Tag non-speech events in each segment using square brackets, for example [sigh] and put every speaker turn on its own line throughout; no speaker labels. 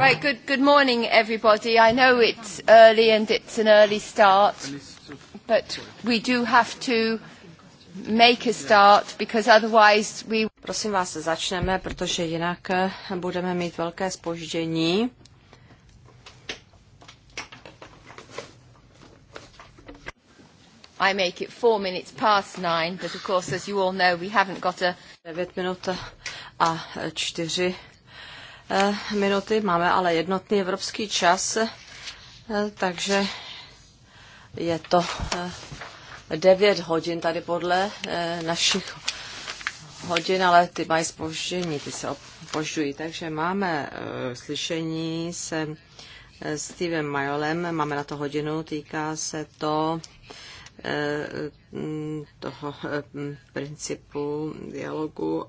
Right, good, good morning everybody. I know it's early and it's an early start, but we do have to make a start because otherwise we... Prosím vás, začneme, protože jinak eh, budeme mít velké spoždění. I make it four minutes past nine, but of course, as you all know, we haven't got a... 9 minut a čtyři Eh, minuty, máme ale jednotný evropský čas, eh, takže je to 9 eh, hodin tady podle našich hodin, ale ty mají spoždění, ty se opožďují. Takže máme slyšení se Stevem Majolem, máme na to hodinu, týká se to mm, toho principu dialogu,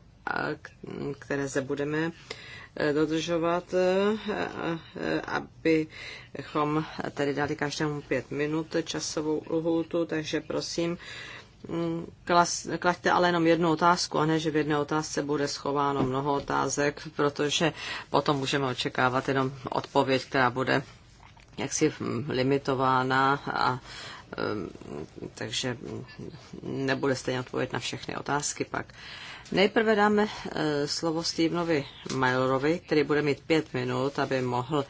které se budeme Eh, dodržovat, eh, abychom tady dali každému pět minut časovou lhůtu, takže prosím, mm, klaďte ale jenom jednu otázku, a ne, že v jedné otázce bude schováno mnoho otázek, protože potom můžeme očekávat jenom odpověď, která bude jaksi limitována a eh, takže nebude stejně odpovědět na všechny otázky pak. Nejprve dáme eh, slovo Stevenovi Mailerovi, který bude mít pět minut, aby mohl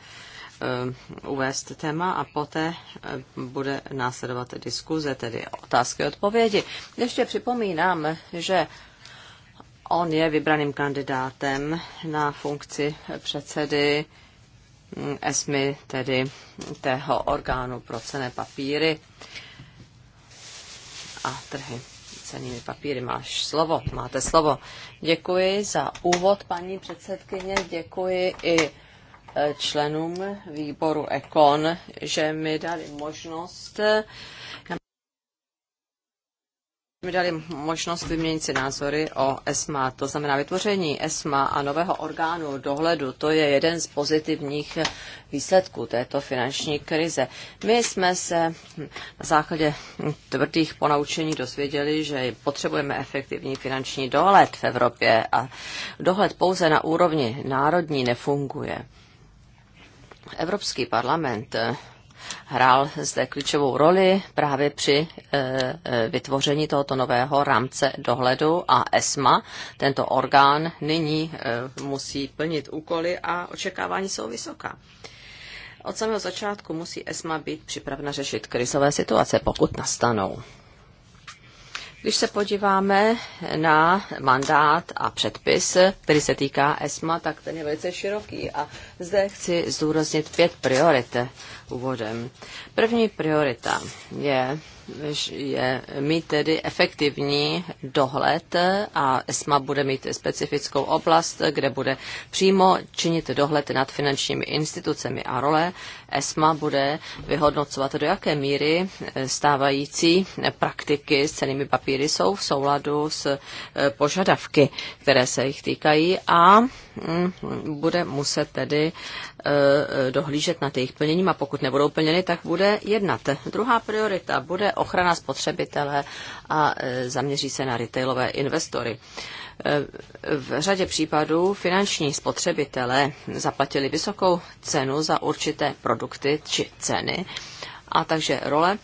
eh, uvést téma a poté eh, bude následovat diskuze, tedy otázky a odpovědi. Ještě připomínám, že on je vybraným kandidátem na funkci předsedy mm, ESMI, tedy tého orgánu pro cené papíry a trhy cenými papíry. Máš slovo, máte slovo. Děkuji za úvod, paní předsedkyně, děkuji i e, členům výboru Ekon, že mi dali možnost e, mi dali možnost vyměnit si názory o ESMA, to znamená vytvoření ESMA a nového orgánu dohledu. To je jeden z pozitivních výsledků této finanční krize. My jsme se na základě tvrdých ponaučení dozvěděli, že potřebujeme efektivní finanční dohled v Evropě a dohled pouze na úrovni národní nefunguje. Evropský parlament hrál zde klíčovou roli právě při eh, eh, vytvoření tohoto nového rámce dohledu a ESMA. Tento orgán nyní eh, musí plnit úkoly a očekávání jsou vysoká. Od samého začátku musí ESMA být připravena řešit krizové situace, pokud nastanou. Když se podíváme na mandát a předpis, který se týká ESMA, tak ten je velice široký a zde chci zdůraznit pět priorit úvodem. První priorita je, je mít tedy efektivní dohled a ESMA bude mít specifickou oblast, kde bude přímo činit dohled nad finančními institucemi a role ESMA bude vyhodnocovat, do jaké míry e, stávající praktiky s cenými papíry jsou v souladu s e, požadavky, které se jich týkají a mm, bude muset tedy e, dohlížet nad jejich plněním a pokud nebudou plněny, tak bude jednat. Druhá priorita bude ochrana spotřebitele a zaměří se na retailové investory v řadě případů finanční spotřebitelé zaplatili vysokou cenu za určité produkty či ceny. A takže role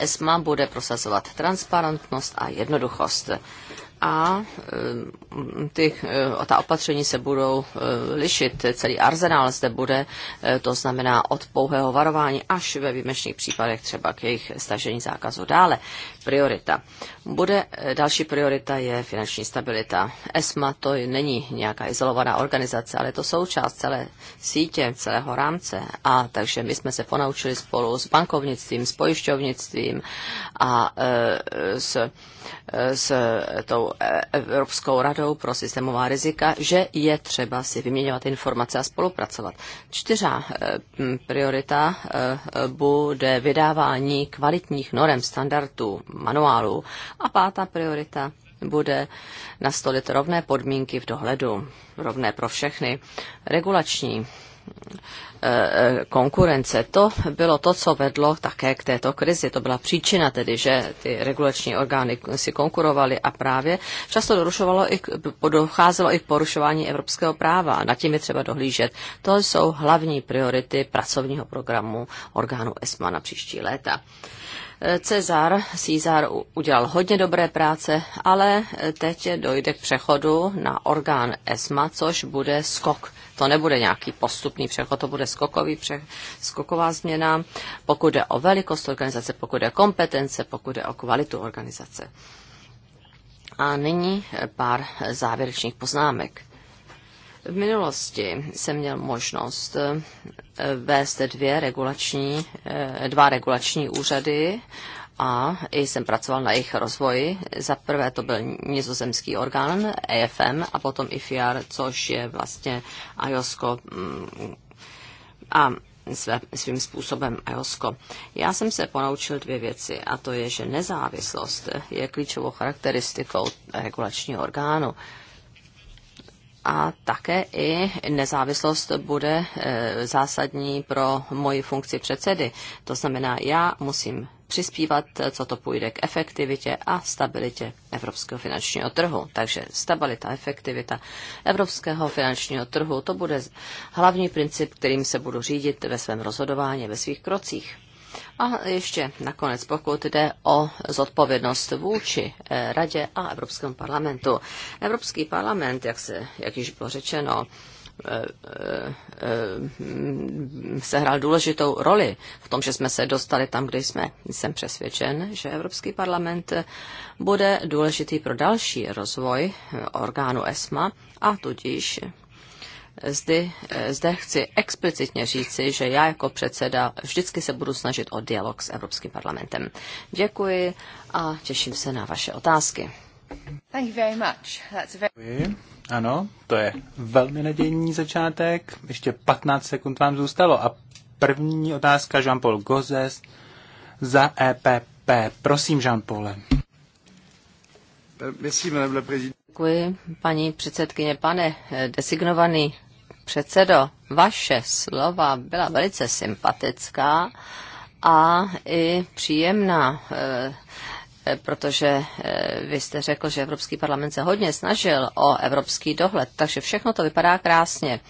ESMA bude prosazovat transparentnost a jednoduchost. A um, ty, uh, ta opatření se budou uh, lišit. Celý arzenál zde bude, uh, to znamená od pouhého varování až ve výjimečných případech třeba k jejich stažení zákazu dále priorita. Bude eh, další priorita je finanční stabilita. ESMA to není nějaká izolovaná organizace, ale to součást celé sítě, celého rámce. A takže my jsme se ponaučili spolu s bankovnictvím, s pojišťovnictvím a e, s, eh, s tou Evropskou radou pro systémová rizika, že je třeba si vyměňovat informace a spolupracovat. Čtyřá priorita bude vydávání kvalitních norem standardů manuálu A pátá priorita bude nastolit rovné podmínky v dohledu, rovné pro všechny, regulační eh, eh, konkurence. To bylo to, co vedlo také k této krizi. To byla příčina tedy, že ty regulační orgány si konkurovaly a právě často dorušovalo i, docházelo i k porušování evropského práva. Na tím je třeba dohlížet. To jsou hlavní priority pracovního programu orgánu ESMA na příští léta. Cezar, Cezar udělal hodně dobré práce, ale teď dojde k přechodu na orgán ESMA, což bude skok. To nebude nějaký postupný přechod, to bude skokový pře- skoková změna, pokud jde o velikost organizace, pokud jde o kompetence, pokud jde o kvalitu organizace. A nyní pár závěrečných poznámek. V minulosti jsem měl možnost eh, vést dvě regulační, eh, dva regulační úřady a i jsem pracoval na jejich rozvoji. Za prvé to byl nizozemský orgán EFM a potom IFIAR, což je vlastně IOSCO mm, a své, svým způsobem IOSCO. Já jsem se ponaučil dvě věci a to je, že nezávislost je klíčovou charakteristikou regulačního orgánu a také i nezávislost bude e, zásadní pro moji funkci předsedy. To znamená, já musím přispívat, co to půjde k efektivitě a stabilitě evropského finančního trhu. Takže stabilita, efektivita evropského finančního trhu, to bude hlavní princip, kterým se budu řídit ve svém rozhodování, ve svých krocích. A ještě nakonec, pokud jde o zodpovědnost vůči eh, Radě a Evropskému parlamentu. Evropský parlament, jak, se, jak již bylo řečeno, eh, eh, sehrál důležitou roli v tom, že jsme se dostali tam, kde jsme. Jsem přesvědčen, že Evropský parlament bude důležitý pro další rozvoj orgánu ESMA a tudíž zde, zde chci explicitně říci, že já jako předseda vždycky se budu snažit o dialog s Evropským parlamentem. Děkuji a těším se na vaše otázky.
Thank you very much. That's very... Ano, to je velmi nadějný začátek. Ještě 15 sekund vám zůstalo. A první otázka Jean-Paul Gozes za EPP. Prosím, Jean-Paul. Euh,
merci, madame la présidente.
Děkuji, paní předsedkyně. Pane eh, designovaný předsedo, vaše slova byla velice sympatická a i příjemná, eh, eh, protože vy jste řekl, že Evropský parlament se hodně snažil o evropský dohled, takže všechno to vypadá krásně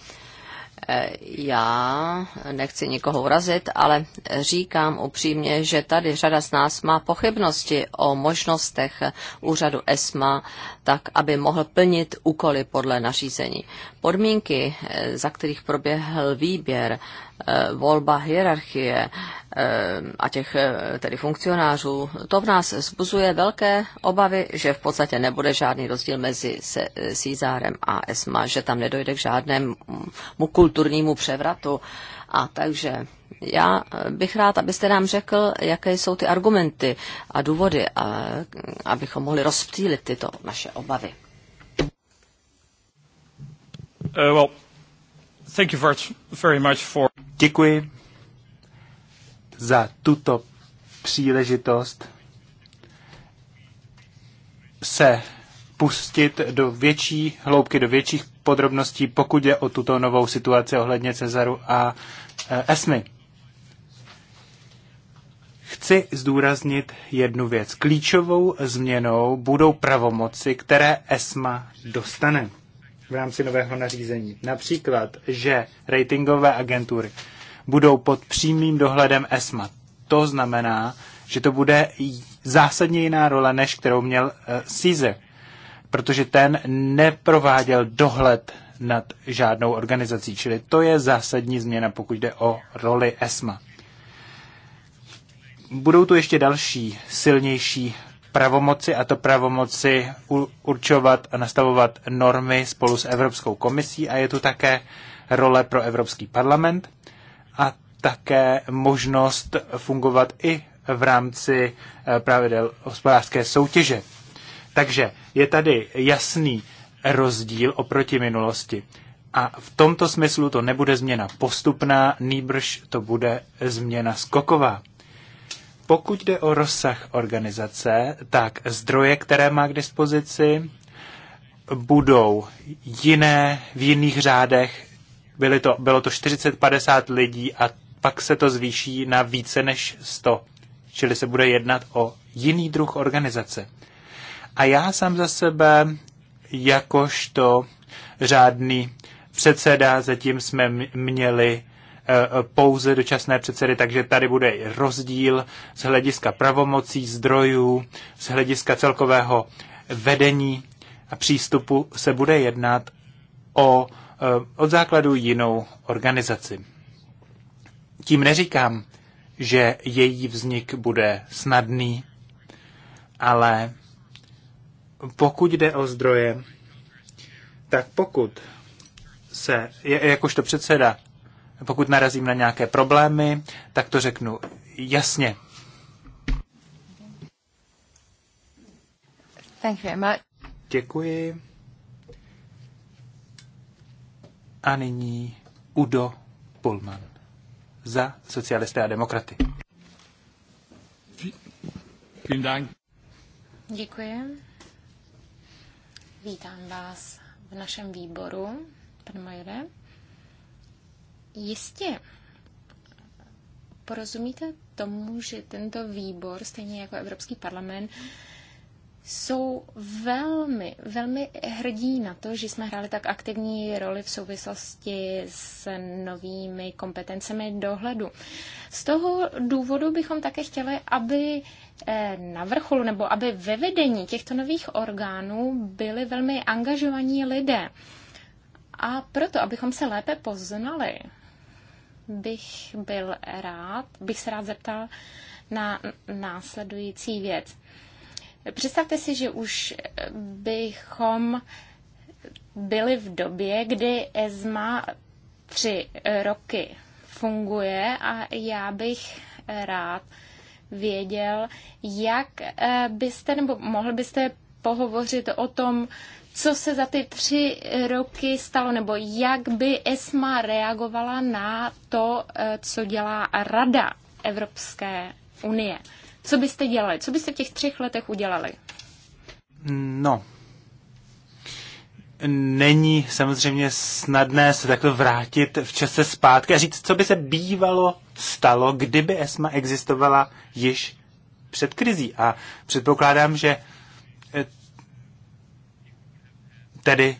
já nechci nikoho urazit, ale říkám upřímně, že tady řada z nás má pochybnosti o možnostech úřadu ESMA, tak aby mohl plnit úkoly podle nařízení podmínky, eh, za kterých proběhl výběr, eh, volba hierarchie eh, a těch tedy funkcionářů, to v nás zbuzuje velké obavy, že v podstatě nebude žádný rozdíl mezi Cízárem a Esma, že tam nedojde k žádnému kulturnímu převratu. A takže já bych rád, abyste nám řekl, jaké jsou ty argumenty a důvody, a, abychom mohli rozptýlit tyto naše obavy. Eh, well, thank you
very much for... Děkuji za tuto příležitost se pustit do větší hloubky, do větších podrobností, pokud je o tuto novou situaci ohledně Cezaru a eh, Esmy. Chci zdůraznit jednu věc. Klíčovou změnou budou pravomoci, které ESMA dostane v rámci nového nařízení. Například, že ratingové agentury budou pod přímým dohledem ESMA. To znamená, že to bude zásadně jiná role, než kterou měl eh, Caesar, protože ten neprováděl dohled nad žádnou organizací. Čili to je zásadní změna, pokud jde o roli ESMA. Budou tu ještě další silnější pravomoci, a to pravomoci určovat a nastavovat normy spolu s Evropskou komisí a je tu také role pro Evropský parlament a také možnost fungovat i v rámci eh, pravidel hospodářské soutěže. Takže je tady jasný rozdíl oproti minulosti. A v tomto smyslu to nebude změna postupná, nýbrž to bude změna skoková. Pokud jde o rozsah organizace, tak zdroje, které má k dispozici, budou jiné v jiných řádech. Byly to, bylo to 40-50 lidí a pak se to zvýší na více než 100. Čili se bude jednat o jiný druh organizace. A já sám za sebe, jakožto řádný předseda, zatím jsme měli Eh, pouze dočasné předsedy, takže tady bude rozdíl z hlediska pravomocí, zdrojů, z hlediska celkového vedení a přístupu se bude jednat o eh, od základu jinou organizaci. Tím neříkám, že její vznik bude snadný, ale pokud jde o zdroje, tak pokud se, jakožto předseda pokud narazím na nějaké problémy, tak to řeknu jasně.
Thank you very much.
Děkuji. A nyní Udo Pullman za socialisté a demokraty.
Děkuji. Vítám vás v našem výboru, pane Majore. Jistě porozumíte tomu, že tento výbor, stejně jako Evropský parlament, jsou velmi, velmi hrdí na to, že jsme hráli tak aktivní roli v souvislosti s novými kompetencemi dohledu. Z toho důvodu bychom také chtěli, aby eh, na vrcholu nebo aby ve vedení těchto nových orgánů byli velmi angažovaní lidé. A proto, abychom se lépe poznali, bych byl rád, bych se rád zeptal na následující věc. Představte si, že už bychom byli v době, kdy ESMA tři roky funguje a já bych rád věděl, jak byste, nebo mohl byste pohovořit o tom co se za ty tři roky stalo, nebo jak by ESMA reagovala na to, eh, co dělá Rada Evropské unie. Co byste dělali? Co byste v těch třech letech udělali?
No, není samozřejmě snadné se takto vrátit v čase zpátky a říct, co by se bývalo stalo, kdyby ESMA existovala již před krizí. A předpokládám, že Tedy,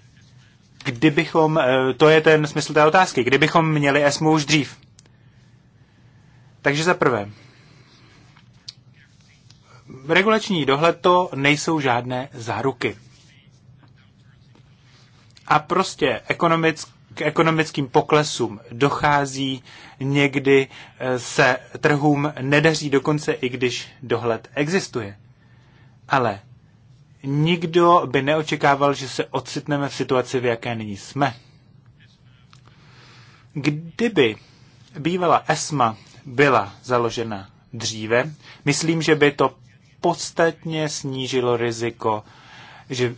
kdybychom, eh, to je ten smysl té otázky, kdybychom měli ESMO už dřív. Takže za prvé, regulační dohled to nejsou žádné záruky. A prostě ekonomick, k ekonomickým poklesům dochází, někdy eh, se trhům nedaří dokonce, i když dohled existuje. Ale nikdo by neočekával, že se ocitneme v situaci, v jaké nyní jsme. Kdyby bývala ESMA byla založena dříve, myslím, že by to podstatně snížilo riziko, že,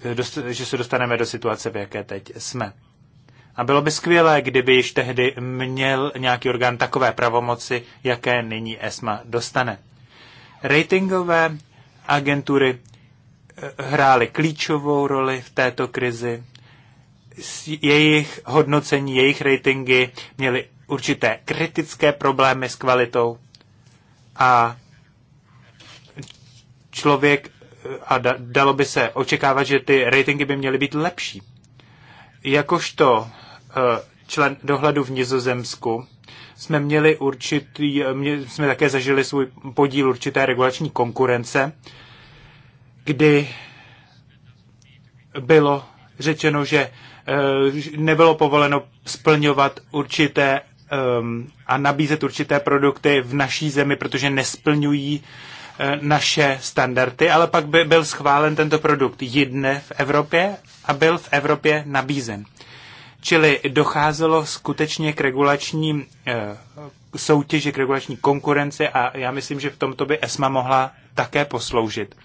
že se dostaneme do situace, v jaké teď jsme. A bylo by skvělé, kdyby již tehdy měl nějaký orgán takové pravomoci, jaké nyní ESMA dostane. Ratingové agentury hrály klíčovou roli v této krizi. Jejich hodnocení, jejich ratingy měly určité kritické problémy s kvalitou a člověk eh, a dalo by se očekávat, že ty ratingy by měly být lepší. Jakožto eh, člen dohledu v Nizozemsku jsme měli určitý, eh, jsme také zažili svůj podíl určité regulační konkurence kdy bylo řečeno, eh, že nebylo povoleno splňovat určité ehm, a nabízet určité produkty v naší zemi, protože nesplňují eh, naše standardy, ale pak by byl schválen tento produkt jedne v Evropě a byl v Evropě nabízen. Čili docházelo skutečně k regulační eh, soutěži, k regulační konkurenci a já myslím, že v tomto by ESMA mohla také posloužit.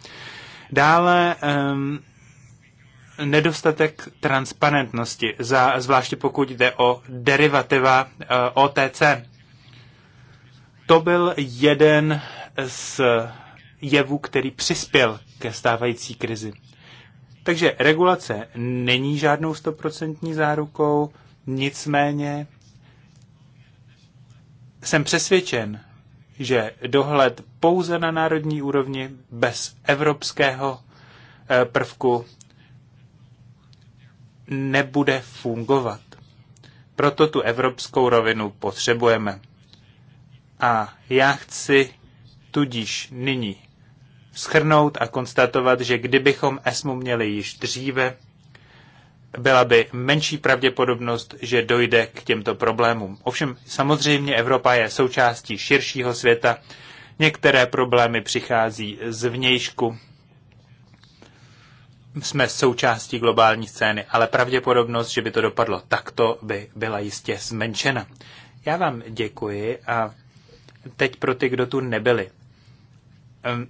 Dále um, nedostatek transparentnosti, za, zvláště pokud jde o derivativa uh, eh, OTC. To byl jeden z jevů, který přispěl ke stávající krizi. Takže regulace není žádnou stoprocentní zárukou, nicméně jsem přesvědčen, že dohled pouze na národní úrovni bez evropského eh, prvku nebude fungovat. Proto tu evropskou rovinu potřebujeme. A já chci tudíž nyní schrnout a konstatovat, že kdybychom ESMU měli již dříve, byla by menší pravděpodobnost, že dojde k těmto problémům. Ovšem, samozřejmě Evropa je součástí širšího světa. Některé problémy přichází z vnějšku. Jsme součástí globální scény, ale pravděpodobnost, že by to dopadlo takto, by byla jistě zmenšena. Já vám děkuji a teď pro ty, kdo tu nebyli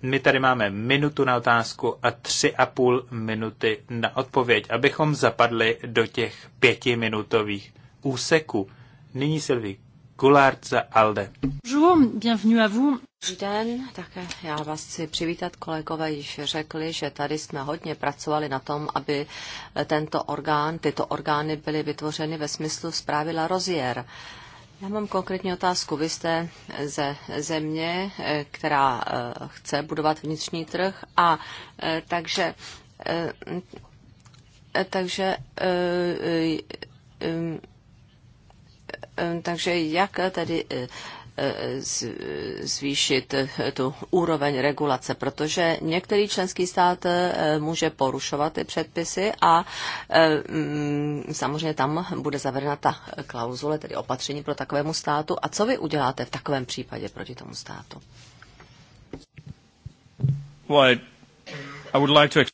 my tady máme minutu na otázku a tři a půl minuty na odpověď, abychom zapadli do těch pětiminutových úseků. Nyní Silvi Goulart za ALDE.
Bonjour, bienvenue à vous. Dobrý den, také já vás chci přivítat, kolegové již řekli, že tady jsme hodně pracovali na tom, aby tento orgán, tyto orgány byly vytvořeny ve smyslu zprávy La Rozier. Já mám konkrétní otázku. Vy jste ze země, eh, která eh, chce budovat vnitřní trh a takže takže takže jak tedy eh, zvýšit tu úroveň regulace, protože některý členský stát eh, může porušovat ty předpisy a eh, mm, samozřejmě tam bude zavedena ta klauzule, tedy opatření pro takovému státu. A co vy uděláte v takovém případě proti tomu státu?
Well, I would like to...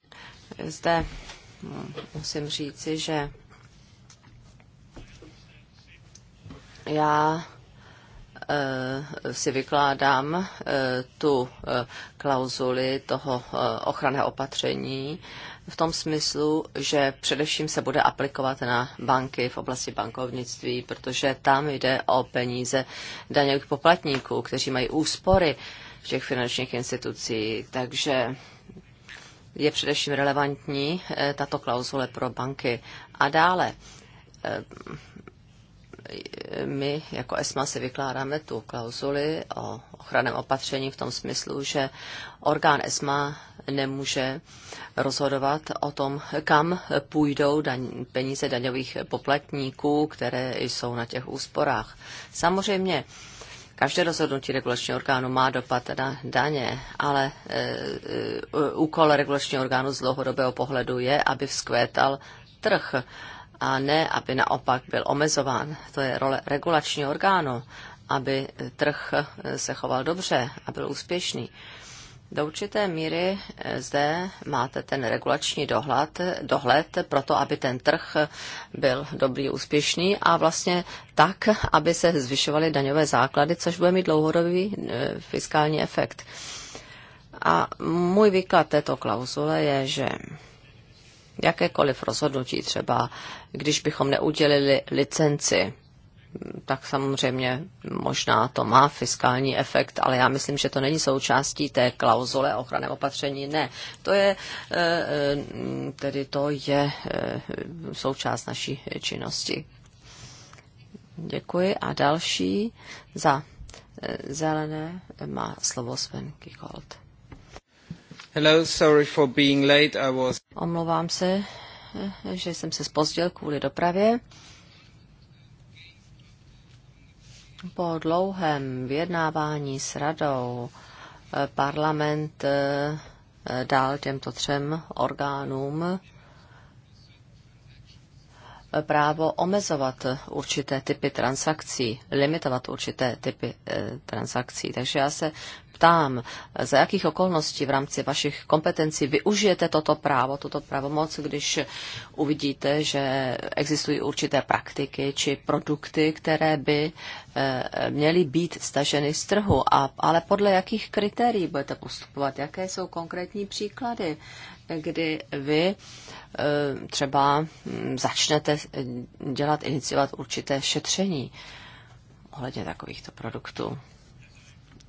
Zde hm, musím říci, že já Eh, si vykládám eh, tu eh, klauzuli toho ochranného opatření v tom smyslu, že především se bude aplikovat na banky v oblasti bankovnictví, protože tam jde o peníze daňových poplatníků, kteří mají úspory v těch finančních institucích. Takže je především relevantní tato klauzule pro banky. A dále my jako ESMA si vykládáme tu klauzuli o ochranném opatření v tom smyslu, že orgán ESMA nemůže rozhodovat o tom, kam půjdou daň, peníze daňových poplatníků, které jsou na těch úsporách. Samozřejmě Každé rozhodnutí regulačního orgánu má dopad na daně, ale e, e, úkol regulačního orgánu z dlouhodobého pohledu je, aby vzkvétal trh a ne, aby naopak byl omezován. To je role regulačního orgánu, aby trh eh, se choval dobře a byl úspěšný. Do určité míry eh, zde máte ten regulační dohled, dohled pro to, aby ten trh eh, byl dobrý, úspěšný a vlastně tak, aby se zvyšovaly daňové základy, což bude mít dlouhodobý fiskální efekt. A můj výklad této klauzule je, že jakékoliv rozhodnutí, třeba když bychom neudělili licenci, tak samozřejmě možná to má fiskální efekt, ale já myslím, že to není součástí té klauzule ochrany opatření. Ne, to je, eh, eh, tedy to je eh, součást naší činnosti. Děkuji. A další za zelené má slovo Sven Kikold. Hello, sorry for being late. I was... Omlouvám se, že jsem se spozdil kvůli dopravě. Po dlouhém vyjednávání s radou eh, parlament eh, dal těmto třem orgánům eh, právo omezovat určité typy transakcí, limitovat určité typy transakcí. Takže já se ptám, za jakých okolností v rámci vašich kompetencí využijete toto právo, tuto pravomoc, když uvidíte, že existují určité praktiky či produkty, které by eh, měly být staženy z trhu, a, ale podle jakých kritérií budete postupovat, jaké jsou konkrétní příklady, kdy vy eh, třeba hm, začnete eh, dělat, iniciovat určité šetření ohledně takovýchto produktů.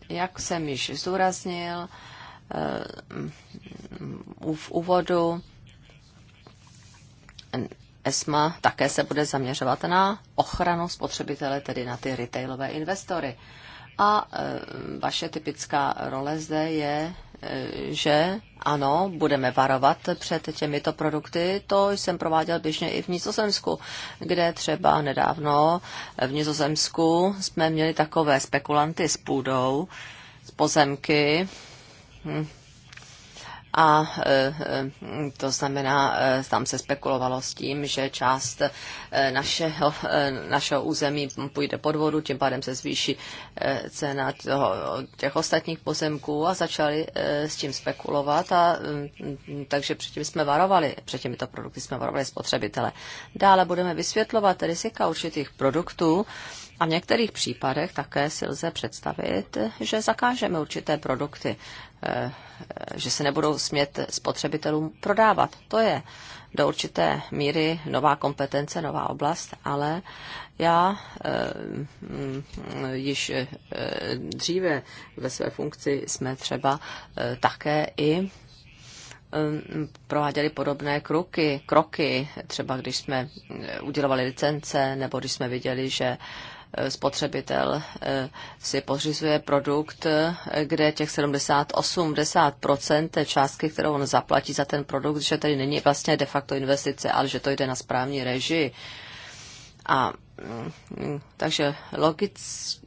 Jak jsem již zdůraznil eh, v úvodu, ESMA také se bude zaměřovat na ochranu spotřebitele, tedy na ty retailové investory. A eh, vaše typická role zde je že ano, budeme varovat před těmito produkty. To jsem prováděl běžně i v Nizozemsku, kde třeba nedávno v Nizozemsku jsme měli takové spekulanty s půdou, s pozemky, hm a eh, eh, to znamená, eh, tam se spekulovalo s tím, že část našeho, našeho území půjde pod vodu, tím pádem se zvýší cena toho, těch ostatních pozemků a začali s tím spekulovat a mm, takže předtím jsme varovali, před těmito produkty jsme varovali spotřebitele. Dále budeme vysvětlovat rizika určitých produktů, a v některých případech také si lze představit, že zakážeme určité produkty. Eh, že se nebudou smět spotřebitelům prodávat. To je do určité míry nová kompetence, nová oblast, ale já eh, již eh, dříve ve své funkci jsme třeba také i prováděli podobné kroky, kroky, třeba když jsme udělovali licence, nebo když jsme viděli, že Eh, spotřebitel eh, si pořizuje produkt, eh, kde těch 70-80% té částky, kterou on zaplatí za ten produkt, že tady není vlastně de facto investice, ale že to jde na správní režii. A mm, takže logic,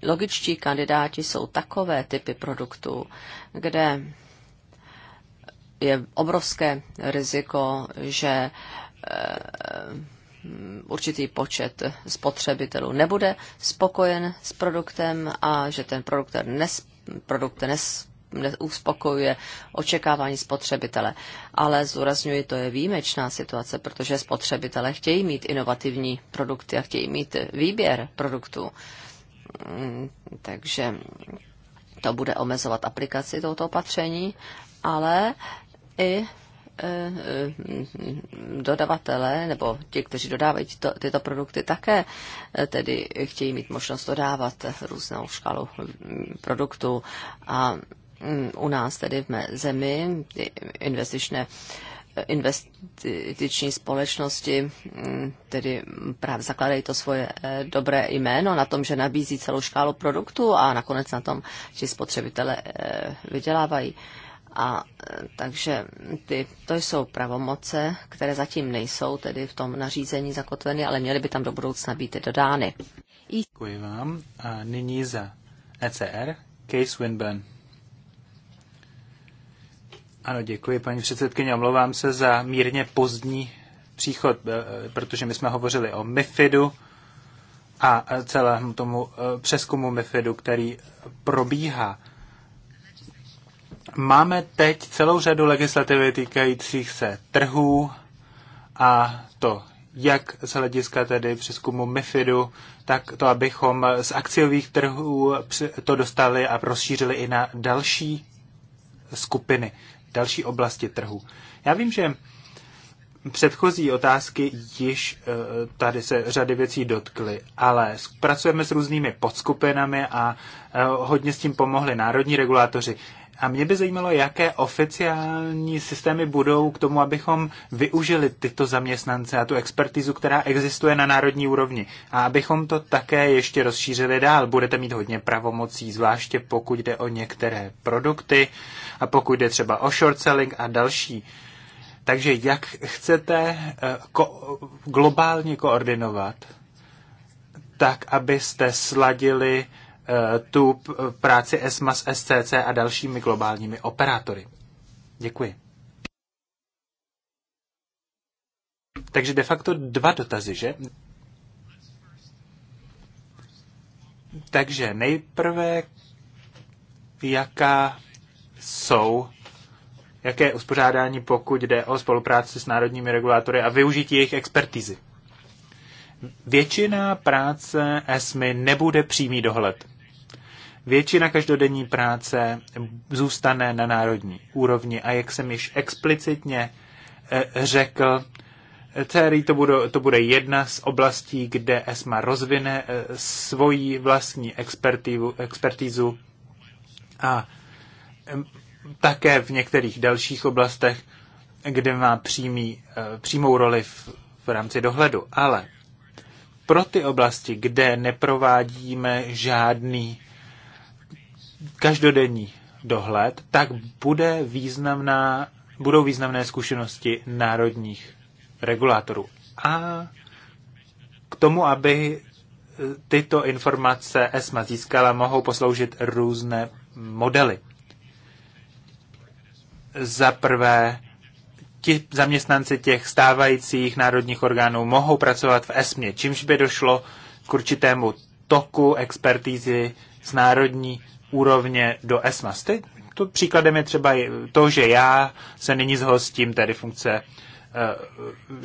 logičtí kandidáti jsou takové typy produktů, kde je obrovské riziko, že určitý počet spotřebitelů nebude spokojen s produktem a že ten produkt, nes, produkt nes, neuspokojuje očekávání spotřebitele. Ale zúraznuju, to je výjimečná situace, protože spotřebitele chtějí mít inovativní produkty a chtějí mít výběr produktů. Mm, takže to bude omezovat aplikaci tohoto opatření, ale i Eh, dodavatelé nebo ti, kteří dodávají tyto, tyto produkty, také eh, tedy chtějí mít možnost dodávat různou škálu hm, produktů a hm, u nás tedy v mé zemi investičné eh, investiční společnosti, hm, tedy právě zakládají to svoje dobré jméno na tom, že nabízí celou škálu produktů a nakonec na tom že spotřebitele vydělávají. A e, takže ty, to jsou pravomoce, které zatím nejsou tedy v tom nařízení zakotveny, ale měly by tam do budoucna být dodány.
Děkuji vám. A nyní za ECR Case Winburn. Ano, děkuji, paní předsedkyně. Omlouvám se za mírně pozdní příchod, e, protože my jsme hovořili o MIFIDu a celému tomu e, přeskumu MIFIDu, který probíhá. Máme teď celou řadu legislativy týkajících se trhů a to jak z hlediska tedy přeskumu MIFIDu, tak to, abychom z akciových trhů to dostali a rozšířili i na další skupiny, další oblasti trhu. Já vím, že předchozí otázky již eh, tady se řady věcí dotkly, ale pracujeme s různými podskupinami a eh, hodně s tím pomohli národní regulátoři. A mě by zajímalo, jaké oficiální systémy budou k tomu, abychom využili tyto zaměstnance a tu expertizu, která existuje na národní úrovni. A abychom to také ještě rozšířili dál. Budete mít hodně pravomocí, zvláště pokud jde o některé produkty a pokud jde třeba o short selling a další. Takže jak chcete eh, ko- globálně koordinovat, tak abyste sladili tu práci ESMAS, SCC a dalšími globálními operátory. Děkuji. Takže de facto dva dotazy, že? Takže nejprve, jaká jsou, jaké je uspořádání, pokud jde o spolupráci s národními regulátory a využití jejich expertízy. Většina práce ESMY nebude přímý dohled. Většina každodenní práce zůstane na národní úrovni a jak jsem již explicitně eh, řekl, eh, CRI to bude, to bude jedna z oblastí, kde ESMA rozvine eh, svoji vlastní expertízu a také v některých dalších oblastech, kde má přímý, přímou roli v, v rámci dohledu. Ale pro ty oblasti, kde neprovádíme žádný každodenní dohled, tak bude významná, budou významné zkušenosti národních regulátorů. A k tomu, aby e, tyto informace ESMA získala, mohou posloužit různé modely. Za prvé, ti zaměstnanci těch stávajících národních orgánů mohou pracovat v ESMě, čímž by došlo k určitému toku expertízy z národní úrovně do ESMAS. Teď to příkladem je třeba to, že já se nyní zhostím tedy funkce eh,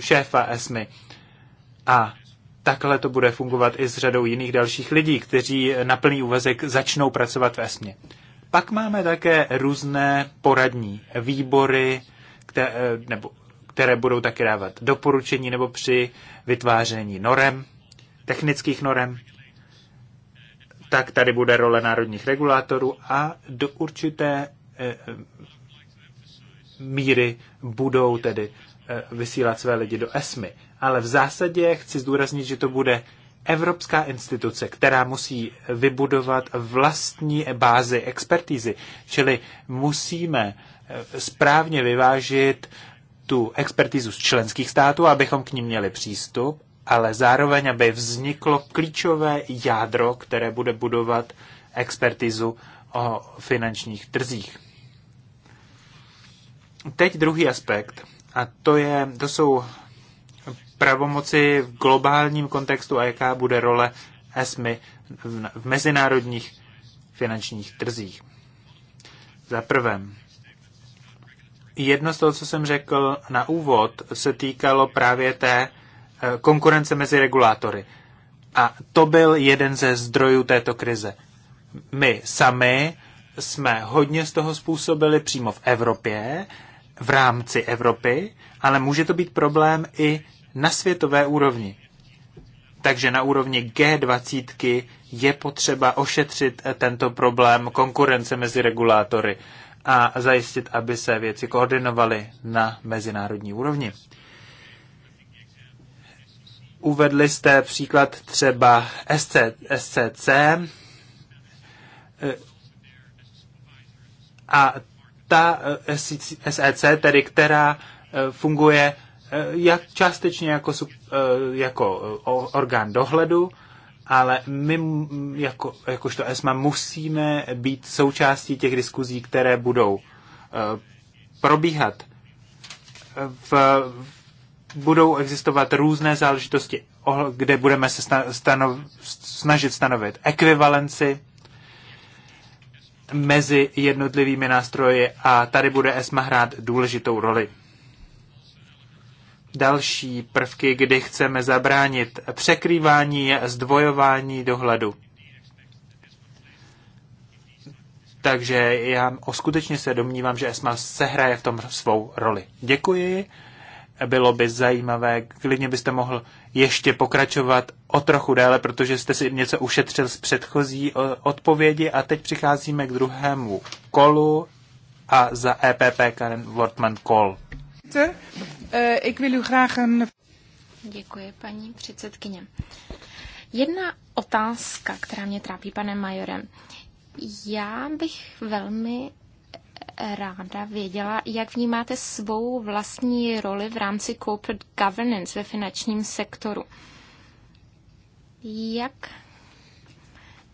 šéfa ESMY. A takhle to bude fungovat i s řadou jiných dalších lidí, kteří na plný úvazek začnou pracovat v ESMě. Pak máme také různé poradní výbory, které, eh, nebo, které budou také dávat doporučení nebo při vytváření norem, technických norem tak tady bude role národních regulátorů a do určité eh, eh, míry budou tedy eh, vysílat své lidi do ESMY. Ale v zásadě chci zdůraznit, že to bude evropská instituce, která musí vybudovat vlastní bázi expertízy, čili musíme správně vyvážit tu expertizu z členských států, abychom k ním měli přístup ale zároveň, aby vzniklo klíčové jádro, které bude budovat expertizu o finančních trzích. Teď druhý aspekt, a to, je, to jsou pravomoci v globálním kontextu a jaká bude role ESMI v, v mezinárodních finančních trzích. Za prvé, jedno z toho, co jsem řekl na úvod, se týkalo právě té Eh, konkurence mezi regulátory. A to byl jeden ze zdrojů této krize. My sami jsme hodně z toho způsobili přímo v Evropě, v rámci Evropy, ale může to být problém i na světové úrovni. Takže na úrovni G20 je potřeba ošetřit eh, tento problém konkurence mezi regulátory a zajistit, aby se věci koordinovaly na mezinárodní úrovni. Uvedli jste příklad třeba SC, SCC eh, a ta eh, SEC, e tedy která eh, funguje jak částečně jako, jako orgán dohledu, ale my jako, jakožto ESMA musíme být součástí těch diskuzí, které budou probíhat. V, budou existovat různé záležitosti, kde budeme se stanov, snažit stanovit ekvivalenci mezi jednotlivými nástroji a tady bude ESMA hrát důležitou roli. Další prvky, kdy chceme zabránit překrývání, zdvojování dohledu. Takže já skutečně se domnívám, že ESMA sehraje v tom svou roli. Děkuji bylo by zajímavé. Klidně byste mohl ještě pokračovat o trochu déle, protože jste si něco ušetřil z předchozí odpovědi a teď přicházíme k druhému kolu a za EPP Karen Wortman Kol.
Eh, Děkuji, paní předsedkyně. Jedna otázka, která mě trápí, pane Majorem. Já bych velmi ráda věděla, jak vnímáte svou vlastní roli v rámci corporate governance ve finančním sektoru. Jak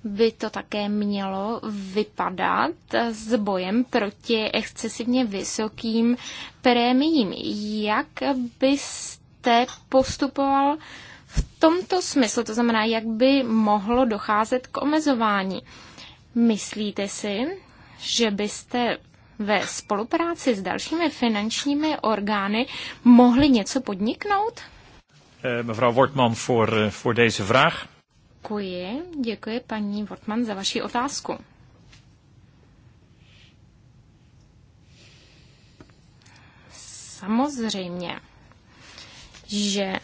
by to také mělo vypadat s bojem proti excesivně vysokým prémiím? Jak byste postupoval v tomto smyslu, to znamená, jak by mohlo docházet k omezování? Myslíte si, že byste ve spolupráci s dalšími finančními orgány mohli něco podniknout?
Eh, mevrouw Wortman voor, eh, voor deze vraag.
Děkuji, děkuji paní Wortman za vaši otázku. Samozřejmě, že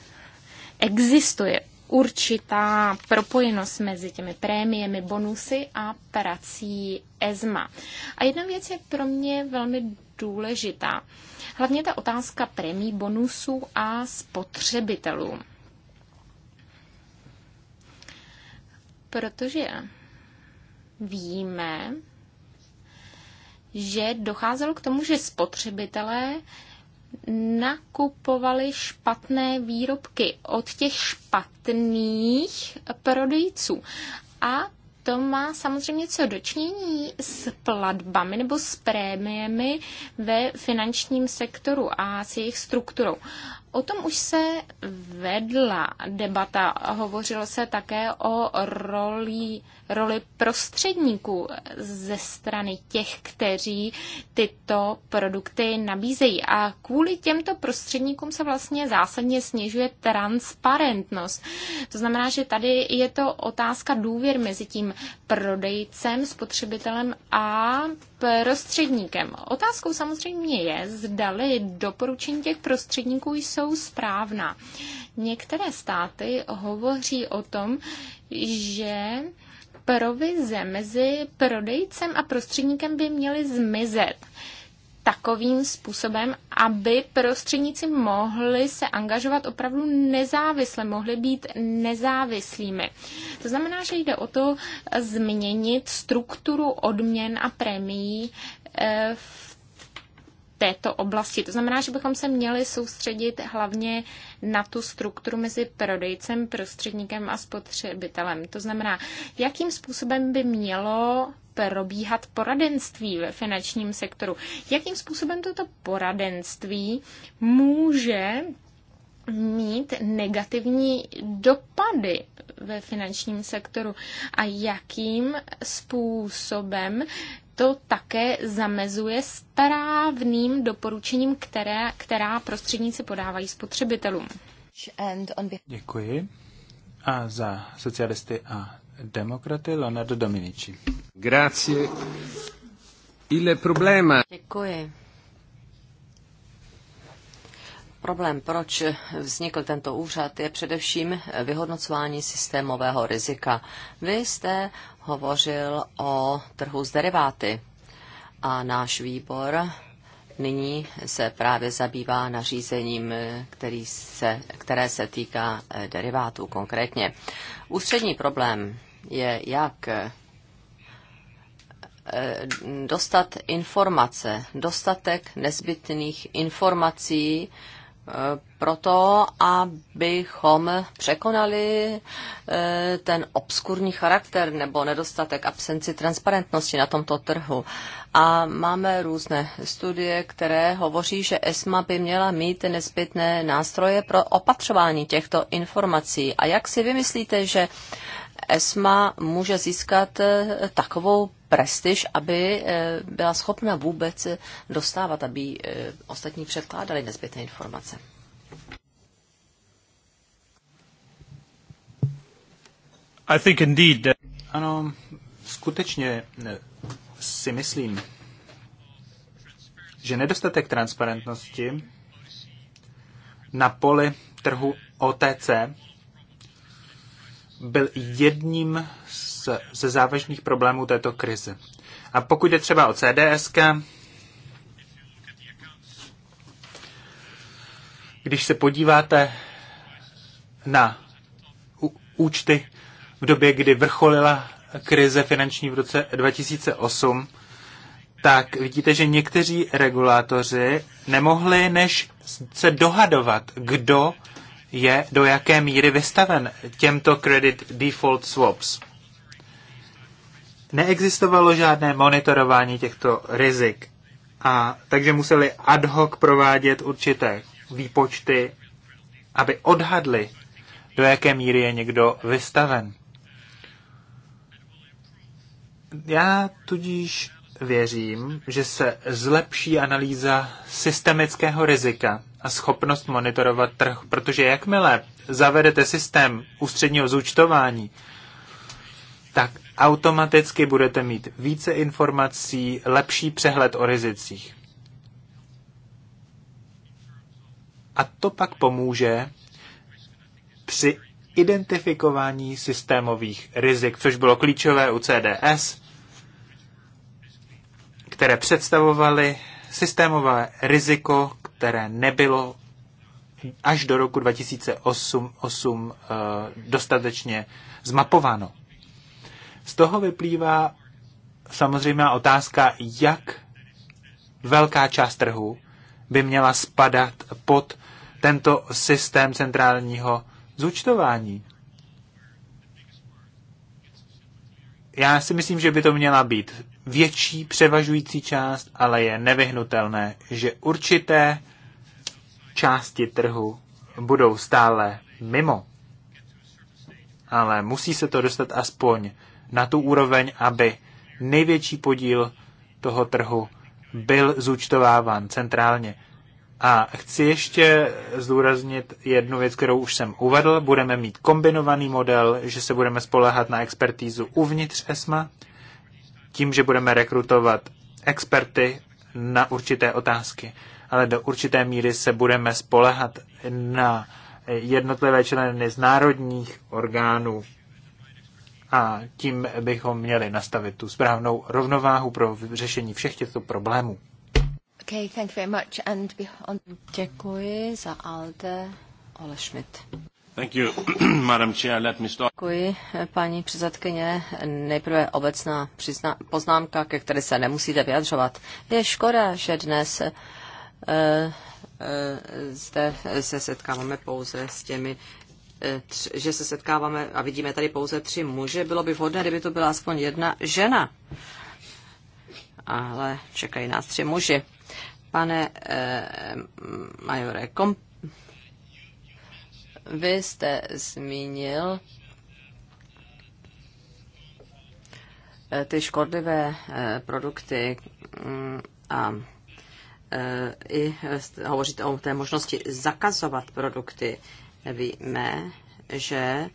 existuje určitá propojenost mezi těmi prémiemi, bonusy a prací ESMA. A jedna věc je pro mě velmi důležitá. Hlavně ta otázka prémí, bonusů a spotřebitelů. Protože víme, že docházelo k tomu, že spotřebitelé nakupovali špatné výrobky od těch špatných prodejců. A to má samozřejmě co dočinění s platbami nebo s prémiemi ve finančním sektoru a s jejich strukturou. O tom už se vedla debata. Hovořilo se také o roli, roli prostředníků ze strany těch, kteří tyto produkty nabízejí. A kvůli těmto prostředníkům se vlastně zásadně snižuje transparentnost. To znamená, že tady je to otázka důvěr mezi tím prodejcem, spotřebitelem a prostředníkem. Otázkou samozřejmě je, zdali doporučení těch prostředníků jsou jsou správná. Některé státy hovoří o tom, že provize mezi prodejcem a prostředníkem by měly zmizet takovým způsobem, aby prostředníci mohli se angažovat opravdu nezávisle, mohli být nezávislými. To znamená, že jde o to změnit strukturu odměn a premií v eh, této oblasti. To znamená, že bychom se měli soustředit hlavně na tu strukturu mezi prodejcem, prostředníkem a spotřebitelem. To znamená, jakým způsobem by mělo probíhat poradenství ve finančním sektoru. Jakým způsobem toto poradenství může mít negativní dopady ve finančním sektoru a jakým způsobem to také zamezuje správným doporučením, které, která prostředníci podávají spotřebitelům.
Děkuji. A za socialisty a demokraty Leonardo Dominici.
Grazie. Il problema... Děkuji problém, proč vznikl tento úřad, je především vyhodnocování systémového rizika. Vy jste hovořil o trhu s deriváty a náš výbor nyní se právě zabývá nařízením, který se, které se týká eh, derivátů konkrétně. Ústřední problém je, jak eh, dostat informace, dostatek nezbytných informací proto, abychom překonali eh, ten obskurní charakter nebo nedostatek absenci transparentnosti na tomto trhu. A máme různé studie, které hovoří, že ESMA by měla mít nezbytné nástroje pro opatřování těchto informací. A jak si vymyslíte, že ESMA může získat eh, takovou prestiž, aby eh, byla schopna vůbec eh, dostávat, aby eh, ostatní předkládali nezbytné informace.
I think indeed that... Ano, skutečně si myslím, že nedostatek transparentnosti na poli trhu OTC byl jedním z ze závažných problémů této krize. A pokud je třeba o CDSK, když se podíváte na účty v době, kdy vrcholila krize finanční v roce 2008, tak vidíte, že někteří regulátoři nemohli než se dohadovat, kdo je do jaké míry vystaven těmto credit default swaps neexistovalo žádné monitorování těchto rizik. A takže museli ad hoc provádět určité výpočty, aby odhadli, do jaké míry je někdo vystaven. Já tudíž věřím, že se zlepší analýza systemického rizika a schopnost monitorovat trh, protože jakmile zavedete systém ústředního zúčtování, tak automaticky budete mít více informací, lepší přehled o rizicích. A to pak pomůže při identifikování systémových rizik, což bylo klíčové u CDS, které představovaly systémové riziko, které nebylo až do roku 2008 8, eh, dostatečně zmapováno. Z toho vyplývá samozřejmá otázka, jak velká část trhu by měla spadat pod tento systém centrálního zúčtování. Já si myslím, že by to měla být větší převažující část, ale je nevyhnutelné, že určité části trhu budou stále mimo. Ale musí se to dostat aspoň na tu úroveň, aby největší podíl toho trhu byl zúčtováván centrálně. A chci ještě zdůraznit jednu věc, kterou už jsem uvedl. Budeme mít kombinovaný model, že se budeme spolehat na expertízu uvnitř ESMA, tím, že budeme rekrutovat experty na určité otázky, ale do určité míry se budeme spolehat na jednotlivé členy z národních orgánů a tím bychom měli nastavit tu správnou rovnováhu pro řešení všech těchto problémů.
Okay, thank you very
much. And on... Děkuji za ALDE Ole Schmidt.
Thank you, [clears throat] Madam Chair. Let me start.
Děkuji, paní předsedkyně. Nejprve obecná přizna- poznámka, ke které se nemusíte vyjadřovat. Je škoda, že dnes uh, zde se setkáváme pouze s těmi E, že se setkáváme a vidíme tady pouze tři muže. Bylo by vhodné, kdyby to byla aspoň jedna žena. Ale čekají nás tři muži. Pane eh, majore, kom... vy jste zmínil e, ty škodlivé e, produkty mm, a i hovoříte o té možnosti zakazovat produkty víme, že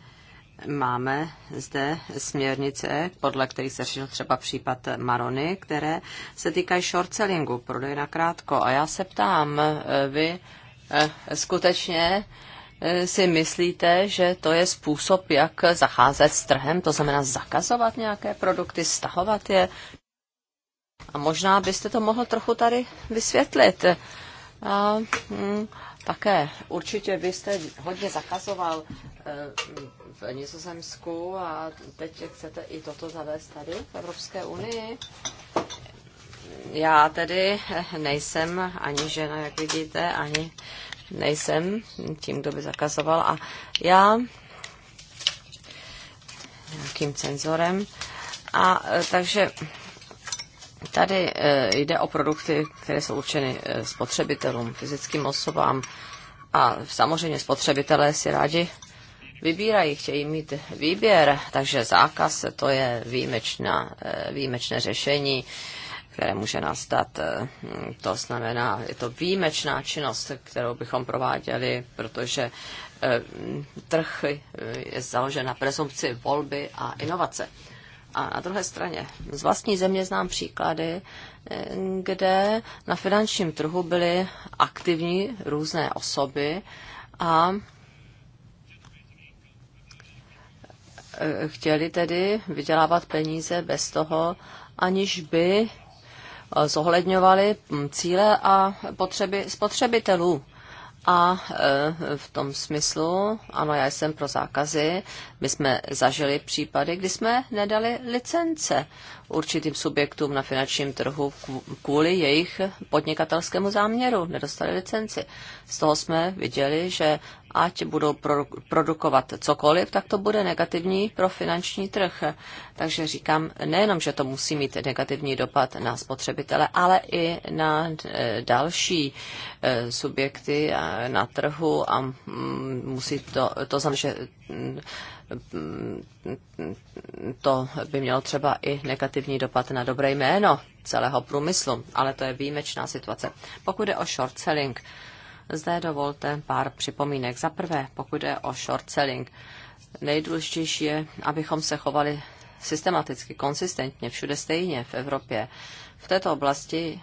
máme zde směrnice, podle kterých se řešil třeba případ Marony, které se týkají short sellingu, prodej na krátko. A já se ptám, vy eh, skutečně eh, si myslíte, že to je způsob, jak zacházet s trhem, to znamená zakazovat nějaké produkty, stahovat je? A možná byste to mohl trochu tady vysvětlit. A, hm, také určitě vy jste hodně zakazoval eh, v Nizozemsku a teď chcete i toto zavést tady v Evropské unii. Já tedy nejsem ani žena, jak vidíte, ani nejsem tím, kdo by zakazoval. A já nějakým cenzorem. A eh, takže Tady eh, jde o produkty, které jsou určeny eh, spotřebitelům, fyzickým osobám a samozřejmě spotřebitelé si rádi vybírají, chtějí mít výběr, takže zákaz to je výjimečná, eh, výjimečné řešení, které může nastat. Hm, to znamená, je to výjimečná činnost, kterou bychom prováděli, protože hm, trh je založen na prezumci volby a inovace. A na druhé straně, z vlastní země znám příklady, eh, kde na finančním trhu byly aktivní různé osoby a eh, chtěli tedy vydělávat peníze bez toho, aniž by eh, zohledňovali hm, cíle a potřeby spotřebitelů. A e, v tom smyslu, ano, já jsem pro zákazy. My jsme zažili případy, kdy jsme nedali licence určitým subjektům na finančním trhu kvůli jejich podnikatelskému záměru. Nedostali licenci. Z toho jsme viděli, že ať budou produkovat cokoliv, tak to bude negativní pro finanční trh. Takže říkám, nejenom, že to musí mít negativní dopad na spotřebitele, ale i na eh, další eh, subjekty eh, na trhu a mm, musí to, to znamená, že mm, to by mělo třeba i negativní dopad na dobré jméno celého průmyslu, ale to je výjimečná situace. Pokud je o short selling, zde dovolte pár připomínek. Za prvé, pokud je o short selling, nejdůležitější je, abychom se chovali systematicky, konsistentně, všude stejně v Evropě. V této oblasti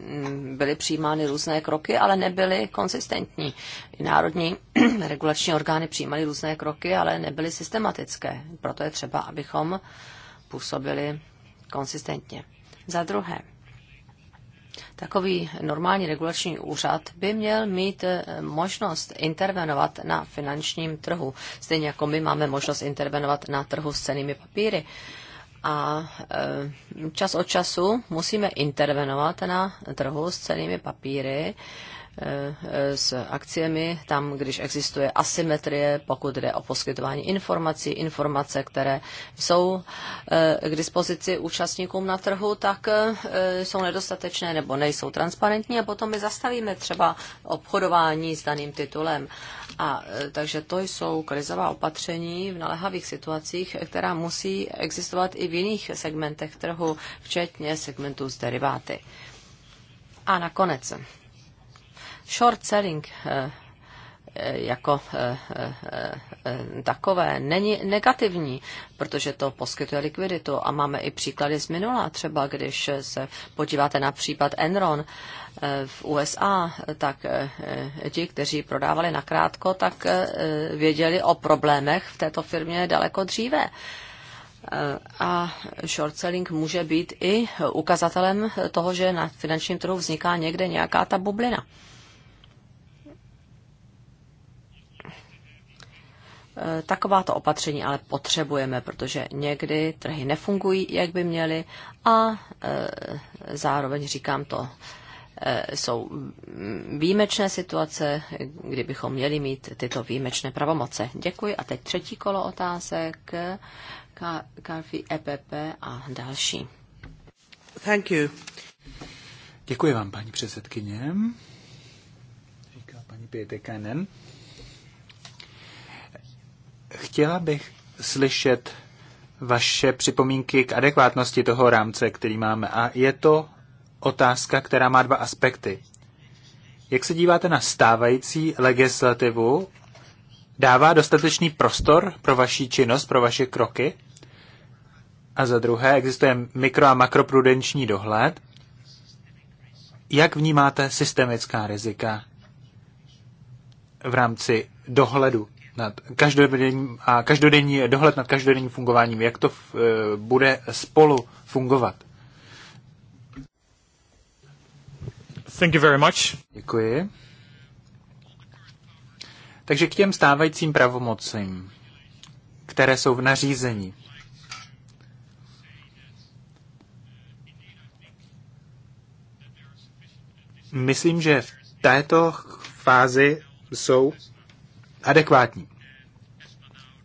mm, byly přijímány různé kroky, ale nebyly konsistentní. Národní [clears throat] regulační orgány přijímaly různé kroky, ale nebyly systematické. Proto je třeba, abychom působili konsistentně. Za druhé, Takový normální regulační úřad by měl mít eh, možnost intervenovat na finančním trhu, stejně jako my máme možnost intervenovat na trhu s cenými papíry. A eh, čas od času musíme intervenovat na trhu s cenými papíry, Eh, s akciemi, tam, když existuje asymetrie, pokud jde o poskytování informací, informace, které jsou eh, k dispozici účastníkům na trhu, tak eh, jsou nedostatečné nebo nejsou transparentní a potom my zastavíme třeba obchodování s daným titulem. A takže to jsou krizová opatření v naléhavých situacích, která musí existovat i v jiných segmentech trhu, včetně segmentů s deriváty. A nakonec Short selling eh, eh, jako eh, takové není negativní, protože to poskytuje likviditu. A máme i příklady z minula, třeba když se podíváte na případ Enron v USA, tak ti, kteří prodávali nakrátko, tak věděli o problémech v této firmě daleko dříve. A short selling může být i ukazatelem toho, že na finančním trhu vzniká někde nějaká ta bublina. takováto opatření ale potřebujeme, protože někdy trhy nefungují, jak by měly a e, zároveň říkám to, e, jsou výjimečné situace, kdybychom měli mít tyto výjimečné pravomoce. Děkuji. A teď třetí kolo otázek. Karfi EPP a další.
Thank you. Děkuji vám, paní předsedkyně. Říká paní Pětekanen. Chtěla bych slyšet vaše připomínky k adekvátnosti toho rámce, který máme. A je to otázka, která má dva aspekty. Jak se díváte na stávající legislativu? Dává dostatečný prostor pro vaši činnost, pro vaše kroky? A za druhé, existuje mikro- a makroprudenční dohled. Jak vnímáte systemická rizika v rámci dohledu? nad každodenním a každodenní dohled nad každodenním fungováním, jak to v, eh, bude spolu fungovat. Thank you very much. Děkuji. Takže k těm stávajícím pravomocím, které jsou v nařízení. Myslím, že v této fázi jsou adekvátní.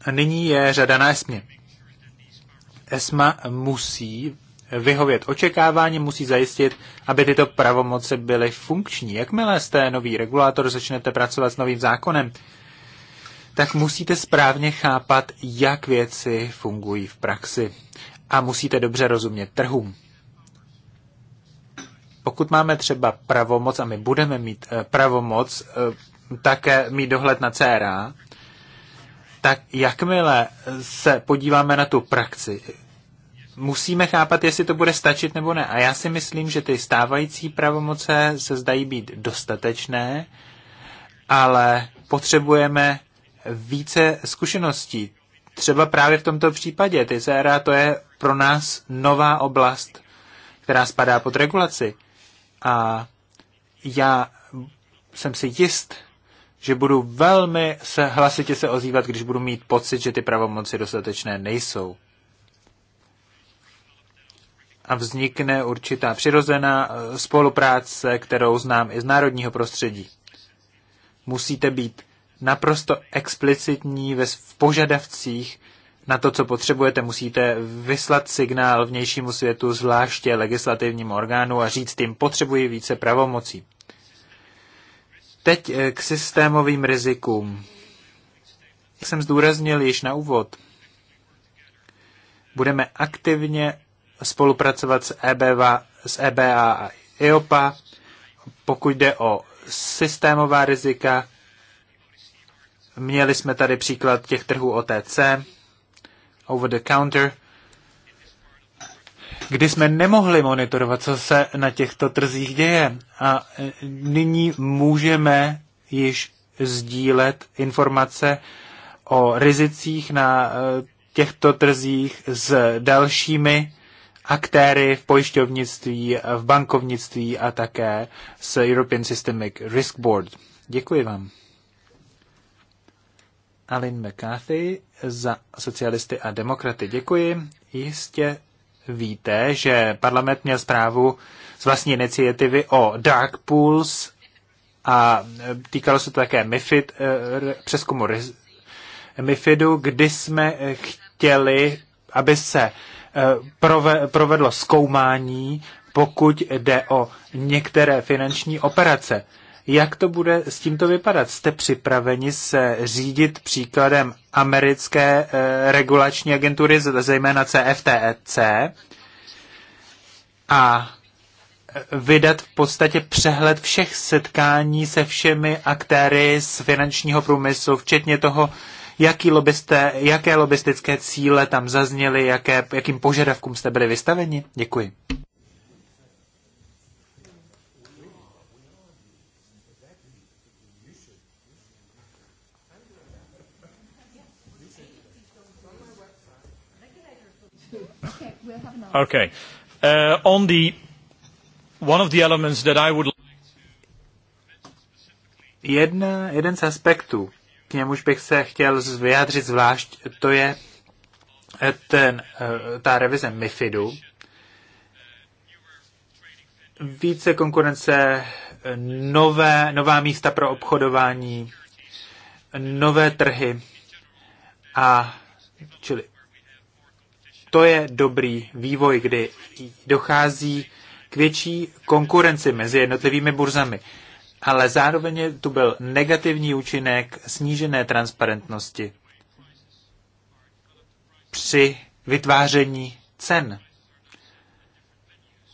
A nyní je řada na ESMě. ESMA musí vyhovět očekávání, musí zajistit, aby tyto pravomoci byly funkční. Jakmile jste nový regulátor, začnete pracovat s novým zákonem, tak musíte správně chápat, jak věci fungují v praxi. A musíte dobře rozumět trhům. Pokud máme třeba pravomoc, a my budeme mít eh, pravomoc eh, také mít dohled na CRA, tak jakmile se podíváme na tu praxi, musíme chápat, jestli to bude stačit nebo ne. A já si myslím, že ty stávající pravomoce se zdají být dostatečné, ale potřebujeme více zkušeností. Třeba právě v tomto případě, ty CRA, to je pro nás nová oblast, která spadá pod regulaci. A já jsem si jist, že budu velmi se hlasitě se ozývat, když budu mít pocit, že ty pravomoci dostatečné nejsou. A vznikne určitá přirozená eh, spolupráce, kterou znám i z národního prostředí. Musíte být naprosto explicitní ve, v požadavcích na to, co potřebujete. Musíte vyslat signál vnějšímu světu, zvláště legislativnímu orgánu a říct jim, potřebuji více pravomocí. Teď eh, k systémovým rizikům. Jak jsem zdůraznil již na úvod, budeme aktivně spolupracovat s EBA, s EBA a EOPA, e pokud jde o systémová rizika. Měli jsme tady příklad těch trhů OTC, over the counter kdy jsme nemohli monitorovat, co se na těchto trzích děje. A e, nyní můžeme již sdílet informace o rizicích na e, těchto trzích s dalšími aktéry v pojišťovnictví, v bankovnictví a také s European Systemic Risk Board. Děkuji vám. Alin McCarthy za socialisty a demokraty. Děkuji. Jistě víte, že parlament měl zprávu z vlastní iniciativy o Dark Pools a týkalo se to také MIFID, eh, přeskumu MIFIDu, kdy jsme eh, chtěli, aby se eh, provedlo zkoumání, pokud jde o některé finanční operace. Jak to bude s tímto vypadat? Jste připraveni se řídit příkladem americké e, regulační agentury, zejména CFTC, e a eh, vydat v podstatě přehled všech setkání se všemi aktéry z finančního průmyslu, včetně toho, jaký lobbyste, jaké lobbystické cíle tam zazněly, jaké, jakým požadavkům jste byli vystaveni? Děkuji.
Okay.
Uh, on the one of the elements that I would like
Jedna, jeden z aspektů, k němuž bych se chtěl vyjádřit zvlášť, to je eh, ten, eh, ta revize MIFIDu. Více konkurence, eh, nové, nová místa pro obchodování, nové trhy a čili to je dobrý vývoj, kdy dochází k větší konkurenci mezi jednotlivými burzami. Ale zároveň tu byl negativní účinek snížené transparentnosti při vytváření cen.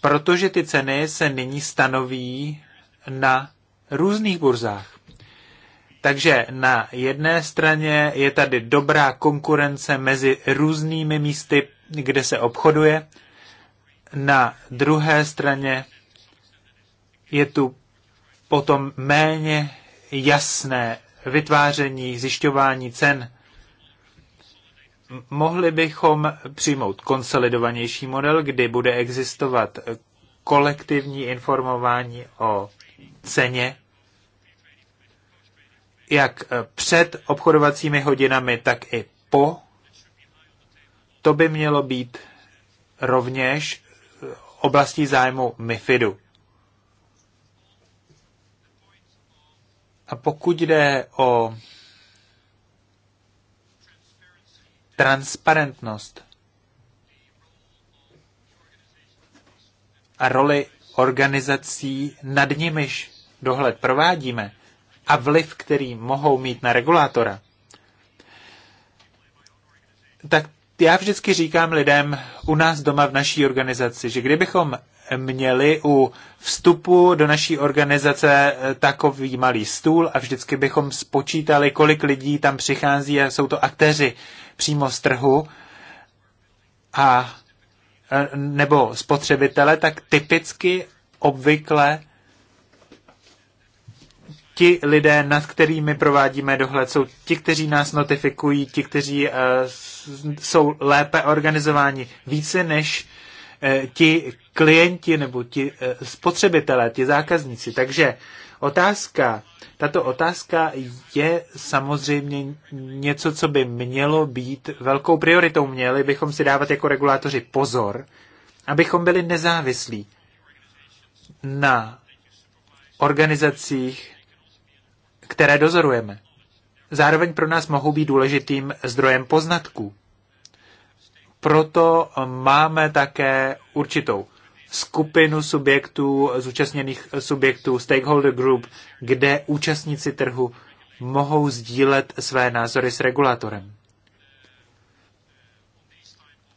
Protože ty ceny se nyní stanoví na různých burzách. Takže na jedné straně je tady dobrá konkurence mezi různými místy kde se obchoduje. Na druhé straně je tu potom méně jasné vytváření, zjišťování cen. Mohli bychom přijmout konsolidovanější model, kdy bude existovat kolektivní informování o ceně, jak před obchodovacími hodinami, tak i po to by mělo být rovněž oblastí zájmu MIFIDu. A pokud jde o transparentnost a roli organizací, nad nimiž dohled provádíme, a vliv, který mohou mít na regulátora, tak já vždycky říkám lidem u nás doma v naší organizaci, že kdybychom měli u vstupu do naší organizace eh, takový malý stůl a vždycky bychom spočítali, kolik lidí tam přichází a jsou to aktéři přímo z trhu a eh, nebo spotřebitele, tak typicky obvykle ti lidé, nad kterými provádíme dohled, jsou ti, kteří nás notifikují, ti, kteří uh, jsou lépe organizováni více než uh, ti klienti nebo ti uh, spotřebitelé, ti zákazníci. Takže otázka, tato otázka je samozřejmě něco, co by mělo být velkou prioritou. Měli bychom si dávat jako regulátoři pozor, abychom byli nezávislí na organizacích, které dozorujeme. Zároveň pro nás mohou být důležitým zdrojem poznatků. Proto máme také určitou skupinu subjektů, zúčastněných subjektů, stakeholder group, kde účastníci trhu mohou sdílet své názory s regulatorem.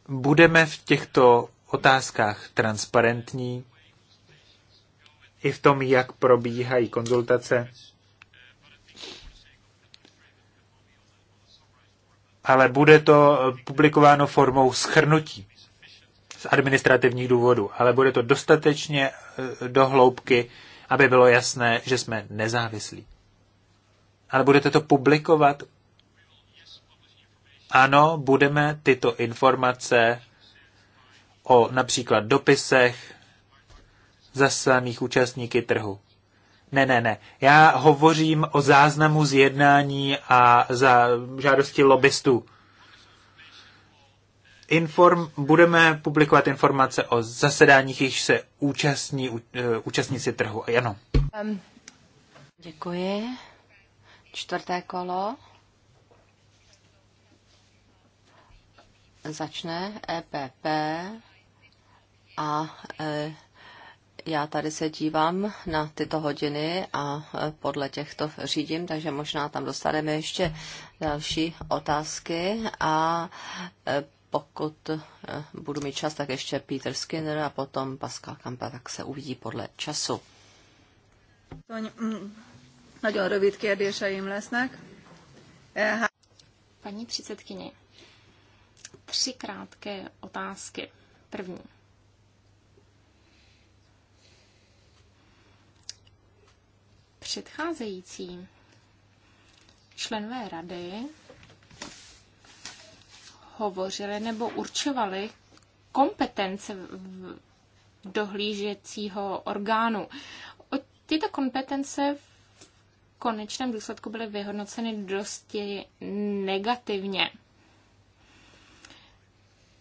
Budeme v těchto otázkách transparentní i v tom, jak probíhají konzultace ale bude to publikováno formou schrnutí z administrativních důvodů, ale bude to dostatečně eh, do hloubky, aby bylo jasné, že jsme nezávislí. Ale budete to publikovat? Ano, budeme tyto informace o například dopisech zaslaných účastníky trhu ne, ne, ne. Já hovořím o záznamu z jednání a za žádosti lobbystů. Inform, budeme publikovat informace o zasedáních, jichž se účastní e, účastníci trhu. Ano.
Um,
děkuji. Čtvrté kolo. Začne EPP a e, já tady se dívám na tyto hodiny a e, podle těch to řídím, takže možná tam dostaneme ještě další otázky a e, pokud e, budu mít čas, tak ještě Peter Skinner a potom Pascal Kampa, tak se uvidí podle času.
Paní předsedkyně, tři krátké otázky. První. předcházející členové rady hovořili nebo určovali kompetence dohlížecího orgánu. O tyto kompetence v konečném důsledku byly vyhodnoceny dosti negativně.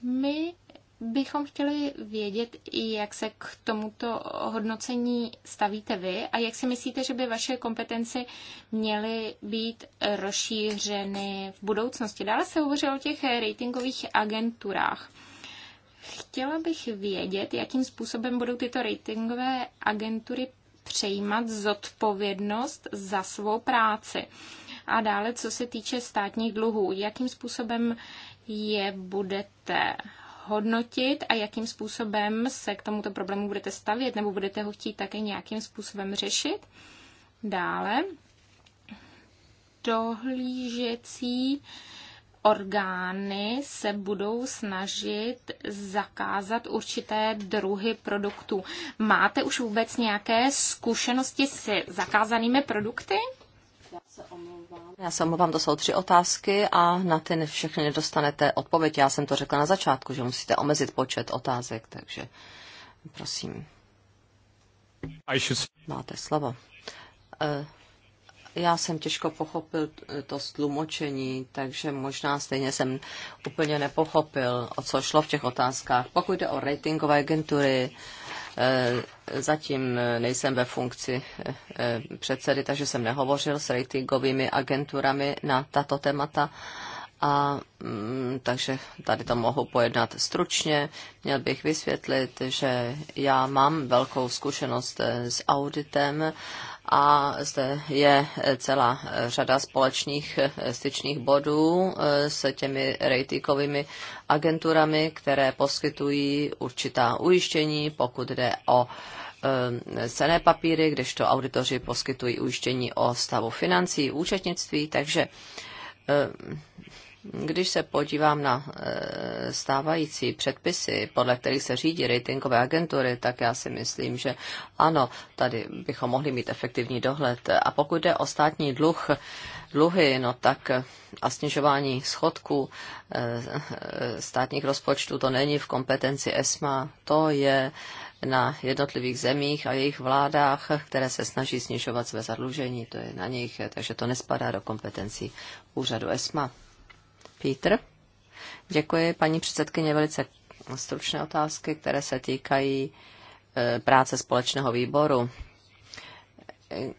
My bychom chtěli vědět, jak se k tomuto hodnocení stavíte vy a jak si myslíte, že by vaše kompetence měly být rozšířeny v budoucnosti. Dále se hovořilo o těch ratingových agenturách. Chtěla bych vědět, jakým způsobem budou tyto ratingové agentury přejímat zodpovědnost za svou práci. A dále, co se týče státních dluhů, jakým způsobem je budete hodnotit a jakým způsobem se k tomuto problému budete stavět nebo budete ho chtít také nějakým způsobem řešit. Dále dohlížecí orgány se budou snažit zakázat určité druhy produktů. Máte už vůbec nějaké zkušenosti s zakázanými produkty?
Já se omlouvám, to jsou tři otázky a na ty všechny nedostanete odpověď. Já jsem to řekla na začátku, že musíte omezit počet otázek, takže prosím. Máte slovo. Eh, já jsem těžko pochopil to stlumočení, takže možná stejně jsem úplně nepochopil, o co šlo v těch otázkách. Pokud jde o ratingové agentury, Eh, zatím nejsem ve funkci eh, eh, předsedy, takže jsem nehovořil s ratingovými agenturami na tato témata, a mm, takže tady to mohu pojednat stručně. Měl bych vysvětlit, že já mám velkou zkušenost eh, s auditem a zde je eh, celá eh, řada společných styčných bodů s těmi ratingovými agenturami, které poskytují určitá ujištění, pokud jde o cené papíry, kdežto auditoři poskytují ujištění o stavu financí, účetnictví, takže když se podívám na eh, stávající předpisy, podle kterých se řídí ratingové agentury, tak já si myslím, že ano, tady bychom mohli mít efektivní dohled. A pokud jde o státní dluh, dluhy, no tak eh, a snižování schodku eh, státních rozpočtů, to není v kompetenci ESMA, to je na jednotlivých zemích a jejich vládách, které se snaží snižovat své zadlužení, to je na nich, takže to nespadá do kompetencí úřadu ESMA. Pítr. Děkuji, paní předsedkyně, velice stručné otázky, které se týkají e, práce společného výboru. E, e,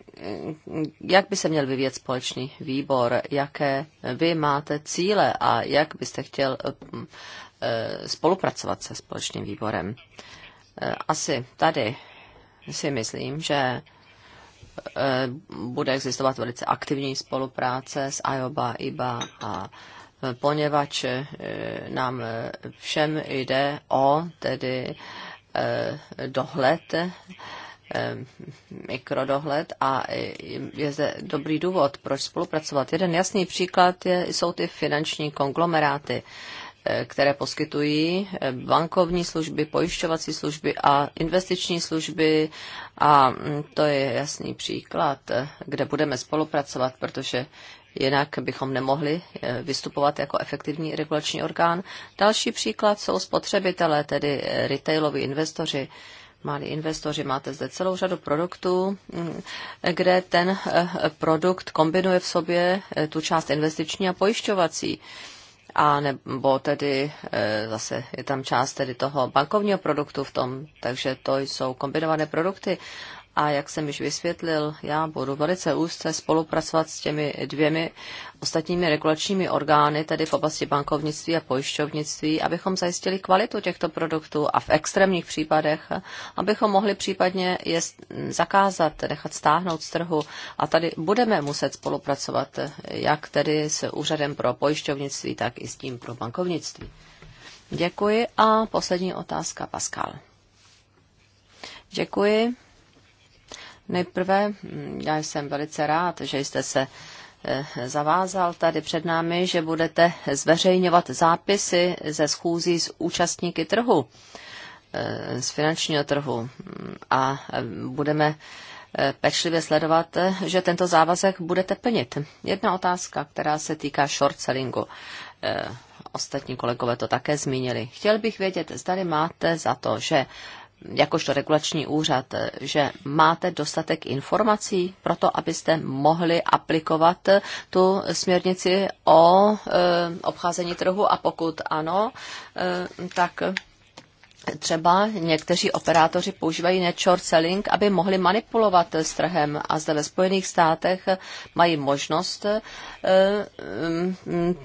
jak by se měl vyvíjet společný výbor? Jaké vy máte cíle a jak byste chtěl spolupracovat se společným výborem? Asi tady si myslím, že bude existovat velice aktivní spolupráce s IOBA, IBA a poněvadž eh, nám všem jde o tedy eh, dohled, eh, mikrodohled a je zde dobrý důvod, proč spolupracovat. Jeden jasný příklad je, jsou ty finanční konglomeráty, které poskytují bankovní služby, pojišťovací služby a investiční služby a mm, to je jasný příklad, kde budeme spolupracovat, protože jinak bychom nemohli eh, vystupovat jako efektivní regulační orgán. Další příklad jsou spotřebitelé, tedy eh, retailoví investoři. Malí investoři, máte zde celou řadu produktů, mm, kde ten eh, produkt kombinuje v sobě tu část investiční a pojišťovací a nebo tedy zase je tam část tedy toho bankovního produktu v tom, takže to jsou kombinované produkty a jak jsem již vysvětlil, já budu velice úzce spolupracovat s těmi dvěmi ostatními regulačními orgány, tedy v oblasti bankovnictví a pojišťovnictví, abychom zajistili kvalitu těchto produktů a v extrémních případech, abychom mohli případně je zakázat, nechat stáhnout z trhu. A tady budeme muset spolupracovat, jak tedy s úřadem pro pojišťovnictví, tak i s tím pro bankovnictví. Děkuji a poslední otázka, Pascal. Děkuji. Nejprve hm, já jsem velice rád, že jste se eh, zavázal tady před námi, že budete zveřejňovat zápisy ze schůzí s účastníky trhu, eh, z finančního trhu a eh, budeme pečlivě sledovat, že tento závazek budete plnit. Jedna otázka, která se týká short sellingu. Ostatní kolegové to také zmínili. Chtěl bych vědět, zda máte za to, že jakožto regulační úřad, že máte dostatek informací pro to, abyste mohli aplikovat tu směrnici o e, obcházení trhu a pokud ano, e, tak třeba někteří operátoři používají nečort selling, aby mohli manipulovat s trhem a zde ve Spojených státech mají možnost, eh, mm,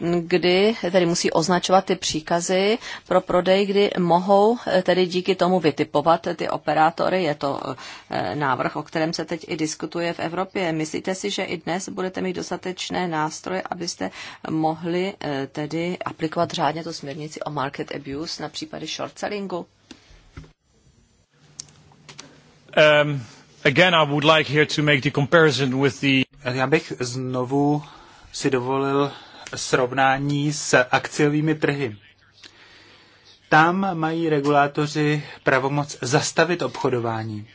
mm, kdy tedy musí označovat ty příkazy pro prodej, kdy mohou eh, tedy díky tomu vytipovat ty operátory. Je to eh, návrh, o kterém se teď i diskutuje v Evropě. Myslíte si, že i dnes budete mít dostatečné nástroje, abyste mohli tedy aplikovat řádně tu směrnici o market abuse na případy short Porcelingu.
Um, again, I would like here to make the comparison with the... Eh, já bych znovu si dovolil srovnání s akciovými trhy. Tam mají regulátoři pravomoc zastavit obchodování,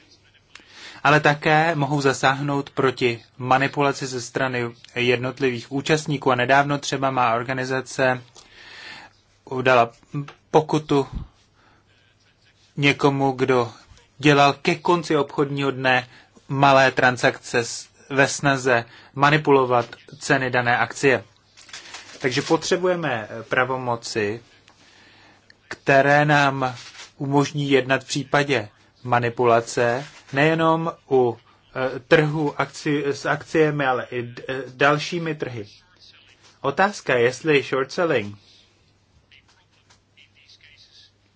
ale také mohou zasáhnout proti manipulaci ze strany jednotlivých účastníků. A nedávno třeba má organizace udala pokutu někomu, kdo dělal ke konci obchodního dne malé transakce ve snaze manipulovat ceny dané akcie. Takže potřebujeme eh, pravomoci, které nám umožní jednat v případě manipulace, nejenom u eh, trhu akci, s akciemi, ale i eh, dalšími trhy. Otázka, jestli short selling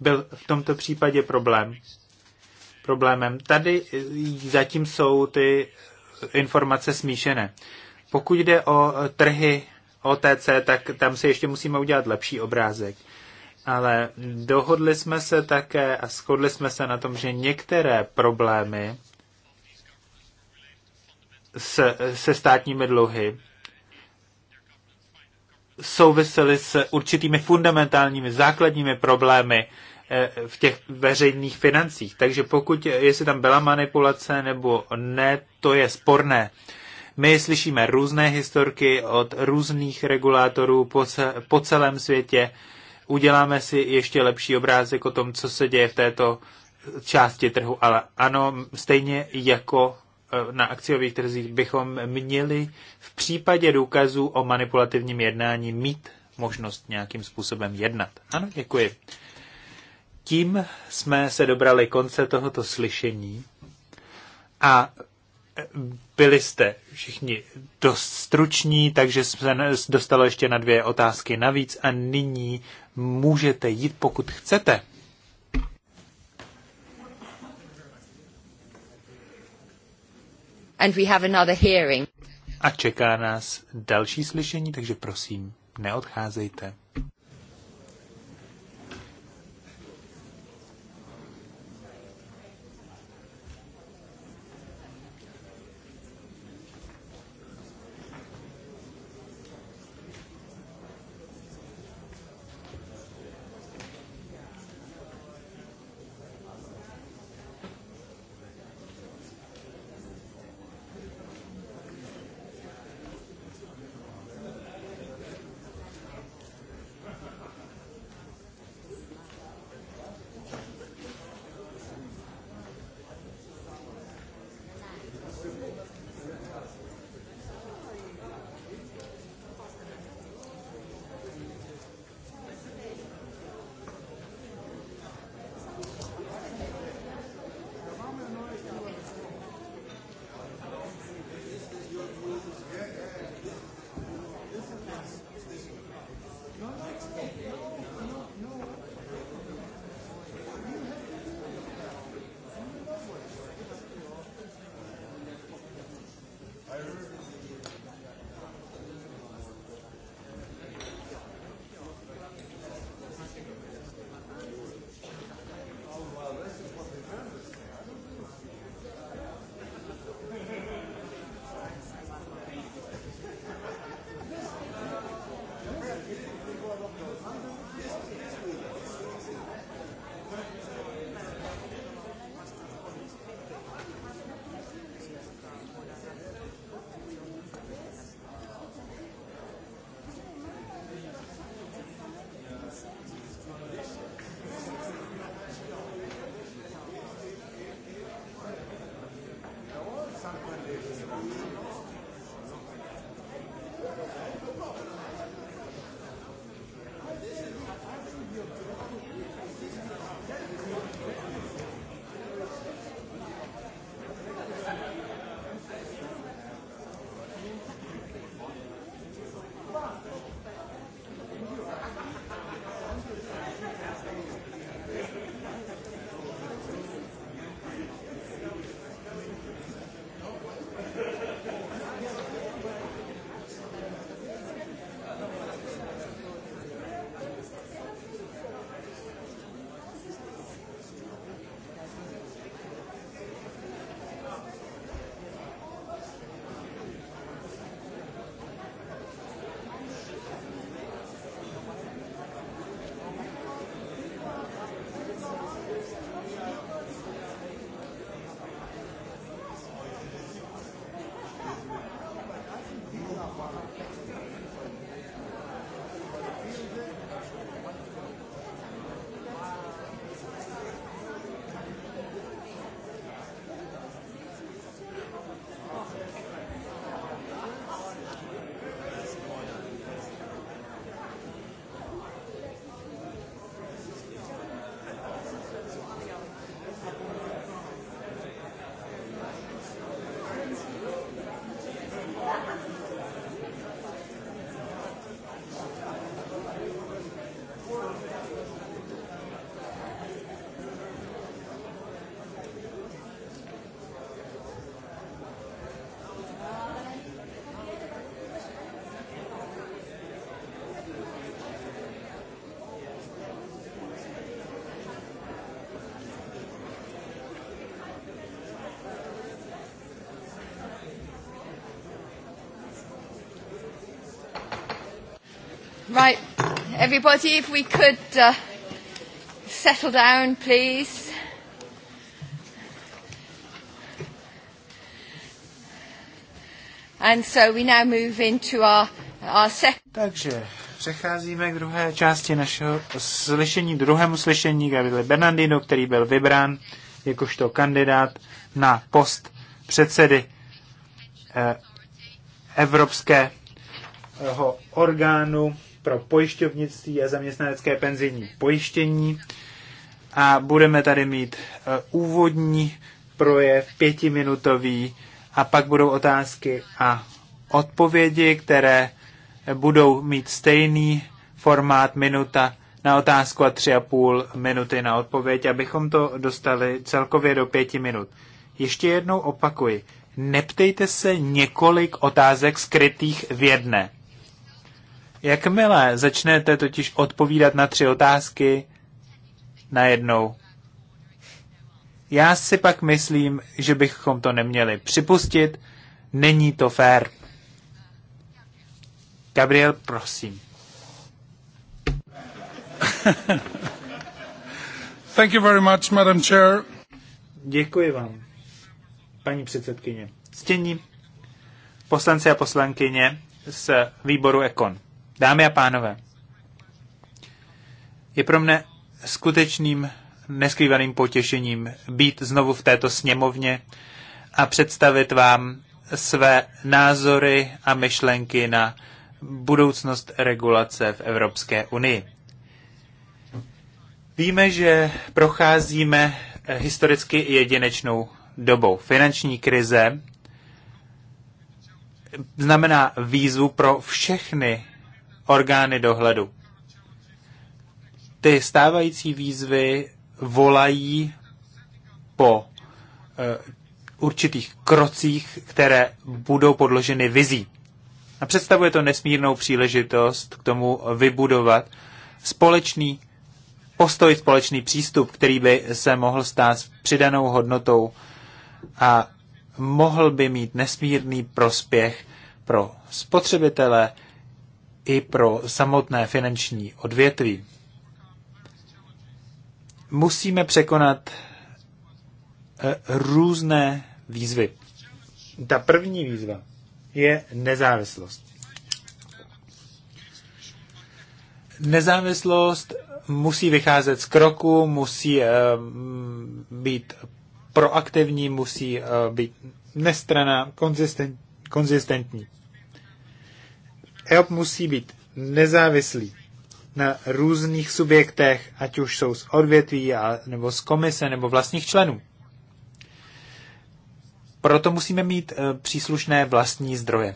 byl v tomto případě problém. Problémem. Tady zatím jsou ty informace smíšené. Pokud jde o trhy OTC, tak tam si ještě musíme udělat lepší obrázek. Ale dohodli jsme se také a shodli jsme se na tom, že některé problémy se, se státními dluhy souvisely s určitými fundamentálními základními problémy Eh, v těch veřejných financích. Takže pokud, jestli tam byla manipulace nebo ne, to je sporné. My slyšíme různé historky od různých regulátorů po, celém světě. Uděláme si ještě lepší obrázek o tom, co se děje v této části trhu, ale ano, stejně jako eh, na akciových trzích bychom měli v případě důkazů o manipulativním jednání mít možnost nějakým způsobem jednat. Ano, děkuji tím jsme se dobrali konce tohoto slyšení a byli jste všichni dost struční, takže se dostalo ještě na dvě otázky navíc a nyní můžete jít, pokud chcete.
And we have another hearing.
A čeká nás další slyšení, takže prosím, neodcházejte.
Right,
everybody, if we could uh, settle down, please. And so we now move into our, our second... Takže
přecházíme k druhé části našeho slyšení, druhému slyšení Gabriele Bernardino, který byl vybrán jakožto kandidát na post předsedy eh, Evropského orgánu pro pojišťovnictví a zaměstnanecké penzijní pojištění. A budeme tady mít eh, úvodní projev pětiminutový a pak budou otázky a odpovědi, které budou mít stejný formát minuta na otázku a tři a půl minuty na odpověď, abychom to dostali celkově do pěti minut. Ještě jednou opakuji, neptejte se několik otázek skrytých v jedné. Jakmile začnete totiž odpovídat na tři otázky najednou, já si pak myslím, že bychom to neměli připustit, není to fér. Gabriel, prosím. [laughs] Thank you very much, Madam Chair. Děkuji vám, paní předsedkyně. Ctění poslanci a poslankyně z výboru Ekon. Dámy a pánové, je pro mne skutečným neskrývaným potěšením být znovu v této sněmovně a představit vám své názory a myšlenky na budoucnost regulace v Evropské unii. Víme, že procházíme historicky jedinečnou dobou. Finanční krize znamená výzvu pro všechny orgány dohledu. Ty stávající výzvy volají po eh, určitých krocích, které budou podloženy vizí. A představuje to nesmírnou příležitost k tomu vybudovat společný postoj, společný přístup, který by se mohl stát s přidanou hodnotou a mohl by mít nesmírný prospěch pro spotřebitele, i pro samotné finanční odvětví. Musíme překonat eh, různé výzvy. Ta první výzva je nezávislost. Nezávislost musí vycházet z kroku, musí eh, být proaktivní, musí eh, být nestraná, konzistentní. EOP musí být nezávislý na různých subjektech, ať už jsou z odvětví, a, nebo z komise, nebo vlastních členů. Proto musíme mít e, příslušné vlastní zdroje.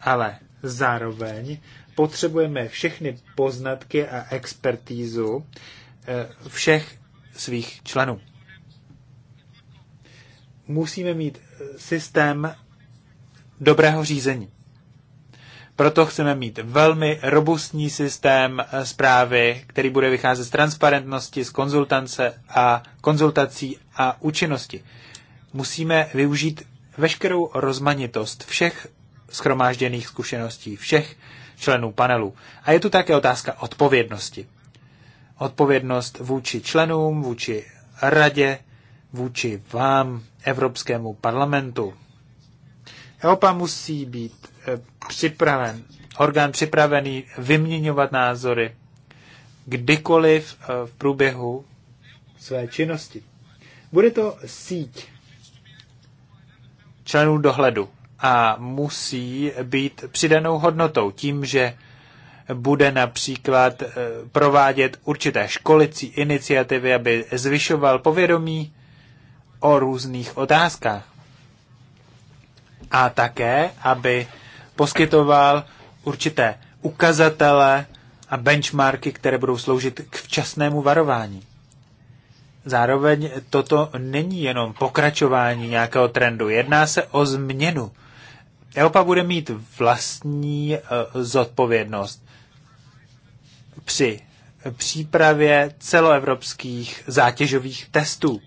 Ale zároveň potřebujeme všechny poznatky a expertízu e, všech svých členů. Musíme mít eh, systém dobrého řízení. Proto chceme mít velmi robustní systém zprávy, který bude vycházet z transparentnosti, z konzultance a konzultací a účinnosti. Musíme využít veškerou rozmanitost všech schromážděných zkušeností, všech členů panelu. A je tu také otázka odpovědnosti. Odpovědnost vůči členům, vůči radě, vůči vám, Evropskému parlamentu. EOPA musí být eh, připraven, orgán připravený vyměňovat názory kdykoliv eh, v průběhu své činnosti. Bude to síť členů dohledu a musí být přidanou hodnotou tím, že bude například eh, provádět určité školicí iniciativy, aby zvyšoval povědomí o různých otázkách a také, aby poskytoval určité ukazatele a benchmarky, které budou sloužit k včasnému varování. Zároveň toto není jenom pokračování nějakého trendu, jedná se o změnu. EOPA bude mít vlastní eh, zodpovědnost při přípravě celoevropských zátěžových testů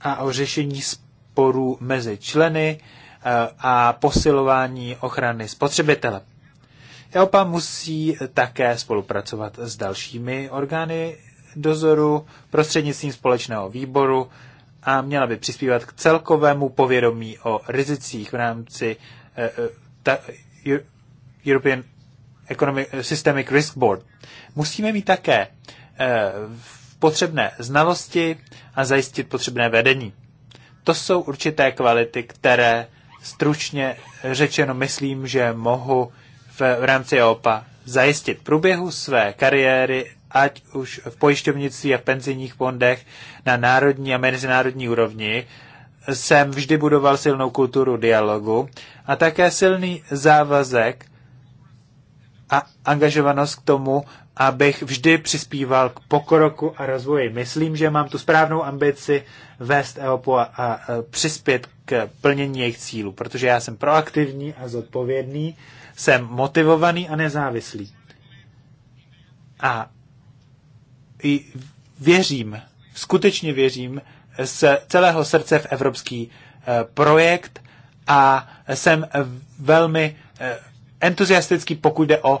a o řešení sporů mezi členy Eh, a posilování ochrany spotřebitele. EOPA musí také spolupracovat s dalšími orgány dozoru prostřednictvím společného výboru a měla by přispívat k celkovému povědomí o rizicích v rámci eh, eh, European Economic, Systemic Risk Board. Musíme mít také potřebné znalosti a zajistit potřebné vedení. To jsou určité kvality, které Stručně řečeno, myslím, že mohu v rámci e OPA zajistit průběhu své kariéry, ať už v pojišťovnictví a v penzijních fondech na národní a mezinárodní úrovni, jsem vždy budoval silnou kulturu dialogu a také silný závazek a angažovanost k tomu abych vždy přispíval k pokroku a rozvoji. Myslím, že mám tu správnou ambici vést EOPu a, a přispět k plnění jejich cílů, protože já jsem proaktivní a zodpovědný, jsem motivovaný a nezávislý. A věřím, skutečně věřím z celého srdce v evropský e, projekt a jsem velmi e, entuziastický, pokud jde o e,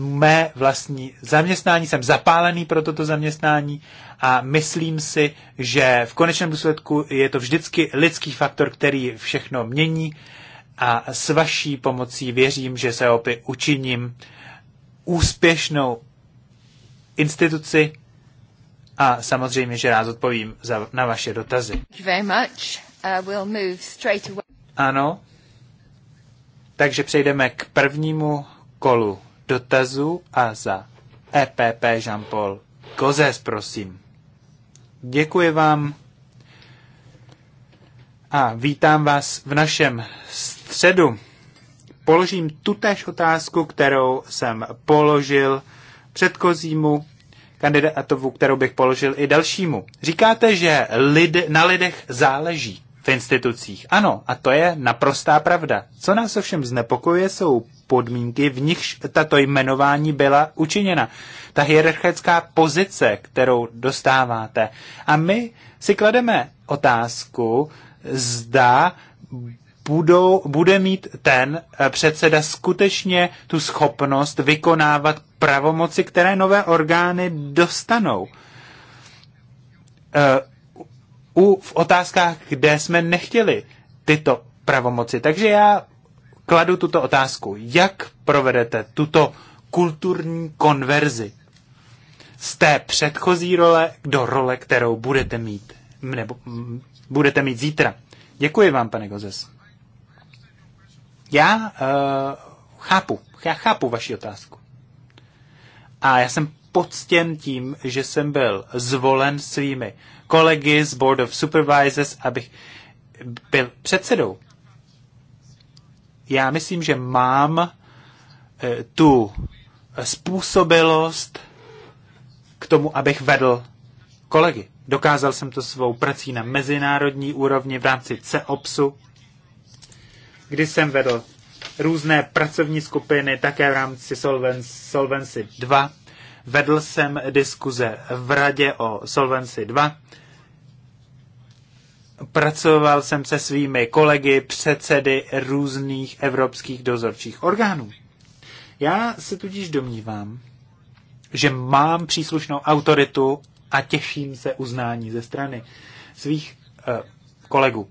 mé vlastní zaměstnání. Jsem zapálený pro toto zaměstnání a myslím si, že v konečném důsledku je to vždycky lidský faktor, který všechno mění a s vaší pomocí věřím, že se opět učiním úspěšnou instituci a samozřejmě, že rád odpovím za, na vaše dotazy. Thank
you very much. Uh, we'll move straight away.
Ano, takže přejdeme k prvnímu kolu dotazu a za EPP Jean-Paul Gozes, prosím. Děkuji vám a vítám vás v našem středu. Položím tutéž otázku, kterou jsem položil předchozímu kandidátovu, kterou bych položil i dalšímu. Říkáte, že lid, na lidech záleží v institucích. Ano, a to je naprostá pravda. Co nás ovšem znepokojuje, jsou podmínky, v nichž tato jmenování byla učiněna. Ta hierarchická pozice, kterou dostáváte. A my si klademe otázku, zda budou, bude mít ten eh, předseda skutečně tu schopnost vykonávat pravomoci, které nové orgány dostanou. Eh, u, v otázkách, kde jsme nechtěli tyto pravomoci. Takže já kladu tuto otázku. Jak provedete tuto kulturní konverzi z té předchozí role do role, kterou budete mít, nebo m, mm, budete mít zítra? Děkuji vám, pane Gozes. Já uh, chápu, já chápu vaši otázku. A já jsem poctěn tím, že jsem byl zvolen svými kolegy z Board of Supervisors, abych byl předsedou. Já myslím, že mám e, tu způsobilost k tomu, abych vedl kolegy. Dokázal jsem to svou prací na mezinárodní úrovni v rámci CEOPSu, kdy jsem vedl různé pracovní skupiny také v rámci Solvency 2. Vedl jsem diskuze v radě o Solvency 2 Pracoval jsem se svými kolegy, předsedy různých evropských dozorčích orgánů. Já se tudíž domnívám, že mám příslušnou autoritu a těším se uznání ze strany svých eh, kolegů.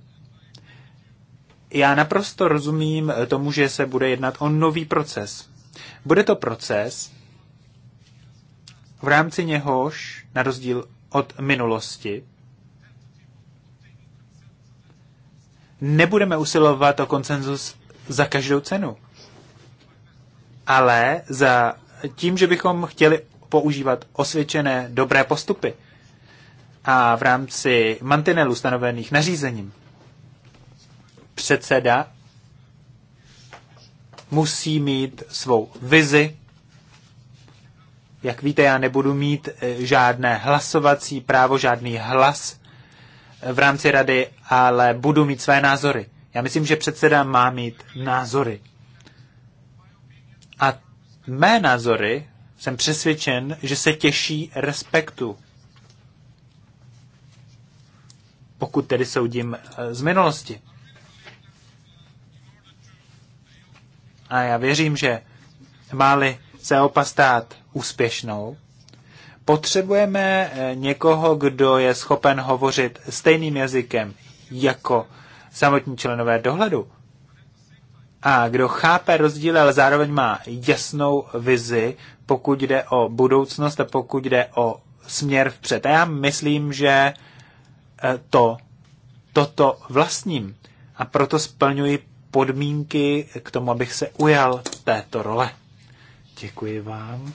Já naprosto rozumím eh, tomu, že se bude jednat o nový proces. Bude to proces, v rámci něhož, na rozdíl od minulosti, nebudeme usilovat o konsenzus za každou cenu. Ale za tím, že bychom chtěli používat osvědčené dobré postupy a v rámci mantinelů stanovených nařízením, předseda musí mít svou vizi. Jak víte, já nebudu mít eh, žádné hlasovací právo, žádný hlas v rámci rady, ale budu mít své názory. Já myslím, že předseda má mít názory. A mé názory jsem přesvědčen, že se těší respektu. Pokud tedy soudím eh, z minulosti. A já věřím, že máli se opa stát úspěšnou, Potřebujeme eh, někoho, kdo je schopen hovořit stejným jazykem jako samotní členové dohledu. A kdo chápe rozdíl, ale zároveň má jasnou vizi, pokud jde o budoucnost a pokud jde o směr vpřed. A já myslím, že eh, to, toto vlastním. A proto splňuji podmínky k tomu, abych se ujal této role. Děkuji vám.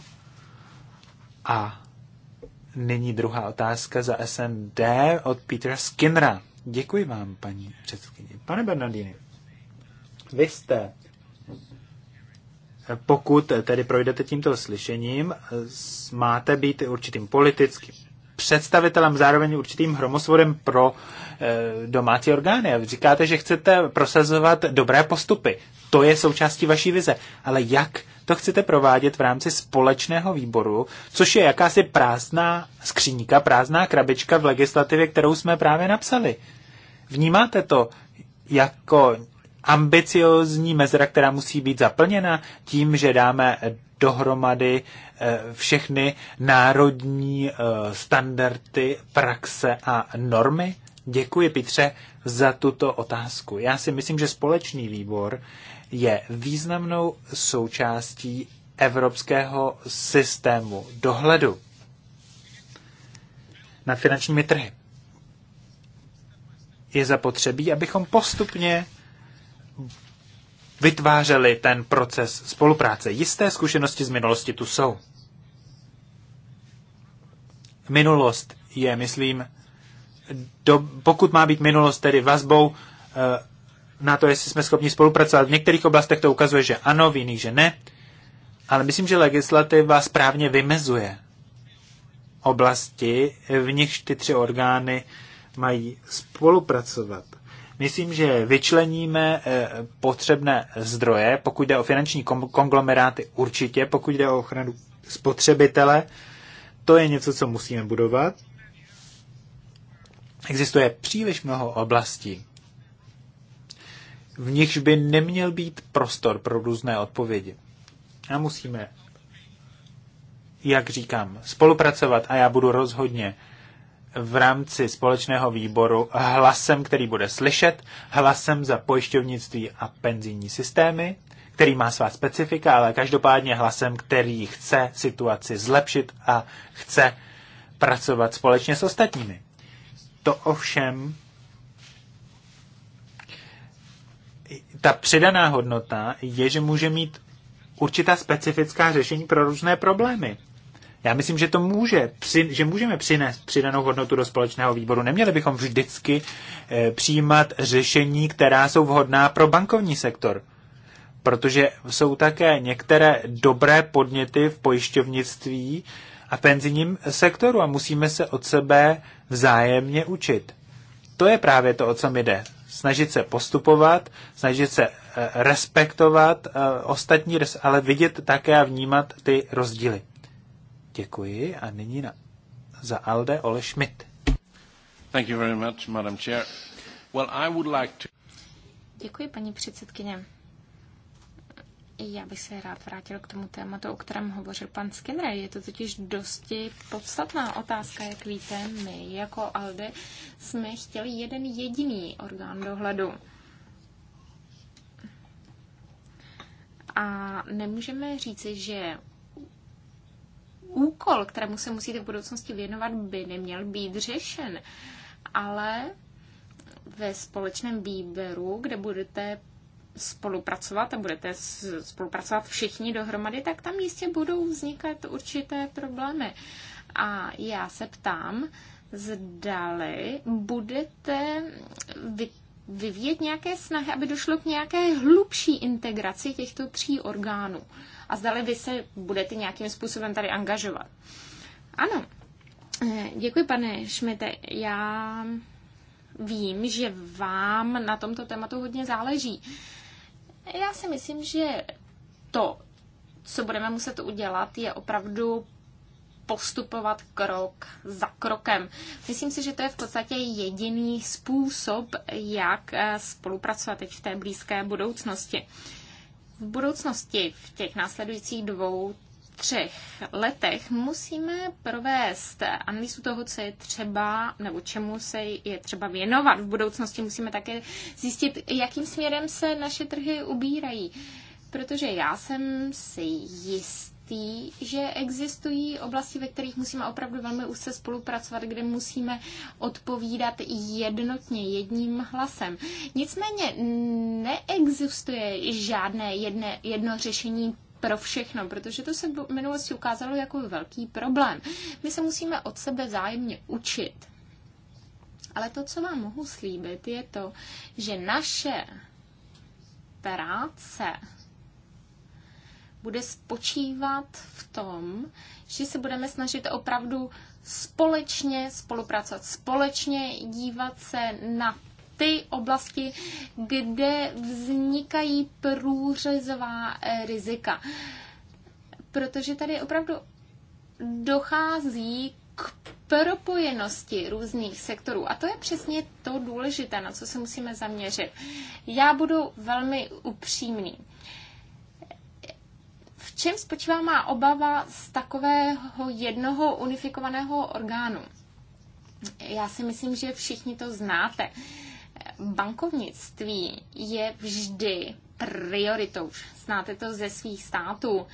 A Nyní druhá otázka za SND od Petra Skinnera. Děkuji vám, paní předsedkyně. Pane Bernardini, vy jste, pokud tedy projdete tímto slyšením, máte být určitým politickým představitelem, zároveň určitým hromosvodem pro e, domácí orgány. A říkáte, že chcete prosazovat dobré postupy. To je součástí vaší vize. Ale jak to chcete provádět v rámci společného výboru, což je jakási prázdná skříníka, prázdná krabička v legislativě, kterou jsme právě napsali. Vnímáte to jako ambiciozní mezera, která musí být zaplněna tím, že dáme dohromady eh, všechny národní eh, standardy, praxe a normy? Děkuji, Petře, za tuto otázku. Já si myslím, že společný výbor je významnou součástí evropského systému dohledu na finančními trhy. Je zapotřebí, abychom postupně vytvářeli ten proces spolupráce. Jisté zkušenosti z minulosti tu jsou. Minulost je, myslím, do, pokud má být minulost tedy vazbou eh, na to, jestli jsme schopni spolupracovat. V některých oblastech to ukazuje, že ano, v jiných, že ne. Ale myslím, že legislativa správně vymezuje oblasti, v nichž ty tři orgány mají spolupracovat. Myslím, že vyčleníme eh, potřebné zdroje, pokud jde o finanční konglomeráty určitě, pokud jde o ochranu spotřebitele, to je něco, co musíme budovat. Existuje příliš mnoho oblastí, v nichž by neměl být prostor pro různé odpovědi. A musíme, jak říkám, spolupracovat a já budu rozhodně v rámci společného výboru hlasem, který bude slyšet, hlasem za pojišťovnictví a penzijní systémy, který má svá specifika, ale každopádně hlasem, který chce situaci zlepšit a chce pracovat společně s ostatními. To ovšem ta přidaná hodnota je, že může mít určitá specifická řešení pro různé problémy. Já myslím, že to může, že můžeme přinést přidanou hodnotu do společného výboru. Neměli bychom vždycky eh, přijímat řešení, která jsou vhodná pro bankovní sektor. Protože jsou také některé dobré podněty v pojišťovnictví a penzijním sektoru a musíme se od sebe vzájemně učit. To je právě to, o co mi jde snažit se postupovat, snažit se eh, respektovat eh, ostatní, ale vidět také a vnímat ty rozdíly. Děkuji a nyní na, za Alde Ole Schmidt.
Děkuji, paní předsedkyně. Já bych se rád vrátil k tomu tématu, o kterém hovořil pan Skinner. Je to totiž dosti podstatná otázka, jak víte, my jako ALDE jsme chtěli jeden jediný orgán dohledu. A nemůžeme říci, že úkol, kterému se musíte v budoucnosti věnovat, by neměl být řešen. Ale ve společném výběru, kde budete spolupracovat a budete spolupracovat všichni dohromady, tak tam jistě budou vznikat určité problémy. A já se ptám, zdali budete vyvíjet nějaké snahy, aby došlo k nějaké hlubší integraci těchto tří orgánů. A zdali vy se budete nějakým způsobem tady angažovat. Ano, eh, děkuji pane Šmite. Já vím, že vám na tomto tématu hodně záleží. Já si myslím, že to, co budeme muset udělat, je opravdu postupovat krok za krokem. Myslím si, že to je v podstatě jediný způsob, jak eh, spolupracovat teď v té blízké budoucnosti. V budoucnosti, v těch následujících dvou třech letech musíme provést analýzu toho, co je třeba, nebo čemu se je třeba věnovat. V budoucnosti musíme také zjistit, jakým směrem se naše trhy ubírají. Protože já jsem si jistý, že existují oblasti, ve kterých musíme opravdu velmi úzce spolupracovat, kde musíme odpovídat jednotně, jedním hlasem. Nicméně neexistuje žádné jedne, jedno řešení pro všechno, protože to se v minulosti ukázalo jako velký problém. My se musíme od sebe zájemně učit. Ale to, co vám mohu slíbit, je to, že naše práce bude spočívat v tom, že se budeme snažit opravdu společně spolupracovat, společně dívat se na ty oblasti, kde vznikají průřezová eh, rizika. Protože tady opravdu dochází k propojenosti různých sektorů. A to je přesně to důležité, na co se musíme zaměřit. Já budu velmi upřímný. V čem spočívá má obava z takového jednoho unifikovaného orgánu? Já si myslím, že všichni to znáte bankovnictví je vždy prioritou. Znáte to ze svých států.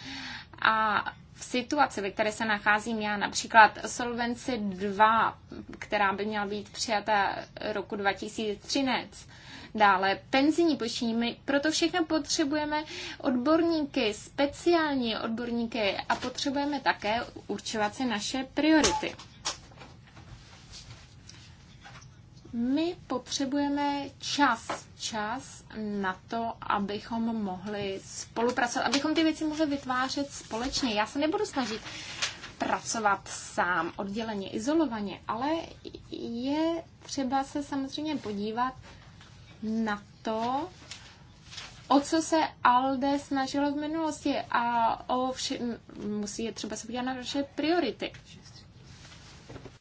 A v situaci, ve které se nacházím já, například Solvency 2, která by měla být přijata roku 2013, dále penzijní pojištění. My proto všechno potřebujeme odborníky, speciální odborníky a potřebujeme také určovat si naše priority. My potřebujeme čas, čas na to, abychom mohli spolupracovat, abychom ty věci mohli vytvářet společně. Já se nebudu snažit pracovat sám, odděleně, izolovaně, ale je třeba se samozřejmě podívat na to, o co se Alde snažilo v minulosti a o vše musí je třeba se podívat na naše priority.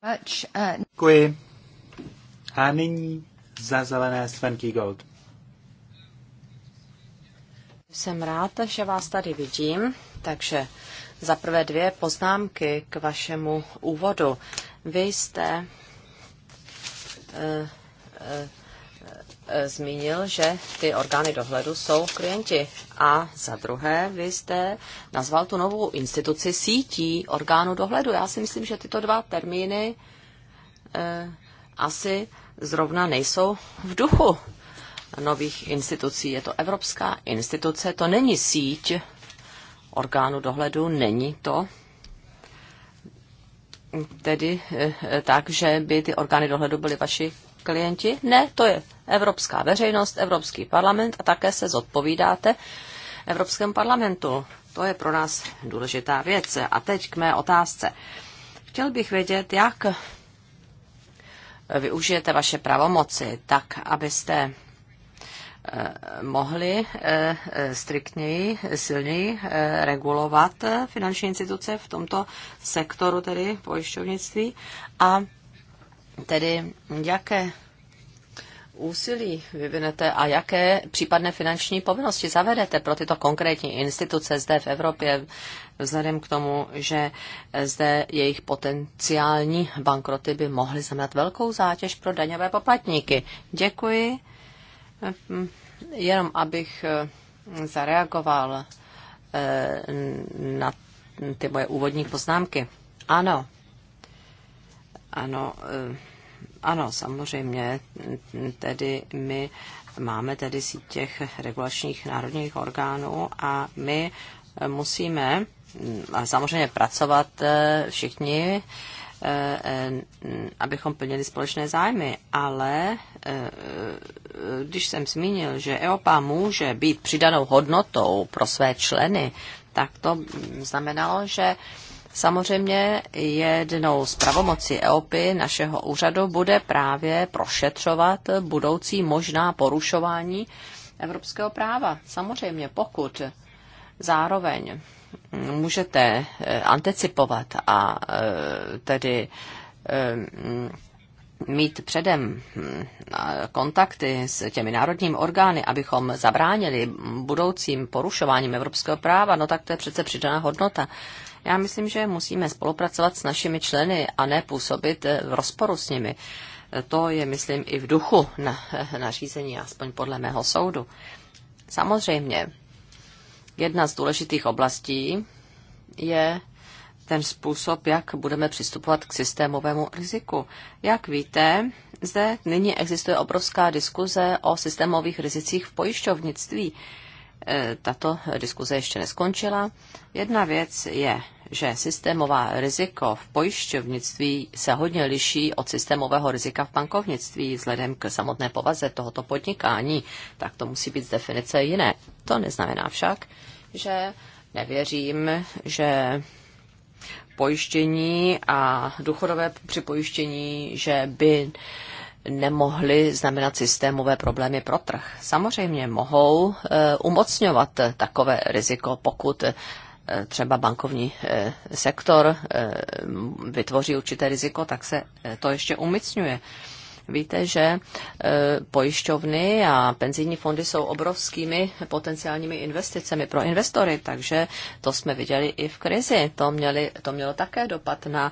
Uh,
Děkuji. A nyní za zelené Svenky Gold.
Jsem rád, že vás tady vidím, takže za prvé dvě poznámky k vašemu úvodu. Vy jste e, e, zmínil, že ty orgány dohledu jsou klienti. A za druhé, vy jste nazval tu novou instituci sítí orgánu dohledu. Já si myslím, že tyto dva termíny e, asi zrovna nejsou v duchu nových institucí. Je to evropská instituce, to není síť orgánu dohledu, není to tedy eh, eh, tak, že by ty orgány dohledu byly vaši klienti? Ne, to je evropská veřejnost, Evropský parlament a také se zodpovídáte Evropskému parlamentu. To je pro nás důležitá věc. A teď k mé otázce. Chtěl bych vědět, jak využijete vaše pravomoci tak, abyste eh, mohli eh, striktněji, silněji eh, regulovat finanční instituce v tomto sektoru, tedy pojišťovnictví, a tedy jaké úsilí vyvinete a jaké případné finanční povinnosti zavedete pro tyto konkrétní instituce zde v Evropě, vzhledem k tomu, že zde jejich potenciální bankroty by mohly znamenat velkou zátěž pro daňové poplatníky. Děkuji. Jenom abych eh, zareagoval eh, na ty moje úvodní poznámky. Ano, ano, eh, ano, samozřejmě, tedy my máme tedy síť těch regulačních národních orgánů a my musíme samozřejmě pracovat eh, všichni, eh, eh, abychom plnili společné zájmy, ale když jsem zmínil, že EOPA může být přidanou hodnotou pro své členy, tak to znamenalo, že Samozřejmě jednou z pravomocí EOPy našeho úřadu bude právě prošetřovat budoucí možná porušování evropského práva. Samozřejmě pokud zároveň můžete eh, anticipovat a eh, tedy eh, mít předem hm, kontakty s těmi národními orgány, abychom zabránili budoucím porušováním evropského práva, no tak to je přece přidaná hodnota. Já myslím, že musíme spolupracovat s našimi členy a ne působit eh, v rozporu s nimi. To je, myslím, i v duchu na, eh, nařízení, aspoň podle mého soudu. Samozřejmě, jedna z důležitých oblastí je ten způsob, jak budeme přistupovat k systémovému riziku. Jak víte, zde nyní existuje obrovská diskuze o systémových rizicích v pojišťovnictví. E, tato diskuze ještě neskončila. Jedna věc je, že systémová riziko v pojišťovnictví se hodně liší od systémového rizika v bankovnictví vzhledem k samotné povaze tohoto podnikání, tak to musí být z definice jiné. To neznamená však, že nevěřím, že pojištění a důchodové připojištění, že by nemohly znamenat systémové problémy pro trh. Samozřejmě mohou eh, umocňovat takové riziko, pokud eh, třeba bankovní eh, sektor vytvoří určité riziko, tak se to ještě umicňuje. Víte, že pojišťovny a penzijní fondy jsou obrovskými potenciálními investicemi pro investory, takže to jsme viděli i v krizi. To, měli, to mělo také dopad na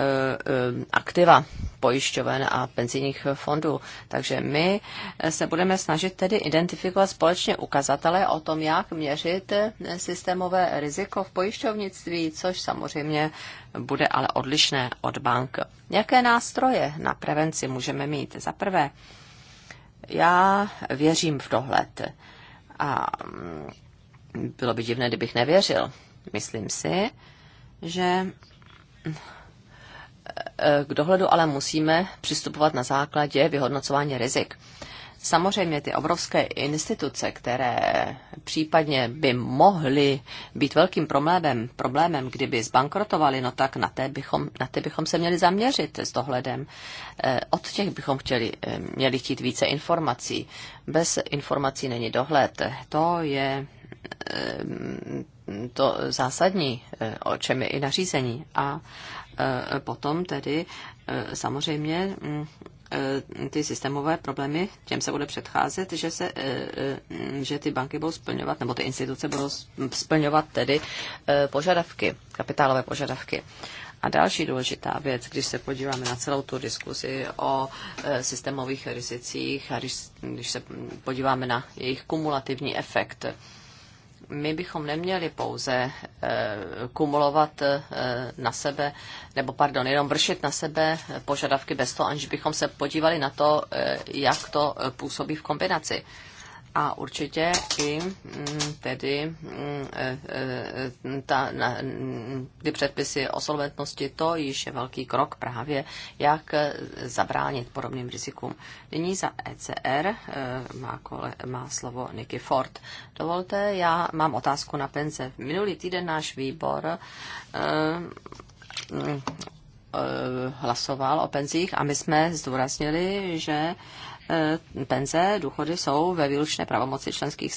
Eh, eh, aktiva pojišťoven a penzijních fondů. Takže my eh, se budeme snažit tedy identifikovat společně ukazatele o tom, jak měřit systémové riziko v pojišťovnictví, což samozřejmě bude ale odlišné od bank. Jaké nástroje na prevenci můžeme mít? Za prvé, já věřím v dohled a mm, bylo by divné, kdybych nevěřil. Myslím si, že Eh, k dohledu ale musíme přistupovat na základě vyhodnocování rizik. Samozřejmě ty obrovské instituce, které případně by mohly být velkým problémem, problémem kdyby zbankrotovaly, no tak na té, bychom, na té bychom se měli zaměřit s dohledem. Eh, od těch bychom chtěli, eh, měli chtít více informací. Bez informací není dohled. To je to zásadní, o čem je i nařízení. A Eh, potom tedy eh, samozřejmě mm, eh, ty systémové problémy, těm se bude předcházet, že, se, že ty banky budou splňovat, nebo ty instituce budou splňovat tedy požadavky, kapitálové požadavky. A další důležitá věc, když se podíváme na celou tu diskuzi o systémových rizicích a když, když se podíváme na jejich kumulativní efekt, my bychom neměli pouze eh, kumulovat eh, na sebe, nebo pardon, jenom vršit na sebe požadavky bez toho, aniž bychom se podívali na to, eh, jak to působí v kombinaci. A určitě i mm, tedy mm, e, e, ta, na, mm, ty předpisy o solventnosti, to již je velký krok právě, jak e, zabránit podobným rizikům. Nyní za ECR má, kole, má slovo Nicky Ford. Dovolte, já mám otázku na penze. Minulý týden náš výbor hlasoval o penzích a my jsme zdůraznili, že Eh, penze, důchody jsou ve výlučné pravomoci členských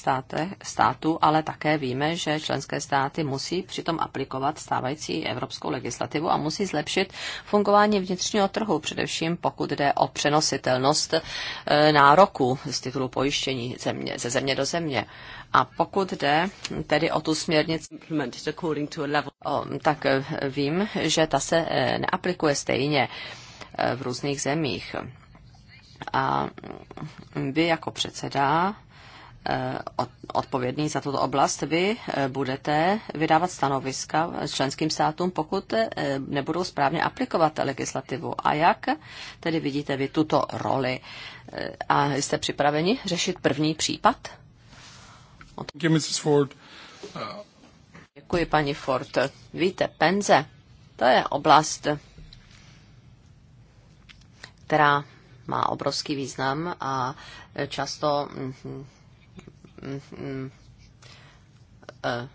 států, ale také víme, že členské státy musí přitom aplikovat stávající evropskou legislativu a musí zlepšit fungování vnitřního trhu, především pokud jde o přenositelnost eh, nároku z titulu pojištění země, ze země do země. A pokud jde tedy o tu směrnici, tak eh, vím, že ta se neaplikuje stejně v různých zemích. A vy jako předseda eh, odpovědný za tuto oblast, vy eh, budete vydávat stanoviska členským státům, pokud eh, nebudou správně aplikovat legislativu. A jak tedy vidíte vy tuto roli? A jste připraveni řešit první případ? Děkuji, paní Ford. Víte, penze, to je oblast, která má obrovský význam a často mm, mm, mm, eh,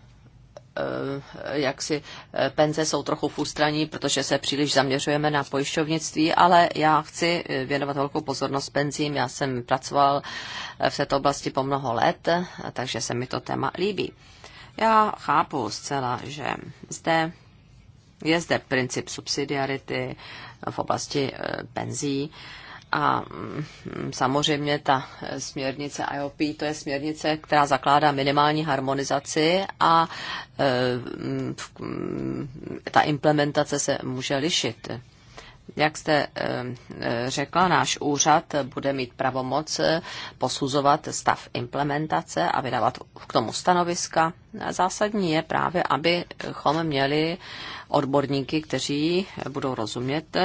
eh, jak si eh, penze jsou trochu v ústraní, protože se příliš zaměřujeme na pojišťovnictví, ale já chci věnovat velkou pozornost penzím. Já jsem pracoval v této oblasti po mnoho let, takže se mi to téma líbí. Já chápu zcela, že zde je zde princip subsidiarity v oblasti penzí. A mm, samozřejmě ta směrnice IOP, to je směrnice, která zakládá minimální harmonizaci a e, mm, ta implementace se může lišit jak jste eh, eh, řekla, náš úřad bude mít pravomoc eh, posuzovat stav implementace a vydávat k tomu stanoviska. Zásadní je právě, abychom měli odborníky, kteří budou rozumět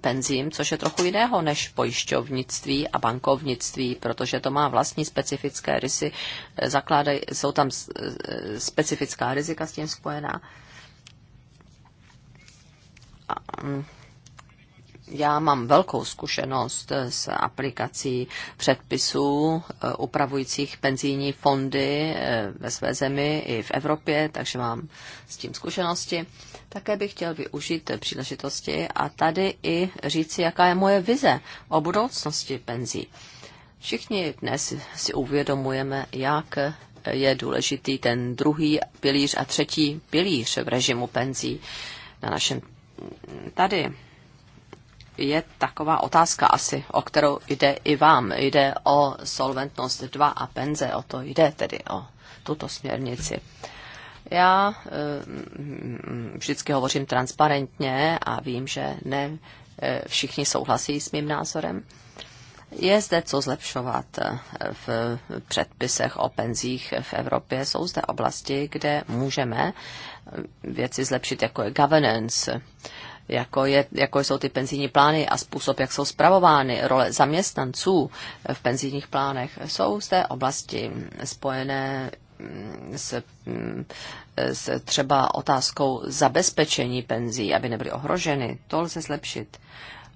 penzím, což je trochu jiného než pojišťovnictví a bankovnictví, protože to má vlastní specifické rysy, zakládají, jsou tam specifická rizika s tím spojená. A, mm, já mám velkou zkušenost s aplikací předpisů eh, upravujících penzijní fondy eh, ve své zemi i v Evropě, takže mám s tím zkušenosti. Také bych chtěl využít příležitosti a tady i říci, jaká je moje vize o budoucnosti penzí. Všichni dnes si uvědomujeme, jak je důležitý ten druhý pilíř a třetí pilíř v režimu penzí na našem tady je taková otázka asi, o kterou jde i vám. Jde o solventnost 2 a penze, o to jde tedy o tuto směrnici. Já eh, vždycky hovořím transparentně a vím, že ne eh, všichni souhlasí s mým názorem. Je zde co zlepšovat eh, v předpisech o penzích v Evropě. Jsou zde oblasti, kde můžeme věci zlepšit, jako je governance, jako, je, jako jsou ty penzijní plány a způsob, jak jsou zpravovány role zaměstnanců v penzijních plánech, jsou z té oblasti spojené mm, s, mm, s třeba otázkou zabezpečení penzí, aby nebyly ohroženy. To lze zlepšit.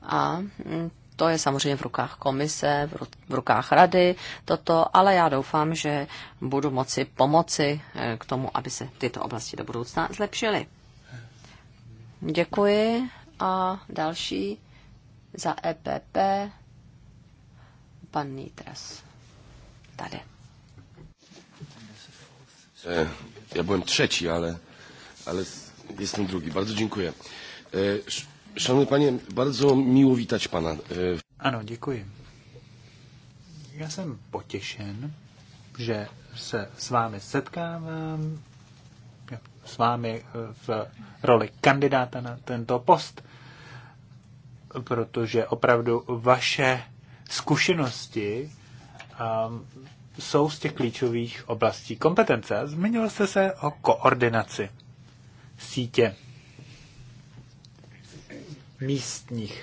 A mm, to je samozřejmě v rukách komise, v rukách rady toto, ale já doufám, že budu moci pomoci eh, k tomu, aby se tyto oblasti do budoucna zlepšily. Děkuji. A další za EPP pan Nitras. Tady.
E, ja byłem trzeci, ale, ale jestem drugi. Bardzo dziękuję. E, szanowny panie, bardzo miło witać pana. E,
ano, děkuji. Ja jsem potěšen, že se s vámi setkávám s vámi eh, v roli kandidáta na tento post, protože opravdu vaše zkušenosti um, jsou z těch klíčových oblastí kompetence. Zmiňoval jste se o koordinaci sítě místních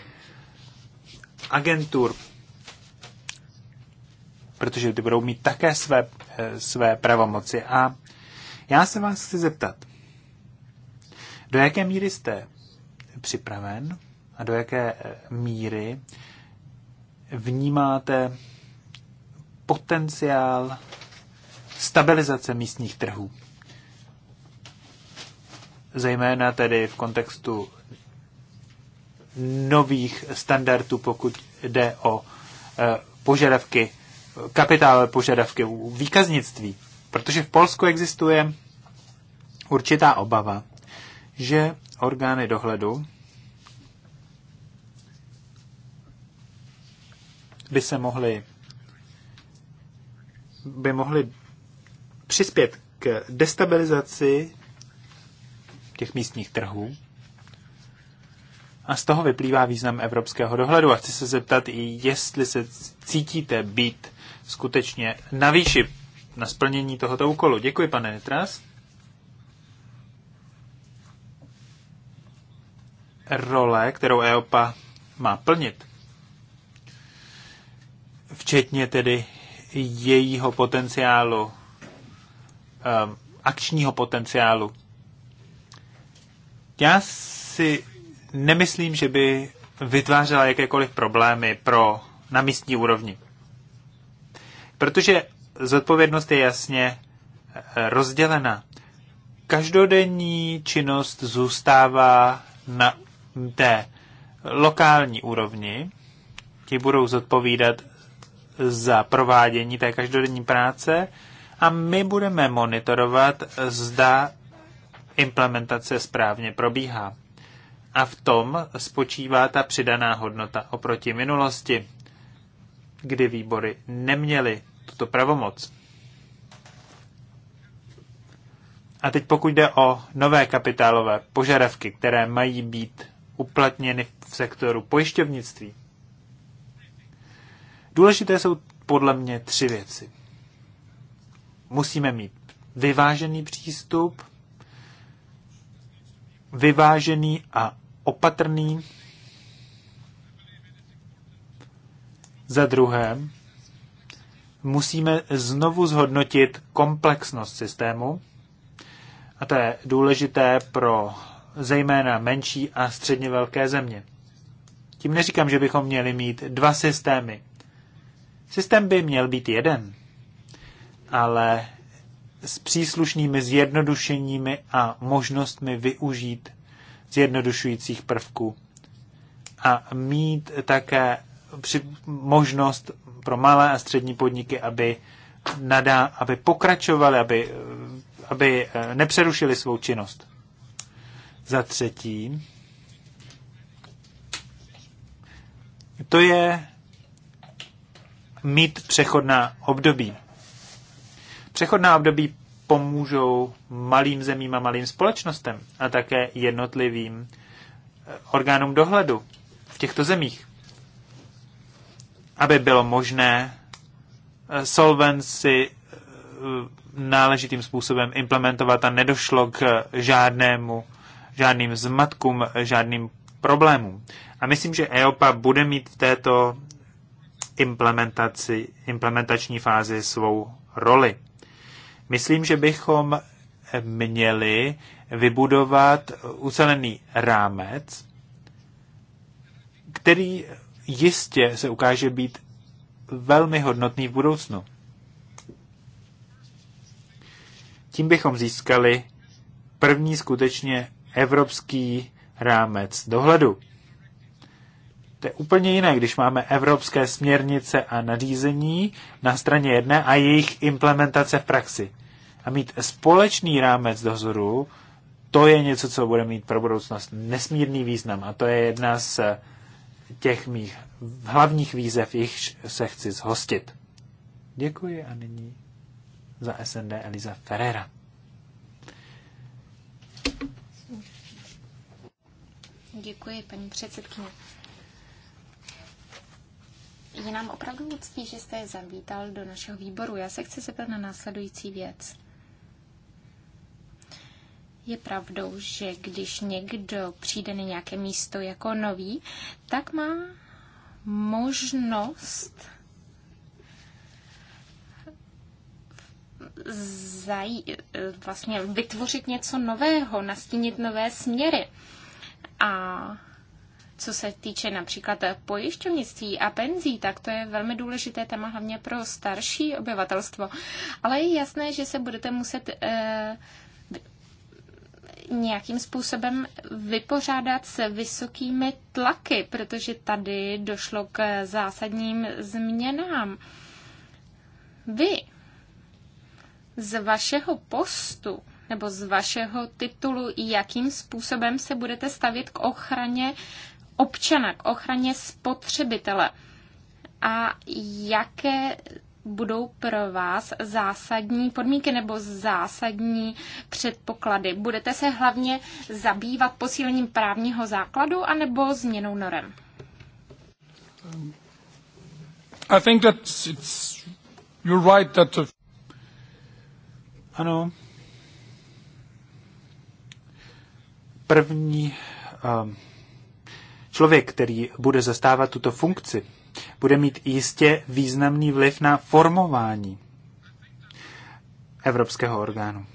agentur, protože ty budou mít také své, eh, své pravomoci. A já se vás chci zeptat, do jaké míry jste připraven a do jaké eh, míry vnímáte potenciál stabilizace místních trhů? Zejména tedy v kontextu nových standardů, pokud jde o eh, požadavky, kapitálové požadavky u výkaznictví. Protože v Polsku existuje určitá obava, že orgány dohledu by se mohly by mohly přispět k destabilizaci těch místních trhů. A z toho vyplývá význam evropského dohledu. A chci se zeptat i, jestli se cítíte být skutečně na výši na splnění tohoto úkolu. Děkuji, pane Nitras. role, kterou EOPA má plnit, včetně tedy jejího potenciálu, um, akčního potenciálu. Já si nemyslím, že by vytvářela jakékoliv problémy pro na místní úrovni. Protože zodpovědnost je jasně eh, rozdělena. Každodenní činnost zůstává na té lokální úrovni, ti budou zodpovídat za provádění té každodenní práce a my budeme monitorovat, zda implementace správně probíhá. A v tom spočívá ta přidaná hodnota oproti minulosti, kdy výbory neměly tuto pravomoc. A teď pokud jde o nové kapitálové požadavky, které mají být uplatněny v sektoru pojišťovnictví. Důležité jsou podle mě tři věci. Musíme mít vyvážený přístup, vyvážený a opatrný. Za druhé, musíme znovu zhodnotit komplexnost systému, a to je důležité pro zejména menší a středně velké země. Tím neříkám, že bychom měli mít dva systémy. Systém by měl být jeden, ale s příslušnými zjednodušeními a možnostmi využít zjednodušujících prvků a mít také možnost pro malé a střední podniky, aby, nadá, aby pokračovali, aby, aby eh, nepřerušili svou činnost. Za třetí, to je mít přechodná období. Přechodná období pomůžou malým zemím a malým společnostem a také jednotlivým eh, orgánům dohledu v těchto zemích, aby bylo možné eh, solvenci eh, náležitým způsobem implementovat a nedošlo k žádnému žádným zmatkům, žádným problémům. A myslím, že EOPA bude mít v této implementaci, implementační fázi svou roli. Myslím, že bychom měli vybudovat ucelený rámec, který jistě se ukáže být velmi hodnotný v budoucnu. Tím bychom získali první skutečně evropský rámec dohledu. To je úplně jiné, když máme evropské směrnice a nařízení na straně jedné a jejich implementace v praxi. A mít společný rámec dozoru, to je něco, co bude mít pro budoucnost nesmírný význam. A to je jedna z těch mých hlavních výzev, jich se chci zhostit. Děkuji a nyní za SND Eliza Ferrera.
Děkuji, paní předsedkyně. Je nám opravdu úctí, že jste je zavítal do našeho výboru. Já se chci zeptat na následující věc. Je pravdou, že když někdo přijde na nějaké místo jako nový, tak má možnost zaj- vlastně vytvořit něco nového, nastínit nové směry. A co se týče například pojišťovnictví a penzí, tak to je velmi důležité téma hlavně pro starší obyvatelstvo. Ale je jasné, že se budete muset eh, nějakým způsobem vypořádat s vysokými tlaky, protože tady došlo k zásadním změnám. Vy z vašeho postu nebo z vašeho titulu, jakým způsobem se budete stavit k ochraně občana, k ochraně spotřebitele a jaké budou pro vás zásadní podmínky nebo zásadní předpoklady? Budete se hlavně zabývat posílením právního základu anebo změnou norem? I think that it's, you're right that the...
Ano, první um, člověk, který bude zastávat tuto funkci, bude mít jistě významný vliv na formování evropského orgánu.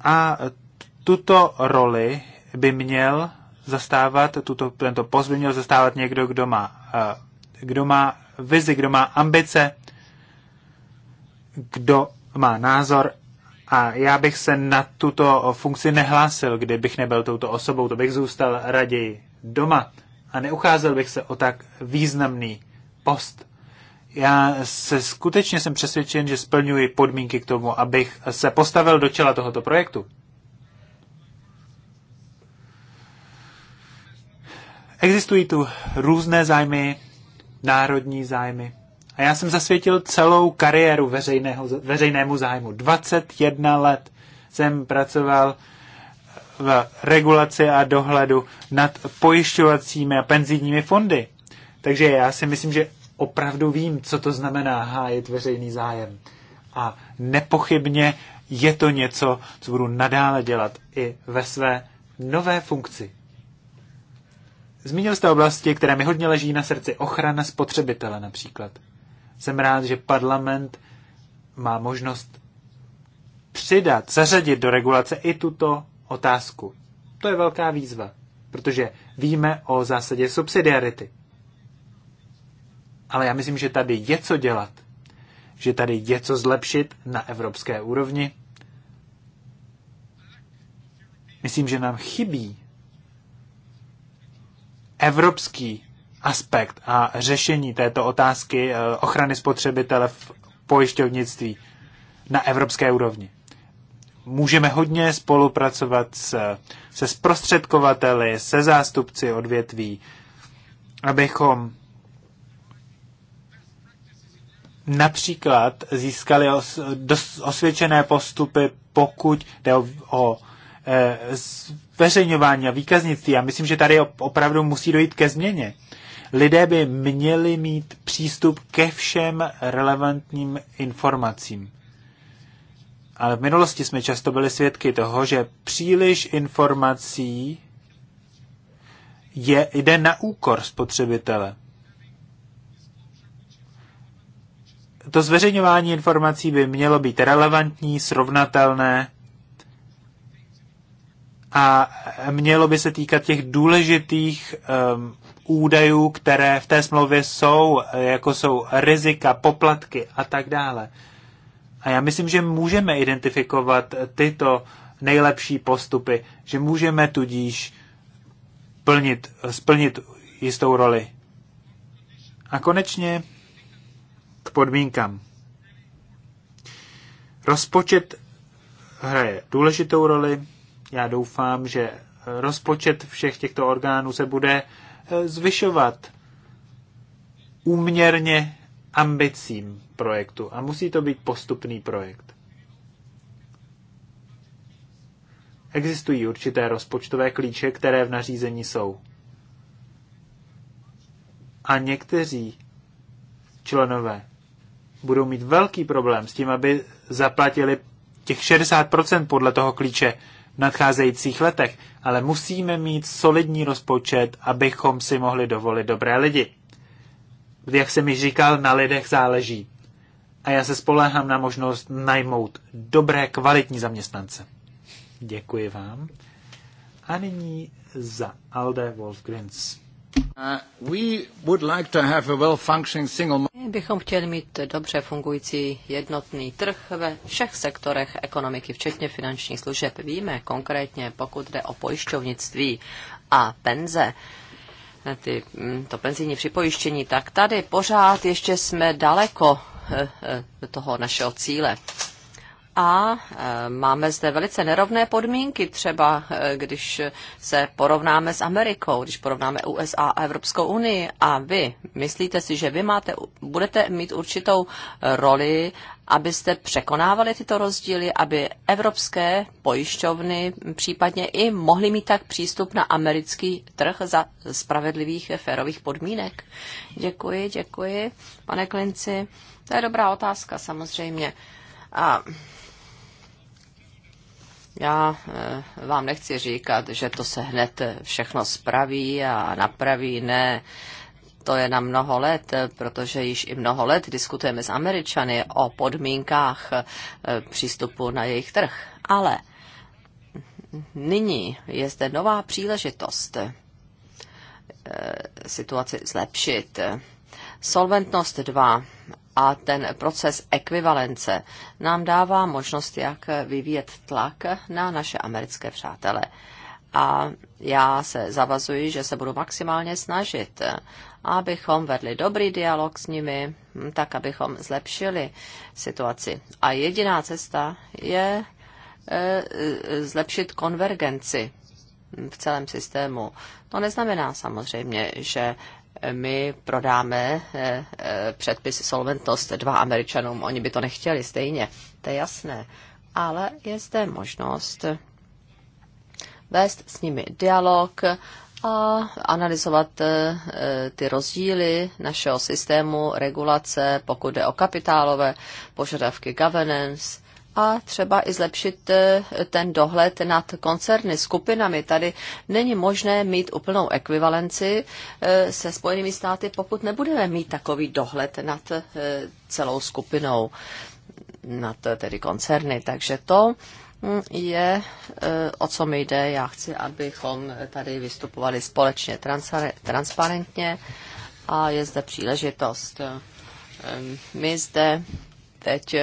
A tuto roli by měl zastávat, tuto, tento post by měl zastávat někdo, kdo má, eh, kdo má vizi, kdo má ambice, kdo má názor a já bych se na tuto funkci nehlásil, kdybych nebyl touto osobou, to bych zůstal raději doma a neucházel bych se o tak významný post. Já se skutečně jsem přesvědčen, že splňuji podmínky k tomu, abych se postavil do čela tohoto projektu. Existují tu různé zájmy, národní zájmy, a já jsem zasvětil celou kariéru veřejného, veřejnému zájmu. 21 let jsem pracoval v regulaci a dohledu nad pojišťovacími a penzijními fondy. Takže já si myslím, že opravdu vím, co to znamená hájit veřejný zájem. A nepochybně je to něco, co budu nadále dělat i ve své nové funkci. Zmínil jste oblasti, které mi hodně leží na srdci, ochrana spotřebitele například. Jsem rád, že parlament má možnost přidat, zařadit do regulace i tuto otázku. To je velká výzva, protože víme o zásadě subsidiarity. Ale já myslím, že tady je co dělat, že tady je co zlepšit na evropské úrovni. Myslím, že nám chybí evropský aspekt a řešení této otázky eh, ochrany spotřebitele v pojišťovnictví na evropské úrovni. Můžeme hodně spolupracovat s, se zprostředkovateli, se zástupci odvětví, abychom například získali os, dos, osvědčené postupy, pokud jde o, o e, zveřejňování a výkaznictví. Já myslím, že tady opravdu musí dojít ke změně. Lidé by měli mít přístup ke všem relevantním informacím. Ale v minulosti jsme často byli svědky toho, že příliš informací je, jde na úkor spotřebitele. To zveřejňování informací by mělo být relevantní, srovnatelné a mělo by se týkat těch důležitých um, údajů, které v té smlouvě jsou, jako jsou rizika, poplatky a tak dále. A já myslím, že můžeme identifikovat tyto nejlepší postupy, že můžeme tudíž plnit, splnit jistou roli. A konečně k podmínkám. Rozpočet hraje důležitou roli, já doufám, že rozpočet všech těchto orgánů se bude eh, zvyšovat úměrně ambicím projektu a musí to být postupný projekt. Existují určité rozpočtové klíče, které v nařízení jsou. A někteří členové budou mít velký problém s tím, aby zaplatili těch 60% podle toho klíče nadcházejících letech, ale musíme mít solidní rozpočet, abychom si mohli dovolit dobré lidi. Jak jsem mi říkal, na lidech záleží. A já se spolehám na možnost najmout dobré, kvalitní zaměstnance. Děkuji vám. A nyní za Alde Wolfgrins. Uh,
My Bychom chtěli mít dobře fungující jednotný trh ve všech sektorech ekonomiky, včetně finančních služeb. Víme konkrétně, pokud jde o pojišťovnictví a penze, eh, ty, mm, to penzijní připojištění, tak tady pořád ještě jsme daleko eh, eh, toho našeho cíle a e, máme zde velice nerovné podmínky, třeba e, když se porovnáme s Amerikou, když porovnáme USA a Evropskou unii a vy myslíte si, že vy máte, budete mít určitou roli, abyste překonávali tyto rozdíly, aby evropské pojišťovny případně i mohly mít tak přístup na americký trh za spravedlivých, férových podmínek? Děkuji, děkuji, pane Klinci. To je dobrá otázka samozřejmě. A já eh, vám nechci říkat, že to se hned všechno spraví a napraví, ne. To je na mnoho let, protože již i mnoho let diskutujeme s Američany o podmínkách eh, přístupu na jejich trh. Ale nyní je zde nová příležitost eh, situaci zlepšit. Solventnost 2 a ten proces ekvivalence nám dává možnost, jak vyvíjet tlak na naše americké přátele. A já se zavazuji, že se budu maximálně snažit, abychom vedli dobrý dialog s nimi, tak abychom zlepšili situaci. A jediná cesta je e, zlepšit konvergenci v celém systému. To neznamená samozřejmě, že my prodáme eh, eh, předpis solventnost dva američanům. Oni by to nechtěli stejně, to je jasné. Ale je zde možnost vést s nimi dialog a analyzovat eh, ty rozdíly našeho systému regulace, pokud jde o kapitálové požadavky governance, a třeba i zlepšit e, ten dohled nad koncerny, skupinami. Tady není možné mít úplnou ekvivalenci e, se Spojenými státy, pokud nebudeme mít takový dohled nad e, celou skupinou, nad tedy koncerny. Takže to mm, je, o co mi jde. Já chci, abychom tady vystupovali společně transparentně a je zde příležitost. My zde teď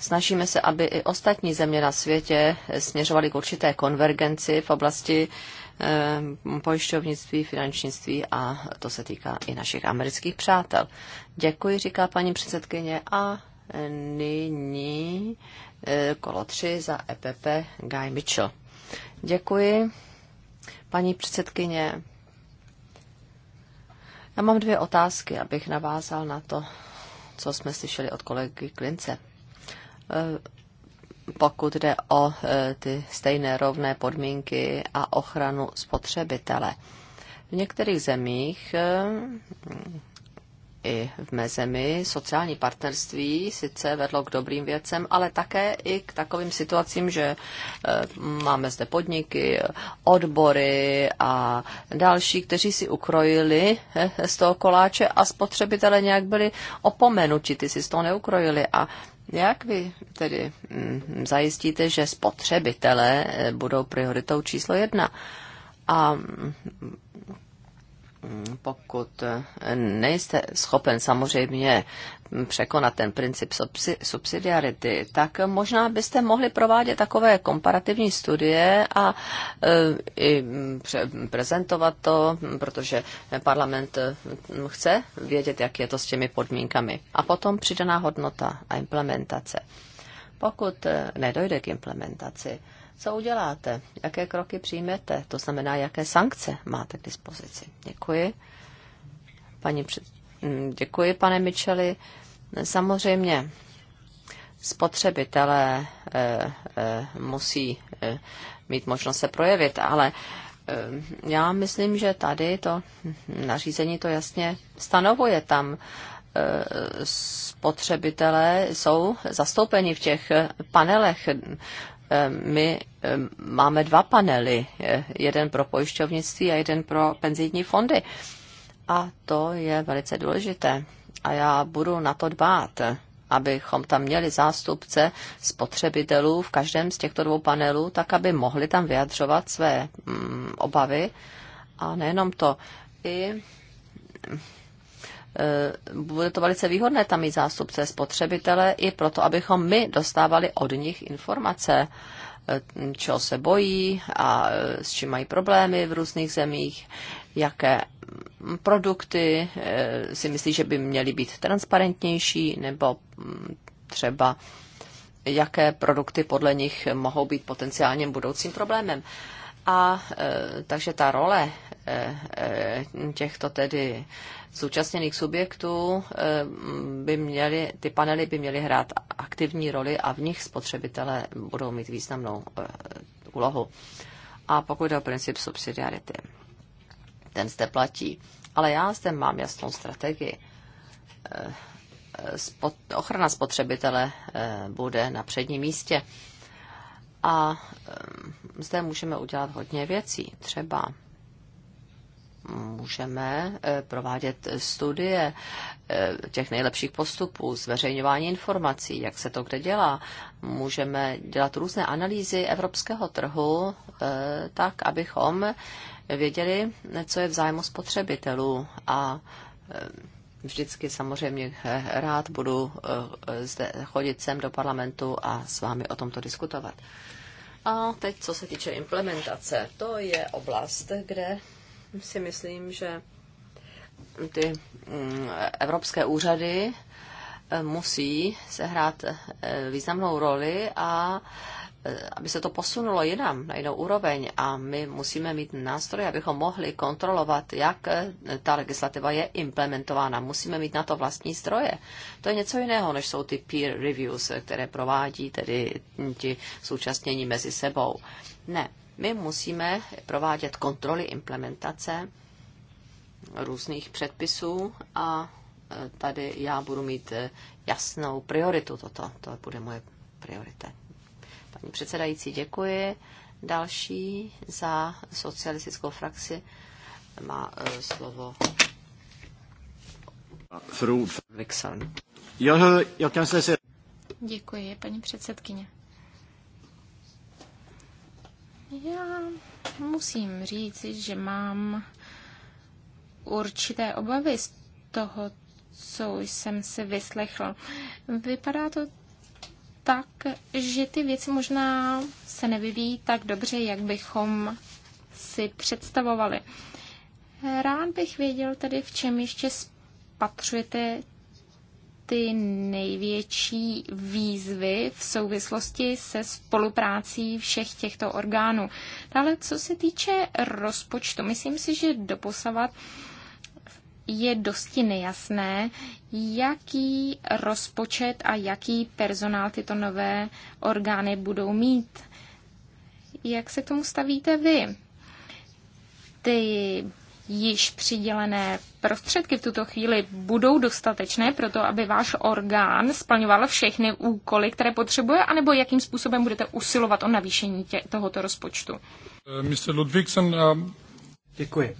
Snažíme se, aby i ostatní země na světě směřovaly k určité konvergenci v oblasti eh, pojišťovnictví, finančnictví a to se týká i našich amerických přátel. Děkuji, říká paní předsedkyně a nyní eh, kolo tři za EPP Guy Mitchell. Děkuji, paní předsedkyně. Já mám dvě otázky, abych navázal na to, co jsme slyšeli od kolegy Klince. Eh, pokud jde o eh, ty stejné rovné podmínky a ochranu spotřebitele. V některých zemích eh, i v mé zemi sociální partnerství sice vedlo k dobrým věcem, ale také i k takovým situacím, že máme zde podniky, odbory a další, kteří si ukrojili z toho koláče a spotřebitele nějak byli opomenuti, ty si z toho neukrojili a jak vy tedy mm, zajistíte, že spotřebitelé eh, budou prioritou číslo jedna? A mm, pokud nejste schopen samozřejmě překonat ten princip subsidiarity, tak možná byste mohli provádět takové komparativní studie a e, i prezentovat to, protože parlament chce vědět, jak je to s těmi podmínkami. A potom přidaná hodnota a implementace. Pokud e, nedojde k implementaci, co uděláte, jaké kroky přijmete, to znamená, jaké sankce máte k dispozici. Děkuji. Paní před... Mm, děkuji, pane Micheli. Samozřejmě spotřebitelé e, e, musí e, mít možnost se projevit, ale já myslím, že tady to nařízení to jasně stanovuje. Tam spotřebitelé jsou zastoupeni v těch panelech Eh, my eh, máme dva panely, eh, jeden pro pojišťovnictví a jeden pro penzijní fondy. A to je velice důležité. A já budu na to dbát, abychom tam měli zástupce spotřebitelů v každém z těchto dvou panelů, tak aby mohli tam vyjadřovat své mm, obavy. A nejenom to, i Eh, bude to velice výhodné tam mít zástupce spotřebitele i proto, abychom my dostávali od nich informace, eh, čeho se bojí a eh, s čím mají problémy v různých zemích, jaké produkty si myslí, že by měly být transparentnější nebo hm, třeba jaké produkty podle nich mohou být potenciálním budoucím problémem. A takže ta role těchto tedy zúčastněných subjektů eh, by měly, ty panely by měly hrát aktivní roli a v nich spotřebitelé budou mít významnou eh, úlohu. A pokud je o princip subsidiarity, ten zde platí. Ale já zde mám jasnou strategii. Eh, ochrana spotřebitele bude na předním místě. A zde můžeme udělat hodně věcí. Třeba můžeme eh, provádět studie eh, těch nejlepších postupů, zveřejňování informací, jak se to kde dělá. Můžeme dělat různé analýzy evropského trhu eh, tak, abychom věděli, co je v zájmu spotřebitelů a vždycky samozřejmě rád budu zde chodit sem do parlamentu a s vámi o tomto diskutovat. A teď, co se týče implementace, to je oblast, kde si myslím, že ty mm, evropské úřady eh, musí sehrát eh, významnou roli a eh, aby se to posunulo jinam, na jinou úroveň a my musíme mít nástroje, abychom mohli kontrolovat, jak ta legislativa je implementována. Musíme mít na to vlastní stroje. To je něco jiného, než jsou ty peer reviews, které provádí tedy ti současnění mezi sebou. Ne, my musíme provádět kontroly implementace různých předpisů a e, tady já budu mít e, jasnou prioritu. Toto to bude moje priorita. Paní předsedající, děkuji. Další za socialistickou frakci má e, slovo Vixen.
Děkuji, paní předsedkyně. Já musím říct, že mám určité obavy z toho, co jsem si vyslechl. Vypadá to tak, že ty věci možná se nevyvíjí tak dobře, jak bychom si představovali. Rád bych věděl tedy, v čem ještě spatřujete ty největší výzvy v souvislosti se spoluprácí všech těchto orgánů. Ale co se týče rozpočtu, myslím si, že doposavat je dosti nejasné, jaký rozpočet a jaký personál tyto nové orgány budou mít. Jak se k tomu stavíte vy? Ty již přidělené prostředky v tuto chvíli budou dostatečné pro to, aby váš orgán splňoval všechny úkoly, které potřebuje, anebo jakým způsobem budete usilovat o navýšení tě, tohoto rozpočtu?
Eh, Mr. Ludvíksen. Um... Děkuji.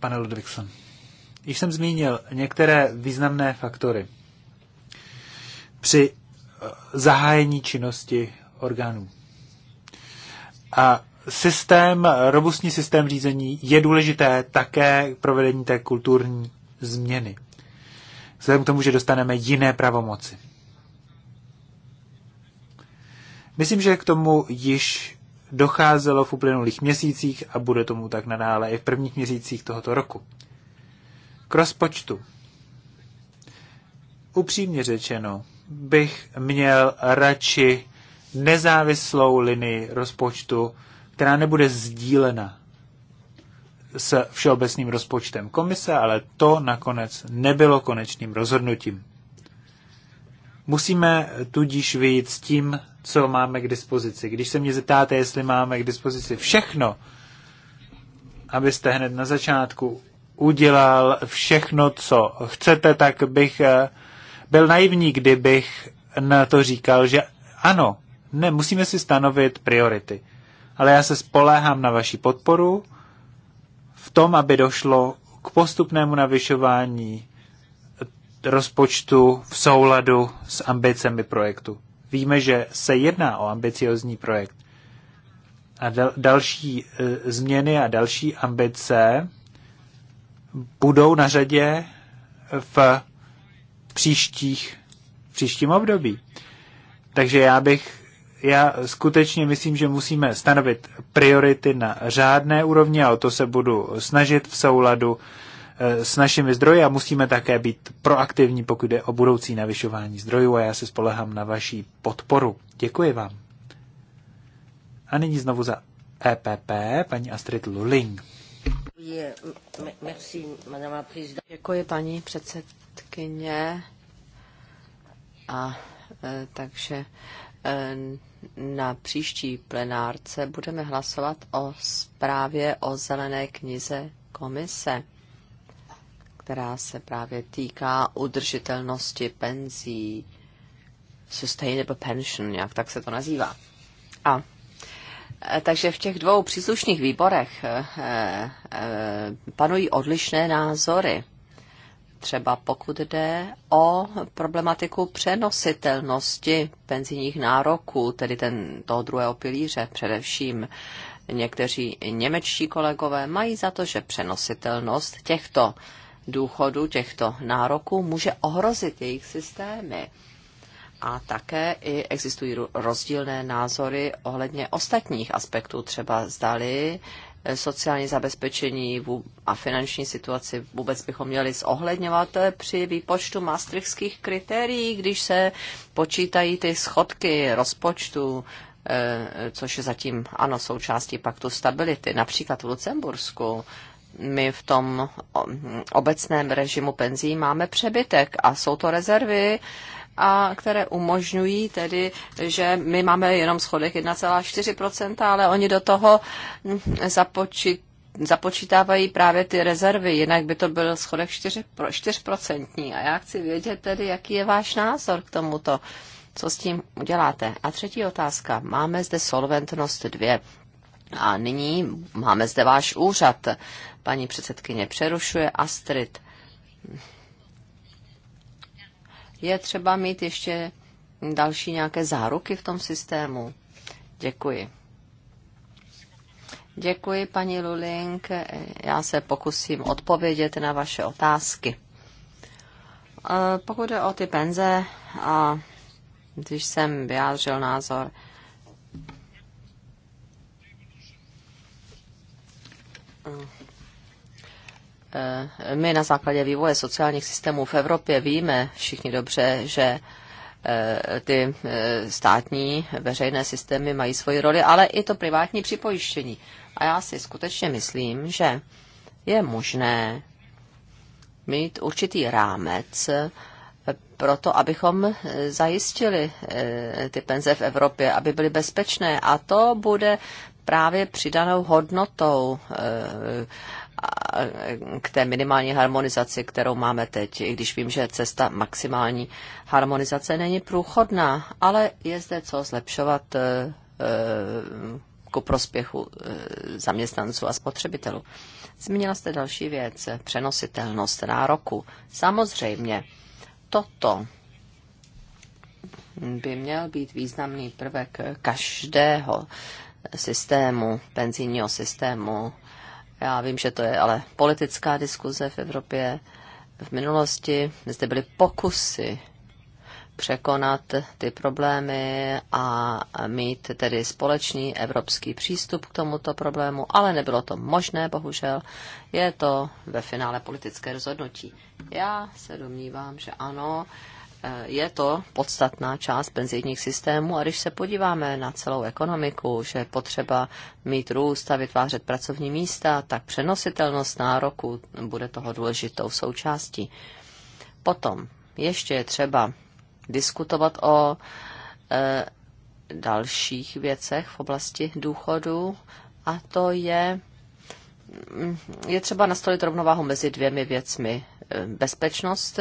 Pane Ludvíksen. Již jsem zmínil některé významné faktory při eh, zahájení činnosti orgánů. A systém, robustní systém řízení je důležité také k provedení té kulturní změny. Vzhledem k tomu, že dostaneme jiné pravomoci. Myslím, že k tomu již docházelo v uplynulých měsících a bude tomu tak nadále i v prvních měsících tohoto roku. K rozpočtu. Upřímně řečeno, bych měl radši nezávislou linii rozpočtu, která nebude sdílena s všeobecným rozpočtem komise, ale to nakonec nebylo konečným rozhodnutím. Musíme tudíž vyjít s tím, co máme k dispozici. Když se mě zeptáte, jestli máme k dispozici všechno, abyste hned na začátku udělal všechno, co chcete, tak bych eh, byl naivní, kdybych na to říkal, že ano, ne, musíme si stanovit priority ale já se spoléhám na vaši podporu v tom, aby došlo k postupnému navyšování rozpočtu v souladu s ambicemi projektu. Víme, že se jedná o ambiciozní projekt. A dal- další e, změny a další ambice budou na řadě v příštích, příštím období. Takže já bych já skutečně myslím, že musíme stanovit priority na řádné úrovni a o to se budu snažit v souladu eh, s našimi zdroji a musíme také být proaktivní, pokud jde o budoucí navyšování zdrojů a já se spolehám na vaší podporu. Děkuji vám. A nyní znovu za EPP, paní Astrid Luling.
Děkuji, paní předsedkyně. A e, takže Eh, na příští plenárce budeme hlasovat o zprávě o zelené knize komise, která se právě týká udržitelnosti penzí, sustainable pension, jak tak se to nazývá. A eh, takže v těch dvou příslušných výborech eh, panují odlišné názory třeba pokud jde o problematiku přenositelnosti penzijních nároků, tedy ten, toho druhého pilíře především. Někteří němečtí kolegové mají za to, že přenositelnost těchto důchodů, těchto nároků může ohrozit jejich systémy. A také i existují rozdílné názory ohledně ostatních aspektů, třeba zdali sociální zabezpečení a finanční situaci vůbec bychom měli zohledňovat při výpočtu maastrichtských kritérií, když se počítají ty schodky rozpočtu, eh, což je zatím, ano, součástí paktu stability. Například v Lucembursku my v tom obecném režimu penzí máme přebytek a jsou to rezervy, a které umožňují tedy, že my máme jenom schodek 1,4%, ale oni do toho hm, započít započítávají právě ty rezervy, jinak by to byl schodek 4%, 4%. A já chci vědět tedy, jaký je váš názor k tomuto. Co s tím uděláte? A třetí otázka. Máme zde solventnost 2. A nyní máme zde váš úřad. Paní předsedkyně přerušuje Astrid je třeba mít ještě další nějaké záruky v tom systému. Děkuji. Děkuji, paní Lulink. Já se pokusím odpovědět na vaše otázky. Eh, pokud jde o ty penze, a když jsem vyjádřil názor, Eh, my na základě vývoje sociálních systémů v Evropě víme všichni dobře, že eh, ty eh, státní veřejné systémy mají svoji roli, ale i to privátní připojištění. A já si skutečně myslím, že je možné mít určitý rámec pro to, abychom zajistili ty penze v Evropě, aby byly bezpečné. A to bude právě přidanou hodnotou k té minimální harmonizaci, kterou máme teď, i když vím, že cesta maximální harmonizace není průchodná, ale je zde co zlepšovat e, e, ku prospěchu e, zaměstnanců a spotřebitelů. Zmínila jste další věc, přenositelnost nároku. Samozřejmě, toto by měl být významný prvek každého systému, penzijního systému, já vím, že to je ale politická diskuze v Evropě. V minulosti zde byly pokusy překonat ty problémy a mít tedy společný evropský přístup k tomuto problému, ale nebylo to možné, bohužel. Je to ve finále politické rozhodnutí. Já se domnívám, že ano, Eh, je to podstatná část penzijních systémů a když se podíváme na celou ekonomiku, že je potřeba mít růst a vytvářet pracovní místa, tak přenositelnost nároku bude toho důležitou součástí. Potom ještě je třeba diskutovat o e, dalších věcech v oblasti důchodu a to je je třeba nastolit rovnováhu mezi dvěmi věcmi. Eh, bezpečnost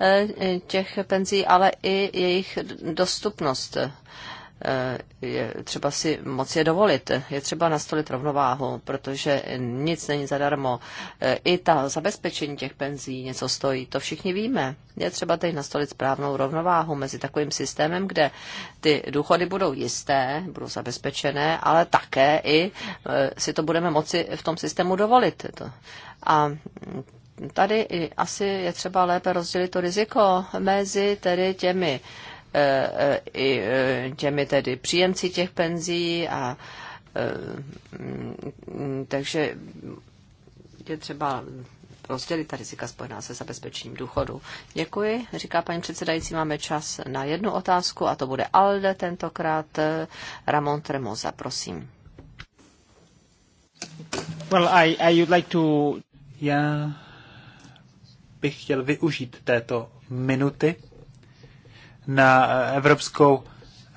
eh, těch penzí, ale i jejich dostupnost. Eh, je třeba si moc je dovolit. Je třeba nastolit rovnováhu, protože nic není zadarmo. Eh, I ta zabezpečení těch penzí něco stojí, to všichni víme. Je třeba tady nastolit správnou rovnováhu mezi takovým systémem, kde ty důchody budou jisté, budou zabezpečené, ale také i eh, si to budeme moci v tom systému dovolit. A tady asi je třeba lépe rozdělit to riziko mezi tedy těmi i e, těmi tedy příjemci těch penzí a e, takže je třeba rozdělit prostě ta rizika spojená se zabezpečením důchodu. Děkuji, říká paní předsedající, máme čas na jednu otázku a to bude Alde tentokrát. Ramon Tremosa, prosím.
Well, I, I would like to... Já bych chtěl využít této minuty na Evropskou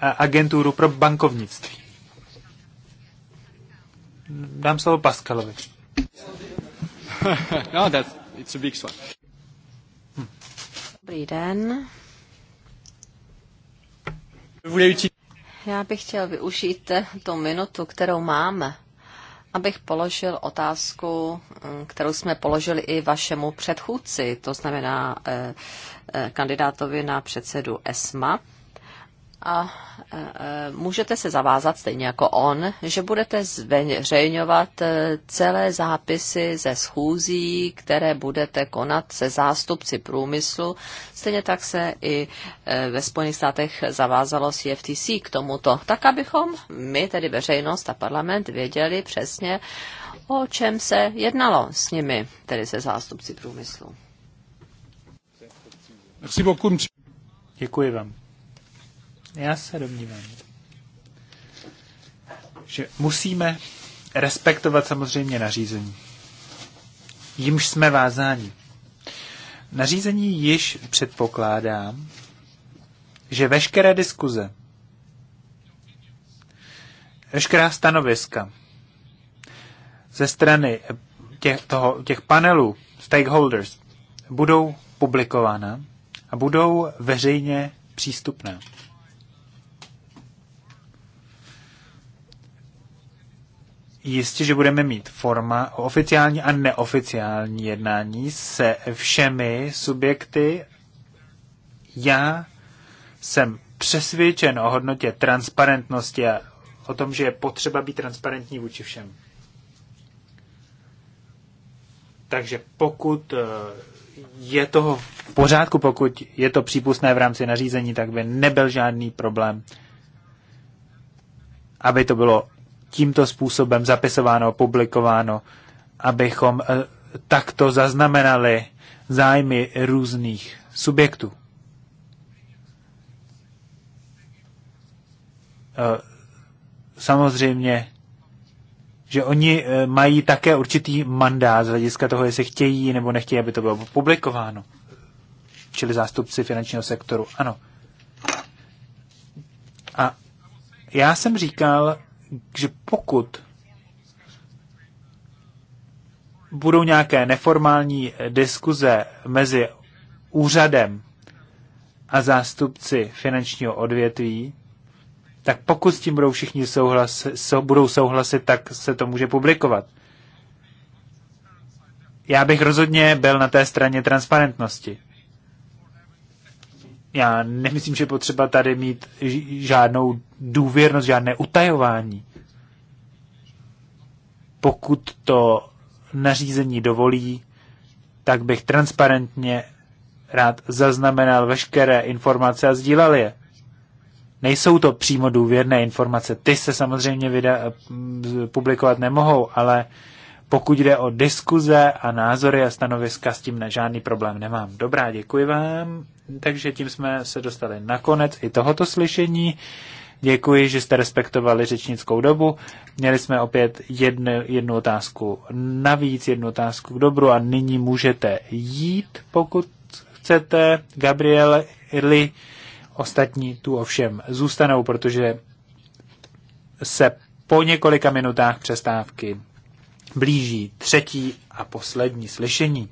agenturu pro bankovnictví. Dám slovo Paskalovi.
[laughs] no, that's, it's a
big one.
Dobrý den. Já bych chtěl využít tu minutu, kterou máme abych položil otázku, kterou jsme položili i vašemu předchůdci, to znamená eh, eh, kandidátovi na předsedu ESMA a e, e, můžete se zavázat stejně jako on, že budete zveřejňovat e, celé zápisy ze schůzí, které budete konat se zástupci průmyslu. Stejně tak se i ve Spojených státech zavázalo CFTC k tomuto, tak abychom my, tedy veřejnost a parlament, věděli přesně, o čem se jednalo s nimi, tedy se zástupci průmyslu.
Děkuji vám. Já se domnívám, že musíme respektovat samozřejmě nařízení. Jimž jsme vázáni. Nařízení již předpokládám, že veškeré diskuze, veškerá stanoviska ze strany těch, toho, těch panelů, stakeholders, budou publikována a budou veřejně přístupná. jistě, že budeme mít forma oficiální a neoficiální jednání se všemi subjekty. Já jsem přesvědčen o hodnotě transparentnosti a o tom, že je potřeba být transparentní vůči všem. Takže pokud eh, je toho v pořádku, pokud je to přípustné v rámci nařízení, tak by nebyl žádný problém, aby to bylo tímto způsobem zapisováno, publikováno, abychom eh, takto zaznamenali zájmy různých subjektů. Eh, samozřejmě, že oni eh, mají také určitý mandát z hlediska toho, jestli chtějí nebo nechtějí, aby to bylo publikováno. Čili zástupci finančního sektoru, ano. A já jsem říkal, že pokud budou nějaké neformální diskuze mezi úřadem a zástupci finančního odvětví, tak pokud s tím budou všichni souhlasit, sou, budou souhlasit, tak se to může publikovat. Já bych rozhodně byl na té straně transparentnosti já nemyslím, že je potřeba tady mít žádnou důvěrnost, žádné utajování. Pokud to nařízení dovolí, tak bych transparentně rád zaznamenal veškeré informace a sdílel je. Nejsou to přímo důvěrné informace, ty se samozřejmě vyda- publikovat nemohou, ale pokud jde o diskuze a názory a stanoviska, s tím na žádný problém nemám. Dobrá, děkuji vám. Takže tím jsme se dostali na konec i tohoto slyšení. Děkuji, že jste respektovali řečnickou dobu. Měli jsme opět jednu, jednu otázku navíc, jednu otázku k dobru a nyní můžete jít, pokud chcete. Gabriel Irli, ostatní tu ovšem zůstanou, protože se po několika minutách přestávky blíží třetí a poslední slyšení.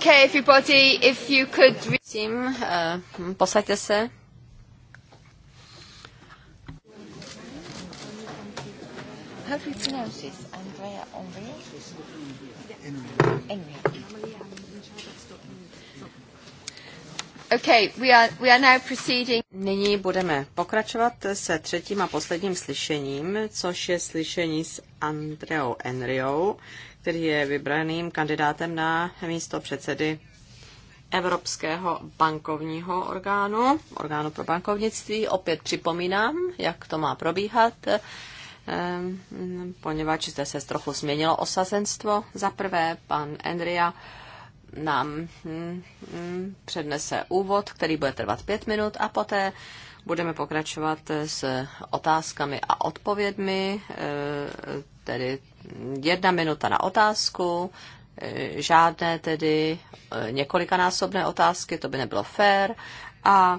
Okay, everybody, if you
could... Tím, uh, eh, posaďte se.
How do you pronounce this? Andrea Henri? Henri.
Okay, we are, we are now proceeding. Nyní budeme pokračovat se třetím a posledním slyšením, což je slyšení s Andreou Enriou, který je vybraným kandidátem na místo předsedy Evropského bankovního orgánu, orgánu pro bankovnictví. Opět připomínám, jak to má probíhat, ehm, poněvadž zde se trochu změnilo osazenstvo. Za prvé, pan Enria nám hm, hm, přednese úvod, který bude trvat pět minut a poté budeme pokračovat s otázkami a odpovědmi, eh, tedy jedna minuta na otázku, eh, žádné tedy eh, několikanásobné otázky, to by nebylo fér a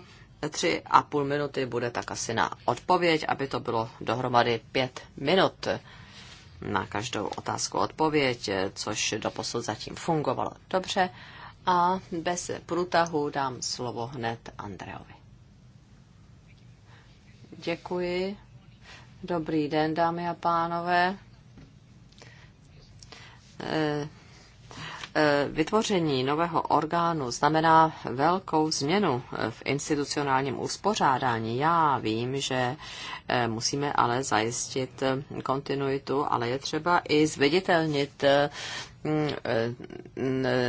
tři a půl minuty bude tak asi na odpověď, aby to bylo dohromady pět minut na každou otázku odpověď, což doposud zatím fungovalo dobře. A bez průtahu dám slovo hned Andreovi. Děkuji. Dobrý den, dámy a pánové. Eh, Eh, vytvoření nového orgánu znamená velkou změnu eh, v institucionálním uspořádání. Já vím, že eh, musíme ale zajistit kontinuitu, ale je třeba i zviditelnit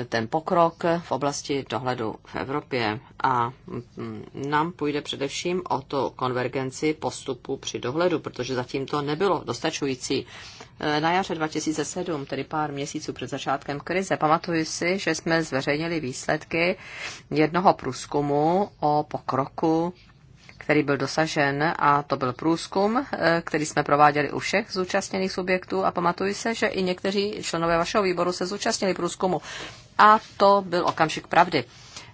ten pokrok v oblasti dohledu v Evropě a nám půjde především o tu konvergenci postupu při dohledu, protože zatím to nebylo dostačující. Na jaře 2007, tedy pár měsíců před začátkem krize, pamatuju si, že jsme zveřejnili výsledky jednoho průzkumu o pokroku který byl dosažen, a to byl průzkum, eh, který jsme prováděli u všech zúčastněných subjektů a pamatuju se, že i někteří členové vašeho výboru se zúčastnili průzkumu. A to byl okamžik pravdy.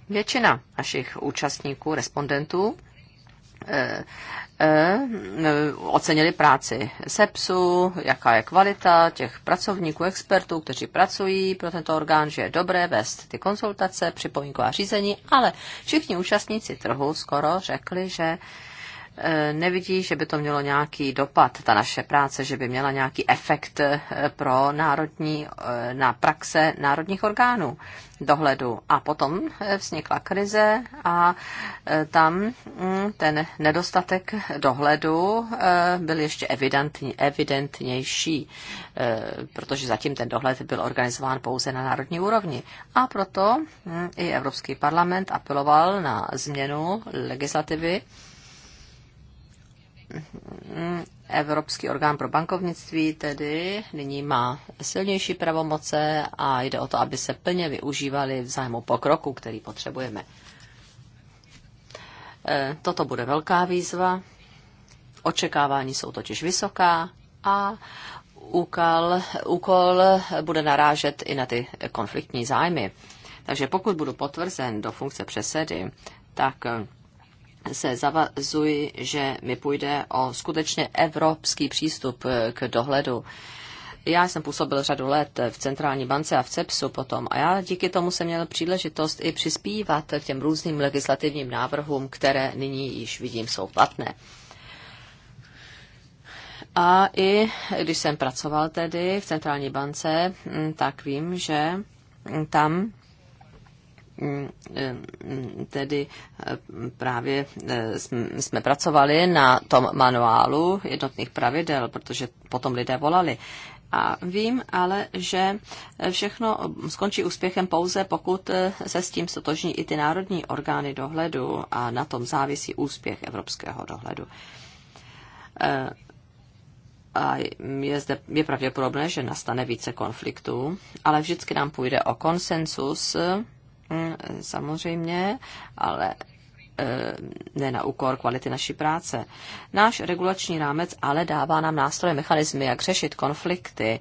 Většina našich účastníků, respondentů, E, e, e, ocenili práci SEPSu, jaká je kvalita těch pracovníků, expertů, kteří pracují pro tento orgán, že je dobré vést ty konzultace, připomínková řízení, ale všichni účastníci trhu skoro řekli, že Eh, nevidí, že by to mělo nějaký dopad, ta naše práce, že by měla nějaký efekt eh, pro národní, eh, na praxe národních orgánů dohledu. A potom vznikla krize a tam hm, ten nedostatek dohledu byl ještě evidentní, evidentnější, protože zatím ten dohled byl organizován pouze na národní úrovni. A proto hm, i Evropský parlament apeloval na změnu legislativy, Evropský orgán pro bankovnictví tedy nyní má silnější pravomoce a jde o to, aby se plně využívali v zájmu pokroku, který potřebujeme. E, toto bude velká výzva. Očekávání jsou totiž vysoká a úkol, úkol bude narážet i na ty konfliktní zájmy. Takže pokud budu potvrzen do funkce předsedy, tak se zavazuji, že mi půjde o skutečně evropský přístup eh, k dohledu. Já jsem působil řadu let v Centrální bance a v CEPSu potom a já díky tomu jsem měl příležitost i přispívat k těm různým legislativním návrhům, které nyní již vidím jsou platné. A i když jsem pracoval tedy v Centrální bance, mm, tak vím, že tam tedy právě eh, jsme pracovali na tom manuálu jednotných pravidel, protože potom lidé volali. A vím ale, že všechno skončí úspěchem pouze, pokud eh, se s tím stotožní i ty národní orgány dohledu a na tom závisí úspěch evropského dohledu. Eh, a je, zde, je pravděpodobné, že nastane více konfliktů, ale vždycky nám půjde o konsensus Mm, samozřejmě, ale eh, ne na úkor kvality naší práce. Náš regulační rámec ale dává nám nástroje, mechanismy, jak řešit konflikty.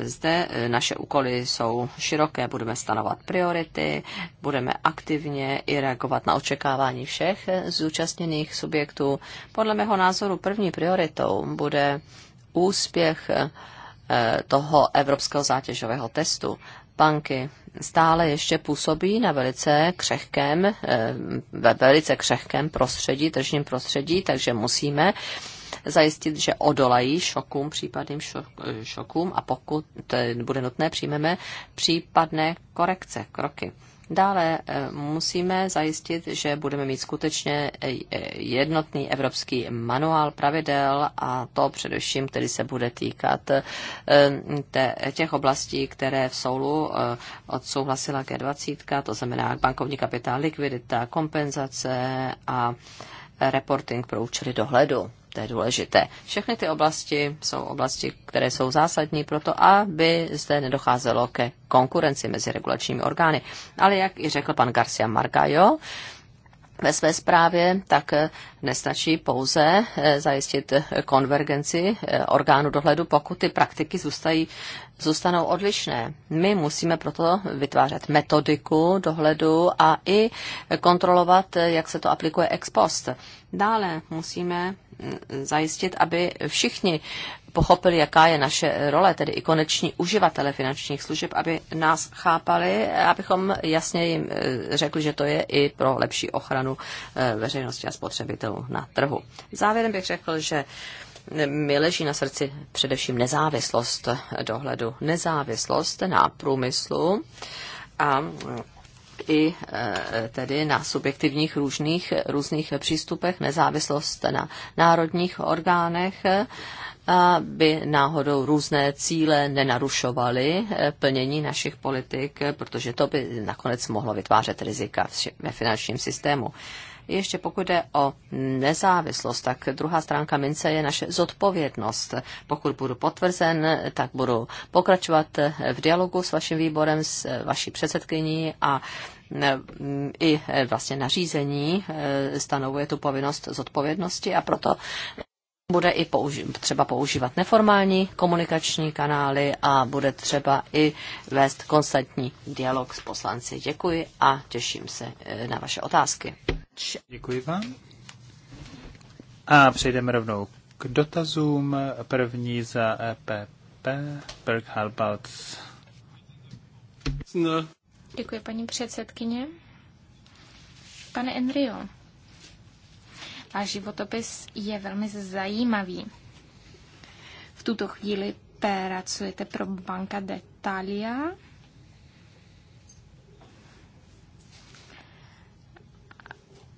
Zde eh, naše úkoly jsou široké, budeme stanovat priority, budeme aktivně i reagovat na očekávání všech eh, zúčastněných subjektů. Podle mého názoru první prioritou bude úspěch toho evropského zátěžového testu banky stále ještě působí na velice křehkém, eh, ve velice křehkém prostředí, tržním prostředí, takže musíme zajistit, že odolají šokům, případným eh, šokům a pokud to eh, bude nutné, přijmeme případné korekce, kroky. Dále eh, musíme zajistit, že budeme mít skutečně eh, jednotný evropský manuál pravidel a to především, který se bude týkat eh, těch oblastí, které v soulu odsouhlasila G20, to znamená bankovní kapitál, likvidita, kompenzace a reporting pro účely dohledu to je důležité. Všechny ty oblasti jsou oblasti, které jsou zásadní pro to, aby zde nedocházelo ke konkurenci mezi regulačními orgány. Ale jak i řekl pan Garcia Margallo, ve své zprávě, tak eh, nestačí pouze eh, zajistit eh, konvergenci orgánu dohledu, pokud ty praktiky zůstají, zůstanou odlišné. My musíme proto vytvářet metodiku dohledu a i kontrolovat, jak se to aplikuje ex post. Dále musíme mm, zajistit, aby všichni pochopili, jaká je naše role, tedy i koneční uživatele finančních služeb, aby nás chápali, abychom jasně jim eh, řekli, že to je i pro lepší ochranu eh, veřejnosti a spotřebitelů na trhu. Závěrem bych řekl, že eh, mi leží na srdci především nezávislost dohledu, nezávislost na průmyslu a mm, i tedy na subjektivních různých, různých přístupech, nezávislost na národních orgánech aby náhodou různé cíle nenarušovaly eh, plnění našich politik, eh, protože to by nakonec mohlo vytvářet rizika ve finančním systému. Ještě pokud jde o nezávislost, tak druhá stránka mince je naše zodpovědnost. Pokud budu potvrzen, tak budu pokračovat eh, v dialogu s vaším výborem, s vaší předsedkyní a mm, i vlastně nařízení stanovuje tu povinnost zodpovědnosti a proto bude i použi- třeba používat neformální komunikační kanály a bude třeba i vést konstantní dialog s poslanci. Děkuji a těším se e, na vaše otázky. Děkuji vám.
A přejdeme rovnou k dotazům. První za EPP, Berg
No. Děkuji, paní předsedkyně. Pane Enrio, a životopis je velmi zajímavý. V tuto chvíli pracujete pro Banka Detalia.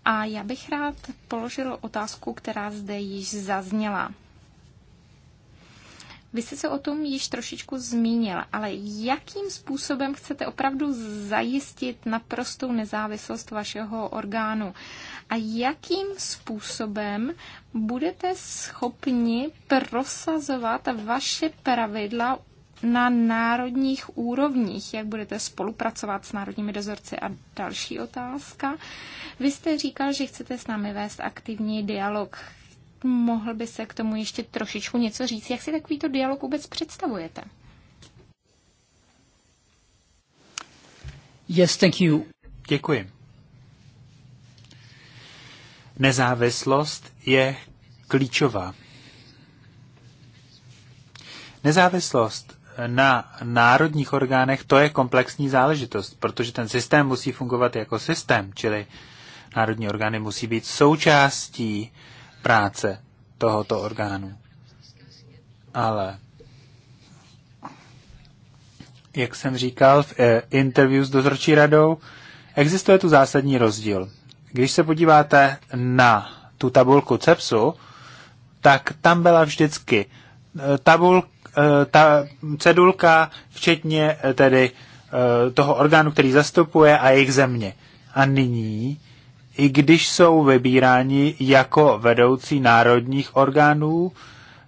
A já bych rád položil otázku, která zde již zazněla. Vy jste se o tom již trošičku zmínil, ale jakým způsobem chcete opravdu zajistit naprostou nezávislost vašeho orgánu? a jakým způsobem budete schopni prosazovat vaše pravidla na národních úrovních, jak budete spolupracovat s národními dozorci. A další otázka. Vy jste říkal, že chcete s námi vést aktivní dialog. Mohl by se k tomu ještě trošičku něco říct? Jak si takovýto dialog vůbec představujete?
Yes, thank you. Děkuji. Nezávislost je klíčová. Nezávislost na národních orgánech, to je komplexní záležitost, protože ten systém musí fungovat jako systém, čili národní orgány musí být součástí práce tohoto orgánu. Ale jak jsem říkal v eh, interview s dozorčí radou, existuje tu zásadní rozdíl když se podíváte na tu tabulku CEPSu, tak tam byla vždycky eh, tabul, eh, ta cedulka, včetně eh, tedy toho orgánu, který zastupuje a jejich země. A nyní, i když jsou vybíráni jako vedoucí národních orgánů,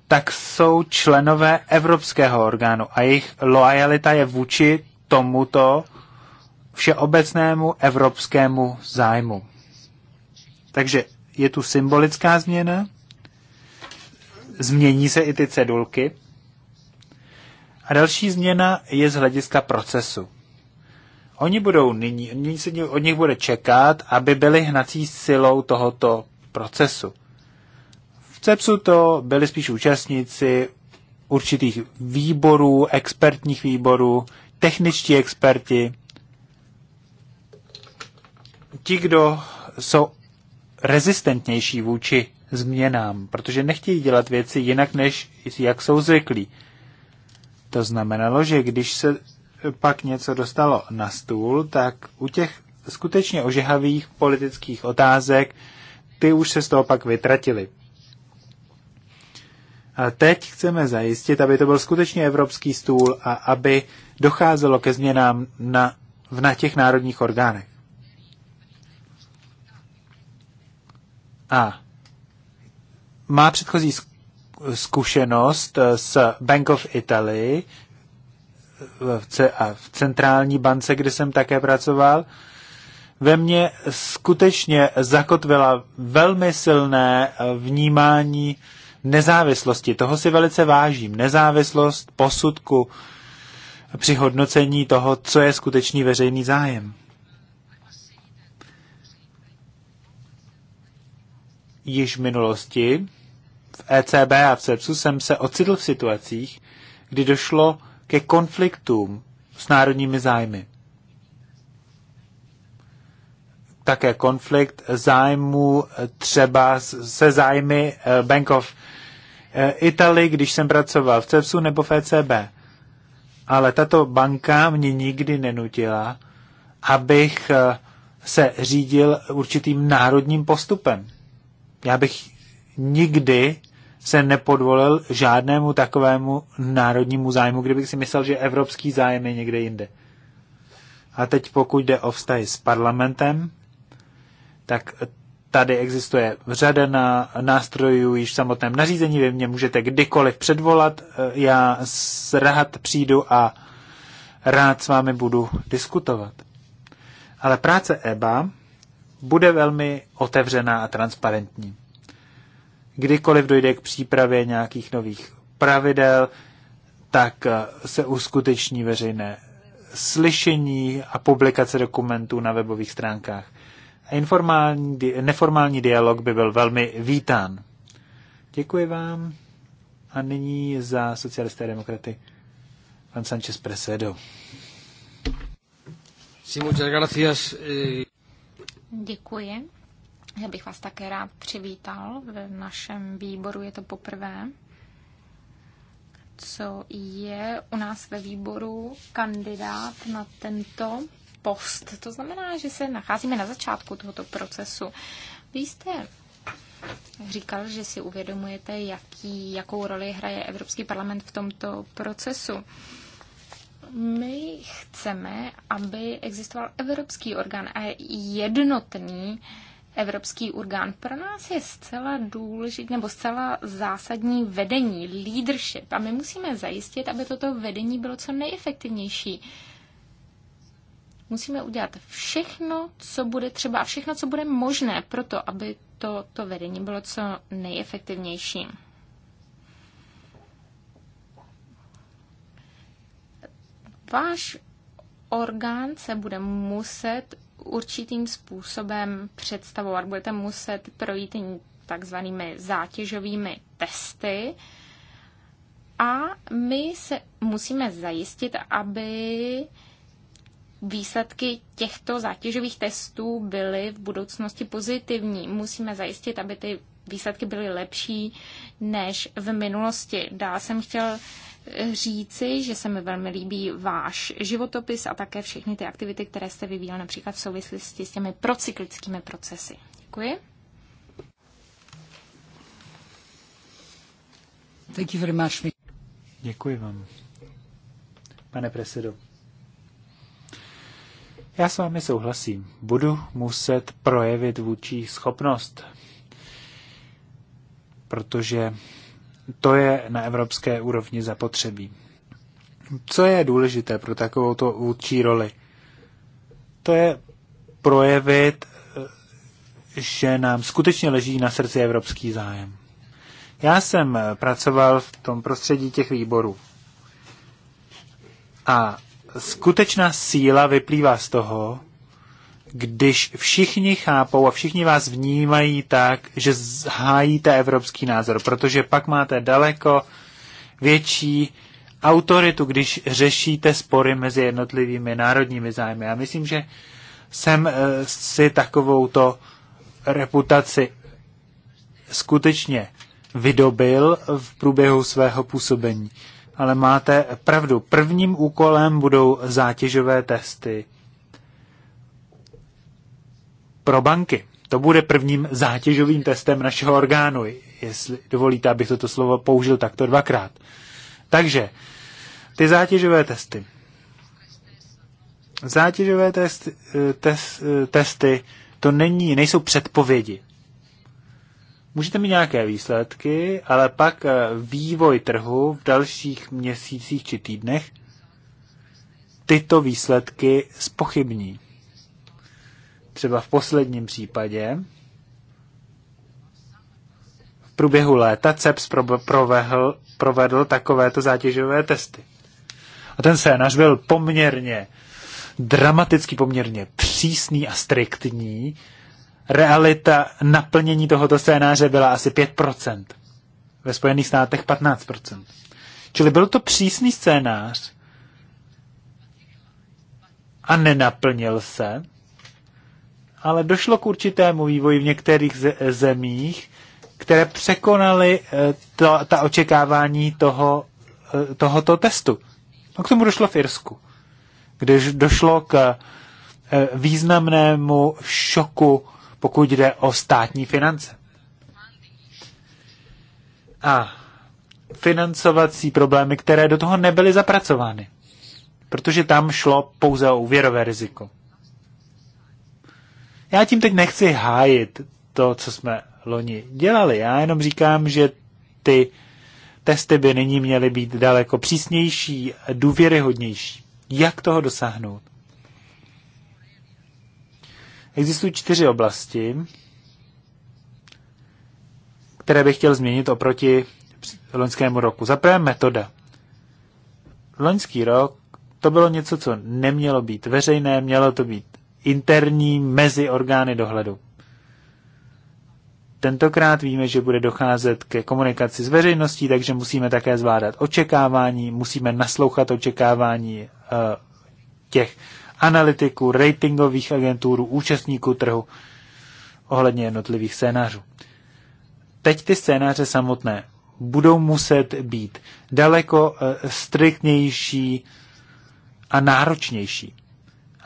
tak jsou členové evropského orgánu a jejich loajalita je vůči tomuto všeobecnému evropskému zájmu. Takže je tu symbolická změna, změní se i ty cedulky. A další změna je z hlediska procesu. Oni budou nyní, nyní se od nich bude čekat, aby byli hnací silou tohoto procesu. V CEPSu to byli spíš účastníci určitých výborů, expertních výborů, techničtí experti, ti, kdo jsou rezistentnější vůči změnám, protože nechtějí dělat věci jinak, než jak jsou zvyklí. To znamenalo, že když se pak něco dostalo na stůl, tak u těch skutečně ožehavých politických otázek ty už se z toho pak vytratili. A teď chceme zajistit, aby to byl skutečně evropský stůl a aby docházelo ke změnám na, na těch národních orgánech. A má předchozí zkušenost eh, s Bank of Italy a v centrální bance, kde jsem také pracoval, ve mně skutečně zakotvila velmi silné eh, vnímání nezávislosti. Toho si velice vážím. Nezávislost posudku při hodnocení toho, co je skutečný veřejný zájem. již v minulosti v ECB a v CEPSu jsem se ocitl v situacích, kdy došlo ke konfliktům s národními zájmy. Také konflikt zájmu třeba se zájmy eh, Bank of eh, Italy, když jsem pracoval v CEPSu nebo v ECB. Ale tato banka mě nikdy nenutila, abych eh, se řídil určitým národním postupem. Já bych nikdy se nepodvolil žádnému takovému národnímu zájmu, kdybych si myslel, že evropský zájem je někde jinde. A teď pokud jde o vztahy s parlamentem, tak tady existuje řada na nástrojů již v samotném nařízení, vy mě můžete kdykoliv předvolat, já rád přijdu a rád s vámi budu diskutovat. Ale práce EBA bude velmi otevřená a transparentní. Kdykoliv dojde k přípravě nějakých nových pravidel, tak eh, se uskuteční veřejné slyšení a publikace dokumentů na webových stránkách. Informální, neformální dialog by byl velmi vítán. Děkuji vám a nyní za socialisté a demokraty pan Sanchez Presedo.
Sí, muchas gracias. Eh. Děkuji. Já bych vás také rád přivítal v našem výboru, je to poprvé, co je u nás ve výboru kandidát na tento post. To znamená, že se nacházíme na začátku tohoto procesu. Vy jste říkal, že si uvědomujete, jaký, jakou roli hraje Evropský parlament v tomto procesu my chceme, aby existoval evropský orgán a jednotný evropský orgán. Pro nás je zcela důležitý nebo zcela zásadní vedení, leadership. A my musíme zajistit, aby toto vedení bylo co nejefektivnější. Musíme udělat všechno, co bude třeba a všechno, co bude možné pro to, aby to, to vedení bylo co nejefektivnější. váš orgán se bude muset určitým způsobem představovat. Budete muset projít takzvanými zátěžovými testy, a my se musíme zajistit, aby výsledky těchto zátěžových testů byly v budoucnosti pozitivní. Musíme zajistit, aby ty výsledky byly lepší než v minulosti. Dál jsem chtěl říci, že se mi velmi líbí váš životopis a také všechny ty aktivity, které jste vyvíjel například v souvislosti s těmi procyklickými procesy. Děkuji. Thank you very much.
Děkuji vám, pane presedo. Já s vámi souhlasím. Budu muset projevit vůči schopnost, protože to je na evropské úrovni zapotřebí. Co je důležité pro takovou to vůdčí roli? To je projevit, že nám skutečně leží na srdci evropský zájem. Já jsem pracoval v tom prostředí těch výborů. A skutečná síla vyplývá z toho, když všichni chápou a všichni vás vnímají tak, že hájíte evropský názor, protože pak máte daleko větší autoritu, když řešíte spory mezi jednotlivými národními zájmy. Já myslím, že jsem eh, si takovouto reputaci skutečně vydobil v průběhu svého působení. Ale máte pravdu, prvním úkolem budou zátěžové testy pro banky. To bude prvním zátěžovým testem našeho orgánu, jestli dovolíte, abych toto slovo použil takto dvakrát. Takže ty zátěžové testy. Zátěžové test, test, testy to není, nejsou předpovědi. Můžete mít nějaké výsledky, ale pak eh, vývoj trhu v dalších měsících či týdnech tyto výsledky spochybní třeba v posledním případě v průběhu léta CEPS provehl, provedl takovéto zátěžové testy. A ten scénář byl poměrně dramaticky, poměrně přísný a striktní. Realita naplnění tohoto scénáře byla asi 5%. Ve Spojených státech 15%. Čili byl to přísný scénář a nenaplnil se, ale došlo k určitému vývoji v některých zemích, které překonaly eh, to, ta očekávání toho, eh, tohoto testu. A no, k tomu došlo v Irsku, kde došlo k eh, významnému šoku, pokud jde o státní finance. A financovací problémy, které do toho nebyly zapracovány, protože tam šlo pouze o úvěrové riziko. Já tím teď nechci hájit to, co jsme loni dělali. Já jenom říkám, že ty testy by nyní měly být daleko přísnější, důvěryhodnější. Jak toho dosáhnout? Existují čtyři oblasti, které bych chtěl změnit oproti loňskému roku. Za prvé metoda. Loňský rok to bylo něco, co nemělo být veřejné, mělo to být interní mezi orgány dohledu. Tentokrát víme, že bude docházet ke komunikaci s veřejností, takže musíme také zvládat očekávání, musíme naslouchat očekávání eh, těch analytiků, ratingových agentů, účastníků trhu ohledně jednotlivých scénářů. Teď ty scénáře samotné budou muset být daleko eh, striktnější a náročnější.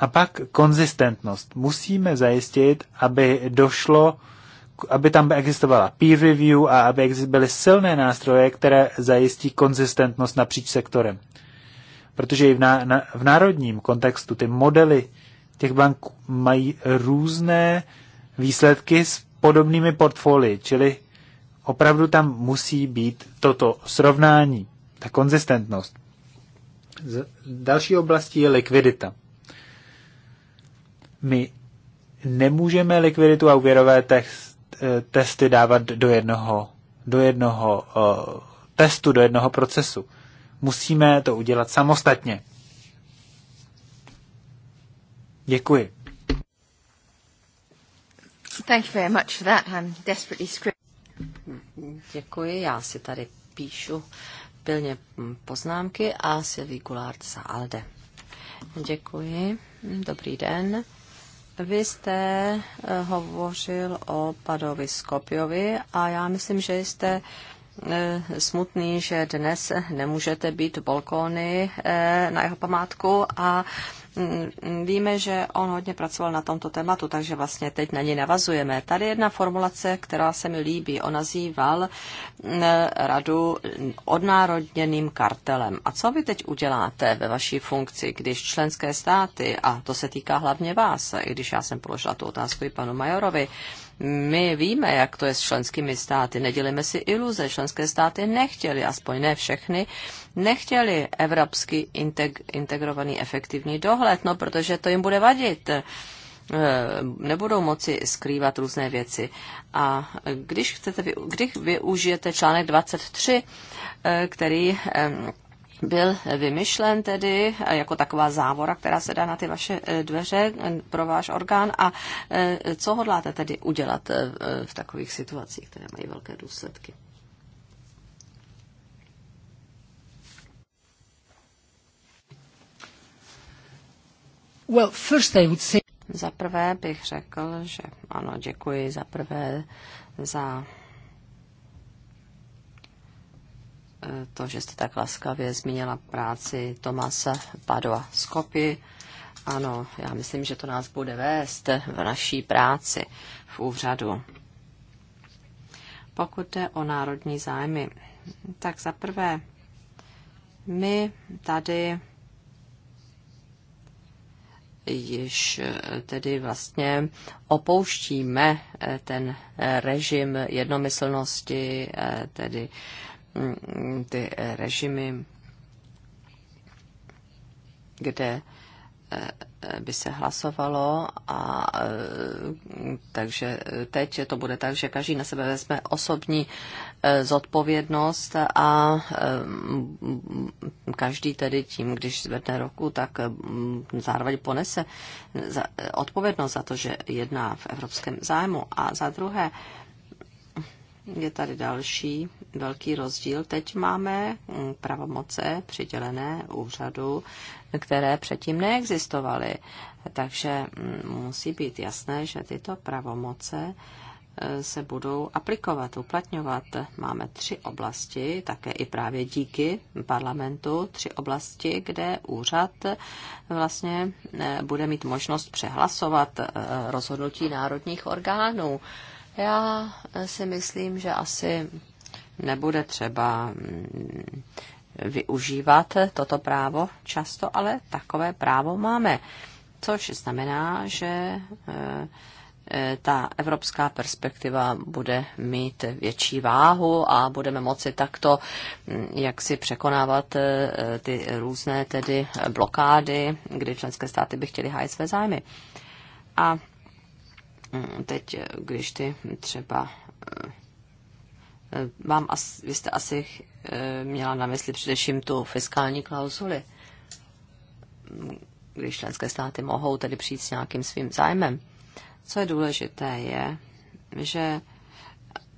A pak konzistentnost. Musíme zajistit, aby došlo, aby tam existovala peer review a aby byly silné nástroje, které zajistí konzistentnost napříč sektorem. Protože i v, ná, na, v národním kontextu ty modely těch bank mají různé výsledky s podobnými portfolii, čili opravdu tam musí být toto srovnání, ta konzistentnost. Z další oblastí je likvidita. My nemůžeme likviditu a úvěrové text, eh, testy dávat do jednoho, do jednoho eh, testu, do jednoho procesu. Musíme to udělat samostatně. Děkuji.
Thank you very much for that. I'm desperately Děkuji, já si tady píšu pilně mm, poznámky a Sylvie Goulart za Alde. Děkuji, dobrý den. Vy jste eh, hovořil o Padovi Skopjovi a já myslím, že jste eh, smutný, že dnes nemůžete být v balkóny eh, na jeho památku a Mm, víme, že on hodně pracoval na tomto tématu, takže vlastně teď na něj navazujeme. Tady jedna formulace, která se mi líbí. On nazýval mm, radu odnárodněným kartelem. A co vy teď uděláte ve vaší funkci, když členské státy, a to se týká hlavně vás, i když já jsem položila tu otázku i panu Majorovi, my víme, jak to je s členskými státy. Nedělíme si iluze. Členské státy nechtěli, aspoň ne všechny, nechtěli evropský integ- integrovaný efektivní dohled, no protože to jim bude vadit e, nebudou moci skrývat různé věci. A když, chcete, když využijete článek 23, e, který e, byl vymyšlen tedy jako taková závora, která se dá na ty vaše dveře pro váš orgán a co hodláte tedy udělat v takových situacích, které mají velké důsledky? Well, first I would say... Za prvé bych řekl, že ano, děkuji za prvé za eh, to, že jste tak laskavě zmínila práci Tomasa Padova skopy. Ano, já myslím, že to nás bude vést v naší práci v úřadu. Pokud jde o národní zájmy, tak za prvé my tady již eh, tedy vlastně opouštíme eh, ten eh, režim jednomyslnosti, tedy mm, ty režimy, kde by se hlasovalo a takže teď to bude tak, že každý na sebe vezme osobní zodpovědnost a eh, každý tedy tím, když zvedne roku, tak mm, zároveň ponese odpovědnost za to, že jedná v evropském zájmu. A za druhé, je tady další velký rozdíl. Teď máme mm, pravomoce přidělené úřadu, které předtím neexistovaly. Takže mm, musí být jasné, že tyto pravomoce se budou aplikovat, uplatňovat. Máme tři oblasti, také i právě díky parlamentu, tři oblasti, kde úřad vlastně eh, bude mít možnost přehlasovat eh, rozhodnutí národních orgánů. Já eh, si myslím, že asi nebude třeba mm, využívat toto právo často, ale takové právo máme. Což znamená, že Eh, ta evropská perspektiva bude mít větší váhu a budeme moci takto mm, jak si překonávat eh, ty různé tedy blokády, kdy členské státy by chtěly hájit své zájmy. A mm, teď, když ty třeba vám, eh, asi, vy jste asi měla na mysli především tu fiskální klauzuli, mm, když členské státy mohou tedy přijít s nějakým svým zájmem. Co je důležité, je, že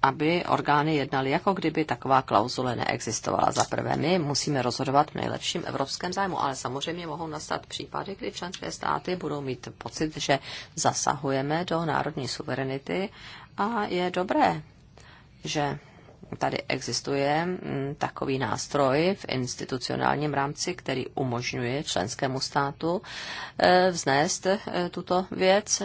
aby orgány jednaly, jako kdyby taková klauzule neexistovala. Za prvé, my musíme rozhodovat v nejlepším evropském zájmu, ale samozřejmě mohou nastat případy, kdy členské státy budou mít pocit, že zasahujeme do národní suverenity a je dobré, že tady existuje mm, takový nástroj v institucionálním rámci, který umožňuje členskému státu eh, vznést eh, tuto věc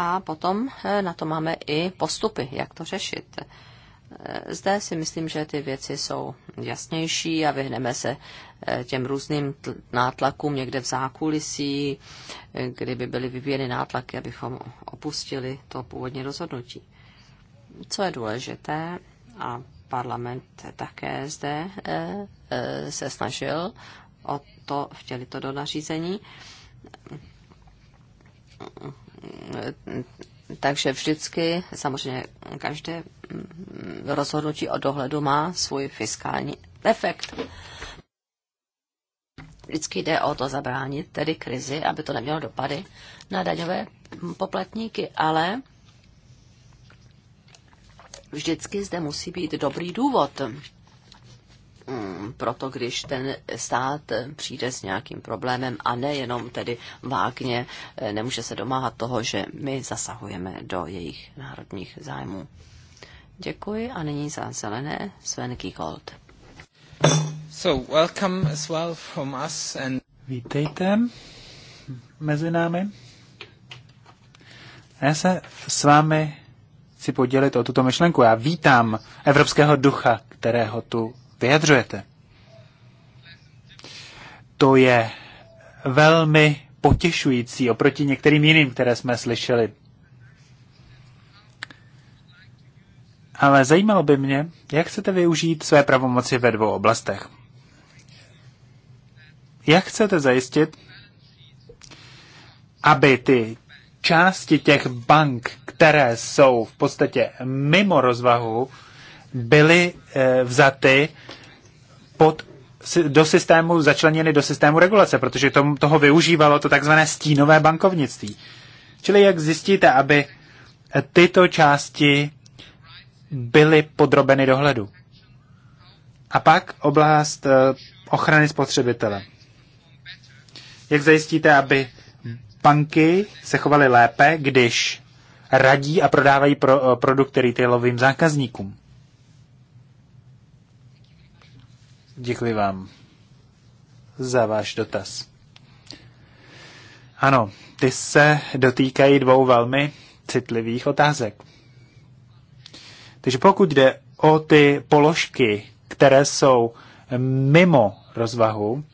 a potom eh, na to máme i postupy, jak to řešit. Eh, zde si myslím, že ty věci jsou jasnější a vyhneme se eh, těm různým nátlakům někde v zákulisí, kdyby byly vyvíjeny nátlaky, abychom opustili to původní rozhodnutí. Co je důležité, a parlament také zde se snažil o to vtělit to do nařízení, takže vždycky, samozřejmě každé rozhodnutí o dohledu má svůj fiskální efekt. Vždycky jde o to zabránit tedy krizi, aby to nemělo dopady na daňové poplatníky, ale vždycky zde musí být dobrý důvod Mm, proto, když ten stát přijde s nějakým problémem a nejenom tedy vágně eh, nemůže se domáhat toho, že my zasahujeme do jejich národních zájmů. Děkuji a nyní za zelené Sven Gold. So, welcome as well from us and... Vítejte
mezi námi. Já se s vámi chci podělit o tuto myšlenku. Já vítám evropského ducha, kterého tu vyjadřujete. To je velmi potěšující oproti některým jiným, které jsme slyšeli. Ale zajímalo by mě, jak chcete využít své pravomoci ve dvou oblastech. Jak chcete zajistit, aby ty části těch bank, které jsou v podstatě mimo rozvahu, byly eh, vzaty pod, do systému, začleněny do systému regulace, protože tom, toho využívalo to takzvané stínové bankovnictví. Čili jak zjistíte, aby eh, tyto části byly podrobeny dohledu. A pak oblast eh, ochrany spotřebitele. Jak zajistíte, aby banky se chovaly lépe, když radí a prodávají pro, produkty retailovým zákazníkům? Děkuji vám za váš dotaz. Ano, ty se dotýkají dvou velmi citlivých otázek. Takže pokud jde o ty položky, které jsou mimo rozvahu,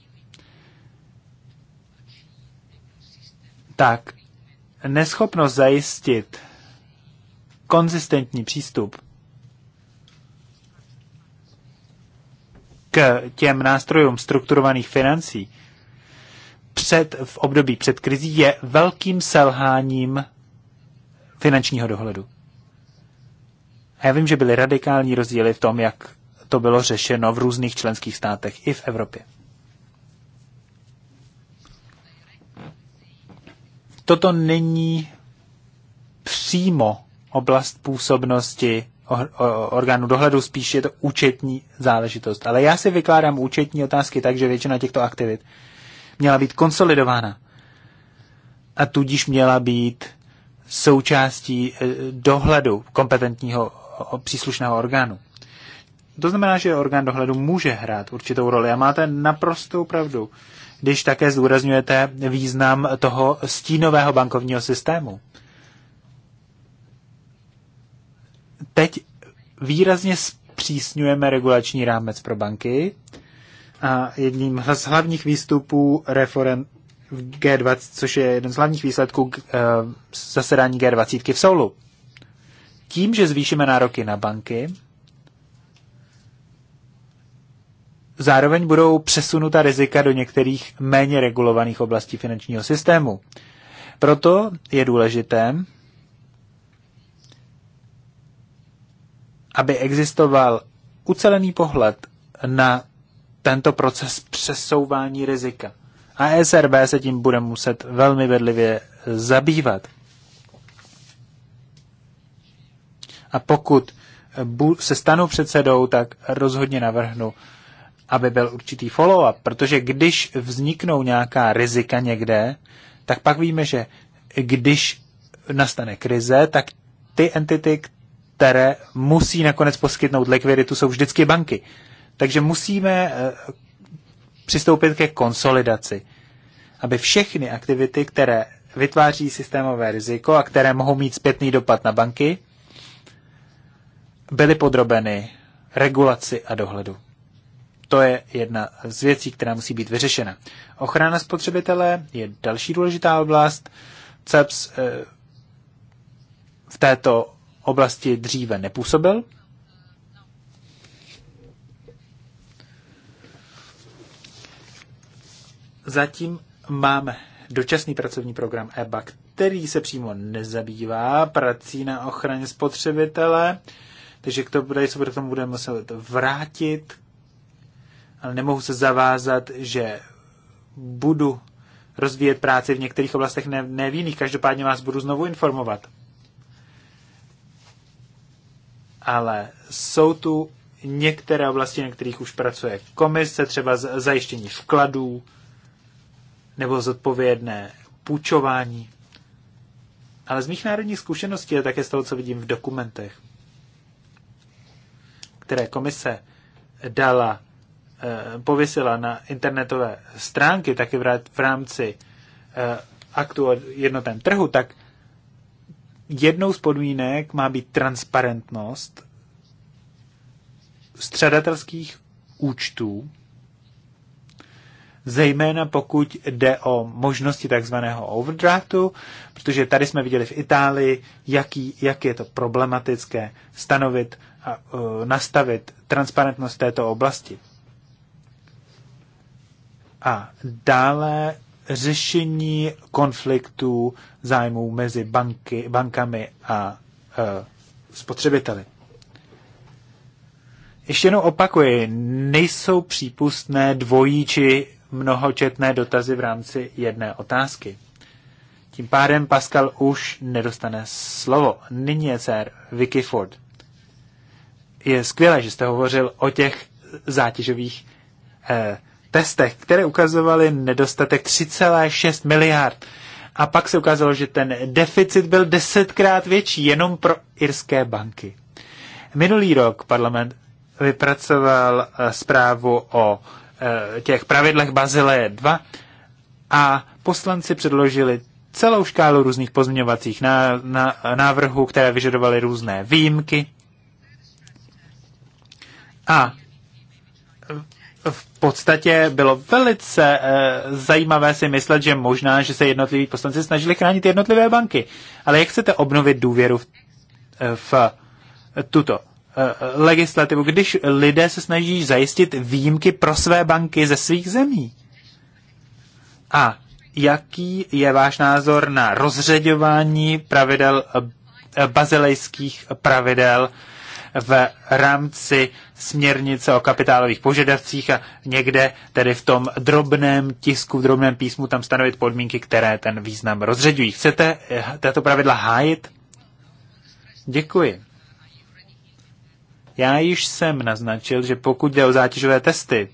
tak neschopnost zajistit konzistentní přístup k těm nástrojům strukturovaných financí před, v období před krizí je velkým selháním finančního dohledu. A já vím, že byly radikální rozdíly v tom, jak to bylo řešeno v různých členských státech i v Evropě. Toto není přímo oblast působnosti orgánu dohledu, spíš je to účetní záležitost. Ale já si vykládám účetní otázky tak, že většina těchto aktivit měla být konsolidována a tudíž měla být součástí e, dohledu kompetentního příslušného orgánu. To znamená, že orgán dohledu může hrát určitou roli a máte naprostou pravdu, když také zdůrazňujete význam toho stínového bankovního systému. teď výrazně zpřísňujeme regulační rámec pro banky a jedním z hlavních výstupů reform v G20, což je jeden z hlavních výsledků eh, zasedání G20 v Soulu. Tím, že zvýšíme nároky na banky, zároveň budou přesunuta rizika do některých méně regulovaných oblastí finančního systému. Proto je důležité, aby existoval ucelený pohled na tento proces přesouvání rizika. A SRB se tím bude muset velmi vedlivě zabývat. A pokud se stanu předsedou, tak rozhodně navrhnu, aby byl určitý follow-up, protože když vzniknou nějaká rizika někde, tak pak víme, že když nastane krize, tak ty entity, které musí nakonec poskytnout likviditu, jsou vždycky banky. Takže musíme eh, přistoupit ke konsolidaci, aby všechny aktivity, které vytváří systémové riziko a které mohou mít zpětný dopad na banky, byly podrobeny regulaci a dohledu. To je jedna z věcí, která musí být vyřešena. Ochrana spotřebitele je další důležitá oblast. CEPS eh, v této oblasti dříve nepůsobil. Zatím máme dočasný pracovní program EBA, který se přímo nezabývá prací na ochraně spotřebitele, takže k tomu, se k tomu budeme muset vrátit, ale nemohu se zavázat, že budu rozvíjet práci v některých oblastech, ne, ne v jiných. Každopádně vás budu znovu informovat ale jsou tu některé oblasti, na kterých už pracuje komise, třeba zajištění vkladů nebo zodpovědné půjčování. Ale z mých národních zkušeností je také z toho, co vidím v dokumentech, které komise dala, eh, pověsila na internetové stránky, taky v rámci eh, aktu o jednotném trhu, tak jednou z podmínek má být transparentnost střadatelských účtů, zejména pokud jde o možnosti takzvaného overdraftu, protože tady jsme viděli v Itálii, jaký, jak je to problematické stanovit a uh, nastavit transparentnost této oblasti. A dále řešení konfliktů zájmů mezi banky, bankami a uh, spotřebiteli. Ještě jednou opakuji, nejsou přípustné dvojí či mnohočetné dotazy v rámci jedné otázky. Tím pádem Pascal už nedostane slovo. Nyní je dcer Vicky Ford. Je skvělé, že jste hovořil o těch zátěžových eh, testech, které ukazovaly nedostatek 3,6 miliard. A pak se ukázalo, že ten deficit byl desetkrát větší jenom pro irské banky. Minulý rok parlament vypracoval eh, zprávu o eh, těch pravidlech bazile 2 a poslanci předložili celou škálu různých pozměňovacích návrhů, které vyžadovaly různé výjimky. A podstatě bylo velice eh, zajímavé si myslet, že možná, že se jednotliví poslanci snažili chránit jednotlivé banky. Ale jak chcete obnovit důvěru v, eh, v tuto eh, legislativu, když lidé se snaží zajistit výjimky pro své banky ze svých zemí? A jaký je váš názor na rozředování pravidel, bazilejských pravidel, v rámci směrnice o kapitálových požadavcích a někde tedy v tom drobném tisku, v drobném písmu tam stanovit podmínky, které ten význam rozředují. Chcete eh, tato pravidla hájit? Děkuji. Já již jsem naznačil, že pokud jde o zátěžové testy,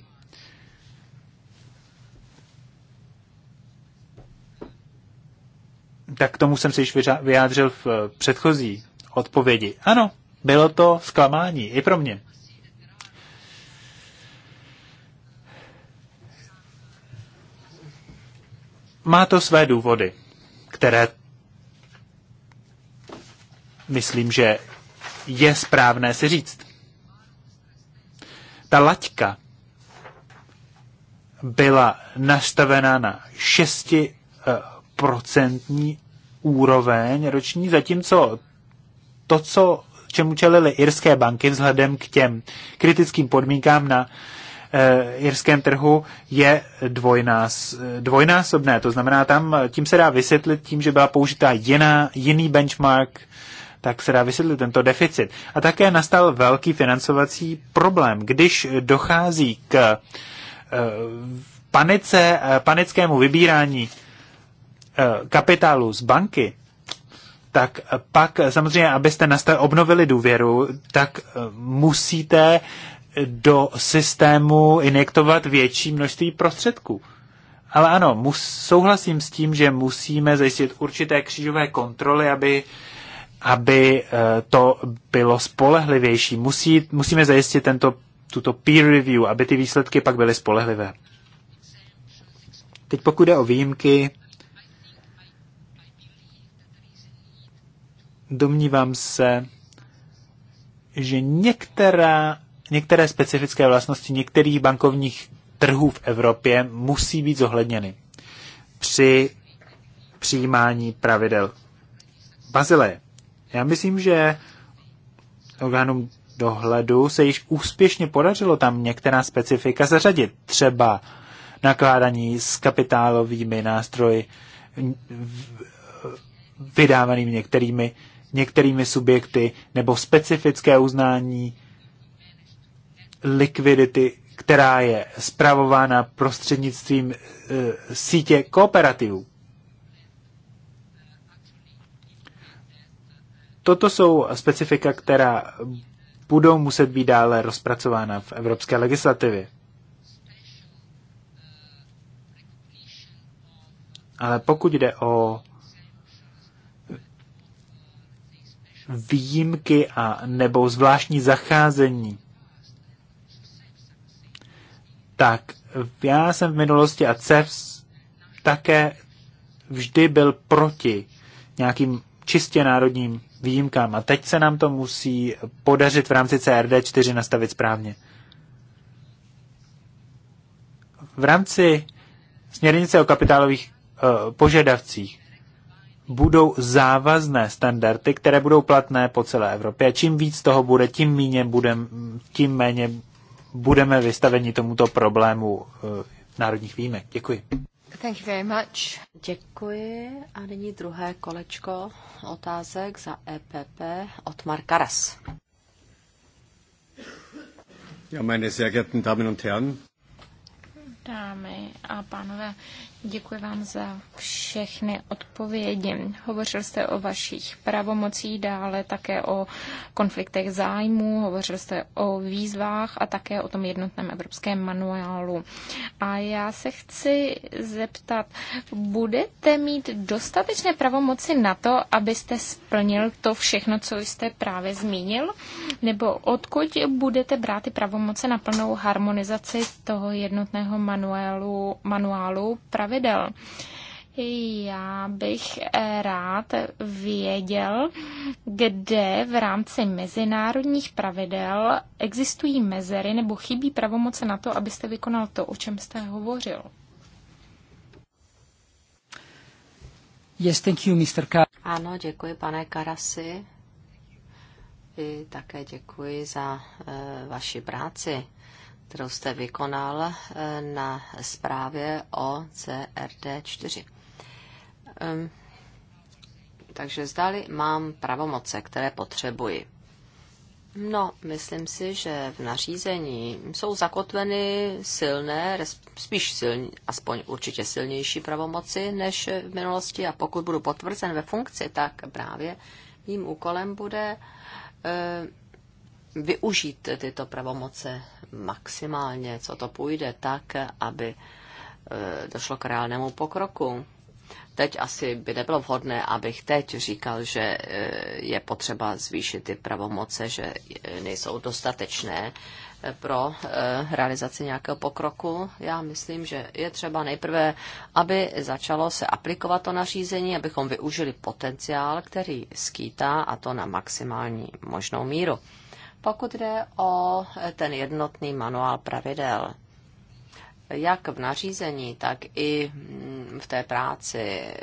tak tomu jsem se již vyjádřil v předchozí odpovědi. Ano, bylo to zklamání i pro mě. Má to své důvody, které myslím, že je správné si říct. Ta laťka byla nastavená na 6% eh, úroveň roční, zatímco to, co čemu čelily irské banky vzhledem k těm kritickým podmínkám na eh, irském trhu je dvojnás, eh, dvojnásobné. To znamená, tam eh, tím se dá vysvětlit tím, že byla použitá jiná, jiný benchmark, tak se dá vysvětlit tento deficit. A také nastal velký financovací problém. Když dochází k panice, panickému vybírání kapitálu z banky, tak pak samozřejmě, abyste nastav, obnovili důvěru, tak eh, musíte do systému injektovat větší množství prostředků. Ale ano, mus, souhlasím s tím, že musíme zajistit určité křížové kontroly, aby, aby eh, to bylo spolehlivější. Musí, musíme zajistit tento, tuto peer review, aby ty výsledky pak byly spolehlivé. Teď pokud jde o výjimky, domnívám se, že některá, některé specifické vlastnosti některých bankovních trhů v Evropě musí být zohledněny při přijímání pravidel. Bazile, já myslím, že orgánům dohledu se již úspěšně podařilo tam některá specifika zařadit, třeba nakládání s kapitálovými nástroji vydávanými některými některými subjekty nebo specifické uznání likvidity, která je zpravována prostřednictvím e, sítě kooperativů. Toto jsou specifika, která budou muset být dále rozpracována v evropské legislativě. Ale pokud jde o výjimky a nebo zvláštní zacházení, tak já jsem v minulosti a CEFS také vždy byl proti nějakým čistě národním výjimkám. A teď se nám to musí podařit v rámci CRD4 nastavit správně. V rámci směrnice o kapitálových uh, požadavcích budou závazné standardy, které budou platné po celé Evropě. A čím víc toho bude, tím, míně budem, tím méně budeme vystaveni tomuto problému eh, národních výjimek. Děkuji.
Thank you very much.
Děkuji. A nyní druhé kolečko otázek za EPP od Marka Ras. Ja, meine sehr geehrten Damen und Herren.
Dámy a pánové, Děkuji vám za všechny odpovědi. Hovořil jste o vašich pravomocích, dále také o konfliktech zájmů, hovořil jste o výzvách a také o tom jednotném evropském manuálu. A já se chci zeptat, budete mít dostatečné pravomoci na to, abyste splnil to všechno, co jste právě zmínil? Nebo odkud budete brát ty pravomoce na plnou harmonizaci toho jednotného manuálu, manuálu právě pravidel. Já bych rád věděl, kde v rámci mezinárodních pravidel existují mezery nebo chybí pravomoce na to, abyste vykonal to, o čem jste hovořil. Yes, thank you, Mr. Ka- ano, děkuji, pane Karasi.
I také děkuji za uh, vaši práci kterou jste vykonal eh, na zprávě o CRD4. Ehm, takže zdali mám pravomoce, které potřebuji. No, myslím si, že v nařízení jsou zakotveny silné, spíš silní, aspoň určitě silnější pravomoci než v minulosti a pokud budu potvrzen ve funkci, tak právě mým úkolem bude eh, využít tyto pravomoce maximálně, co to půjde, tak, aby e, došlo k reálnému pokroku. Teď asi by nebylo vhodné, abych teď říkal, že e, je potřeba zvýšit ty pravomoce, že e, nejsou dostatečné pro realizaci nějakého pokroku. Já myslím, že je třeba nejprve, aby začalo se aplikovat to nařízení, abychom využili potenciál, který skýtá, a to na maximální možnou míru. Pokud jde o ten jednotný manuál pravidel, jak v nařízení, tak i v té práci,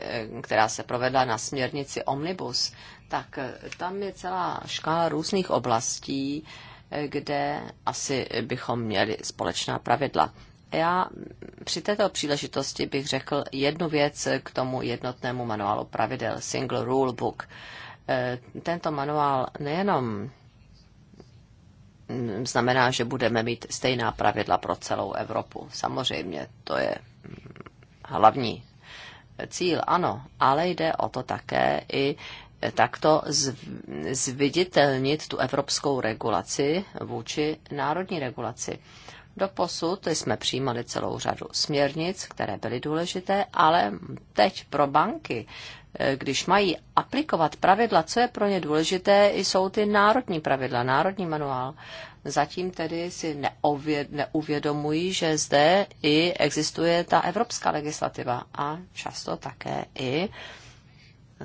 která se provedla na směrnici Omnibus, tak tam je celá škála různých oblastí, kde asi bychom měli společná pravidla. Já při této příležitosti bych řekl jednu věc k tomu jednotnému manuálu pravidel, Single Rule Book. Tento manuál nejenom znamená, že budeme mít stejná pravidla pro celou Evropu. Samozřejmě, to je mm, hlavní cíl, ano, ale jde o to také i takto zviditelnit tu evropskou regulaci vůči národní regulaci. Do posud jsme přijímali celou řadu směrnic, které byly důležité, ale teď pro banky když mají aplikovat pravidla, co je pro ně důležité, jsou ty národní pravidla, národní manuál. Zatím tedy si neuvědomují, že zde i existuje ta evropská legislativa a často také i,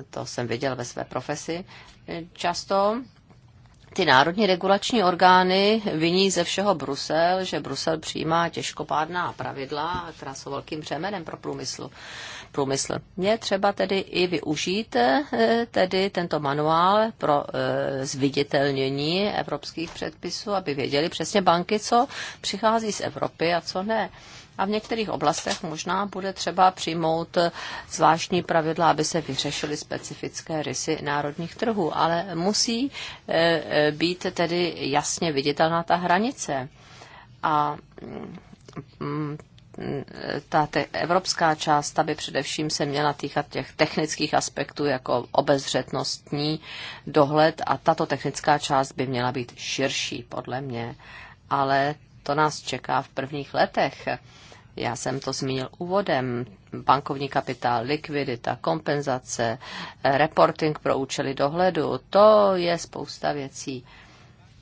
to jsem viděl ve své profesi, často ty národní regulační orgány viní ze všeho Brusel, že Brusel přijímá těžkopádná pravidla, která jsou velkým břemenem pro průmysl průmysl. Je třeba tedy i využít eh, tedy tento manuál pro eh, zviditelnění evropských předpisů, aby věděli přesně banky, co přichází z Evropy a co ne. A v některých oblastech možná bude třeba přijmout zvláštní pravidla, aby se vyřešily specifické rysy národních trhů, ale musí eh, být tedy jasně viditelná ta hranice. A mm, ta te- evropská část ta by především se měla týkat těch technických aspektů jako obezřetnostní dohled a tato technická část by měla být širší, podle mě. Ale to nás čeká v prvních letech. Já jsem to zmínil úvodem. Bankovní kapitál, likvidita, kompenzace, reporting pro účely dohledu, to je spousta věcí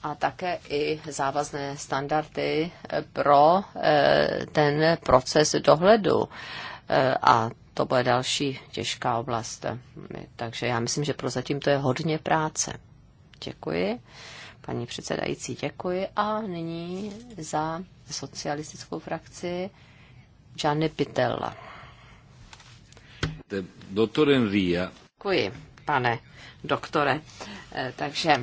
a také i závazné standardy pro eh, ten proces dohledu. Eh, a to bude další těžká oblast. Eh, takže já myslím, že prozatím to je hodně práce. Děkuji. Paní předsedající, děkuji. A nyní za socialistickou frakci Gianni Pitella.
Doktor Ria.
Děkuji, pane doktore. Takže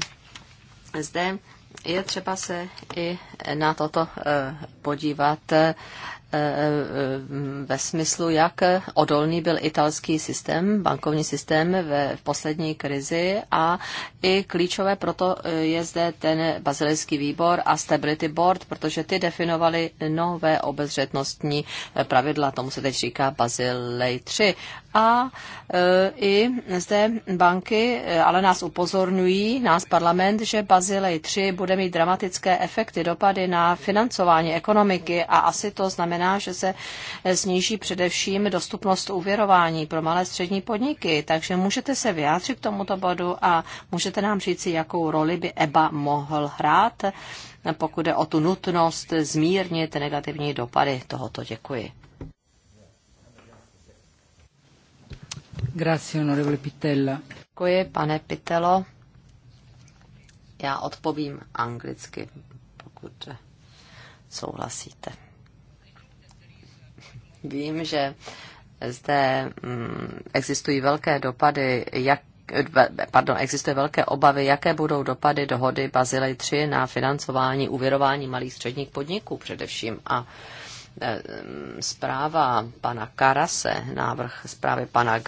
zde je třeba se i na toto eh, podívat Eh, eh, ve smyslu, jak odolný byl italský systém, bankovní systém ve, v poslední krizi a i klíčové proto eh, je zde ten bazilejský výbor a stability board, protože ty definovali nové obezřetnostní pravidla, tomu se teď říká Bazilej 3. A e, i zde banky ale nás upozorňují, nás parlament, že Bazilej 3 bude mít dramatické efekty, dopady na financování ekonomiky a asi to znamená znamená, že se sníží především dostupnost uvěrování pro malé střední podniky. Takže můžete se vyjádřit k tomuto bodu a můžete nám říci, jakou roli by EBA mohl hrát, pokud je o tu nutnost zmírnit negativní dopady tohoto. Děkuji.
Grazie, onorevole
Děkuji, pane Pitelo. Já odpovím anglicky, pokud souhlasíte. Vím, že zde mm, existují velké dopady, jak pardon, existuje velké obavy, jaké budou dopady dohody Bazilej 3 na financování, uvěrování malých středních podniků především. A e, mm, zpráva pana Karase, návrh zprávy pana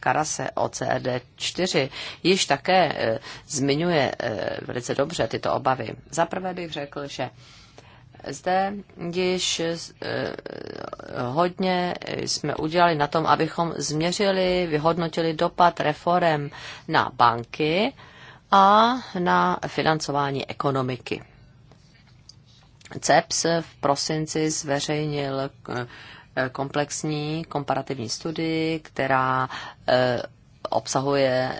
Karase o CRD 4, již také e, zmiňuje e, velice dobře tyto obavy. Zaprvé bych řekl, že zde již eh, hodně jsme udělali na tom, abychom změřili, vyhodnotili dopad reform na banky a na financování ekonomiky. CEPS v prosinci zveřejnil eh, komplexní komparativní studii, která eh, obsahuje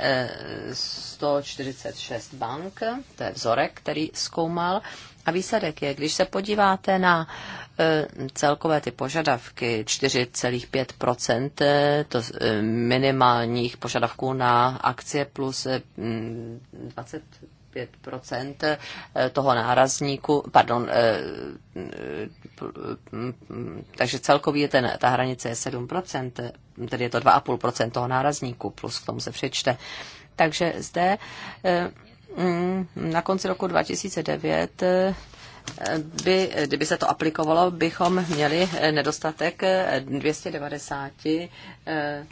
146 bank, to je vzorek, který zkoumal, a výsledek je, když se podíváte na e, celkové ty požadavky 4,5 e, to e, minimálních požadavků na akcie plus 25 toho nárazníku, pardon, takže celkově je ten, ta hranice je 7 tedy je to 2,5 toho nárazníku, plus k tomu se přečte. Takže zde Mm, na konci roku 2009 eh, by, kdyby se to aplikovalo, bychom měli nedostatek 290 eh, eh,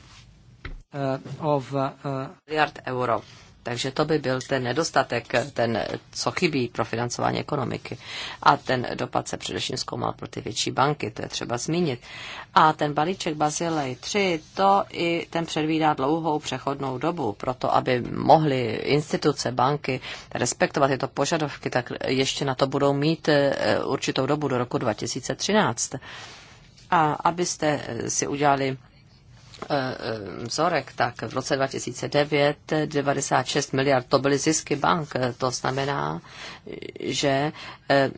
miliard euro. Takže to by byl ten nedostatek, ten, co chybí pro financování ekonomiky. A ten dopad se především zkoumal pro ty větší banky, to je třeba zmínit. A ten balíček Bazilej 3, to i ten předvídá dlouhou přechodnou dobu, proto aby mohly instituce, banky respektovat tyto požadavky, tak ještě na to budou mít eh, určitou dobu do roku 2013. A abyste si udělali Eh, vzorek, tak v roce 2009 96 miliard to byly zisky bank. Eh, to znamená, že eh,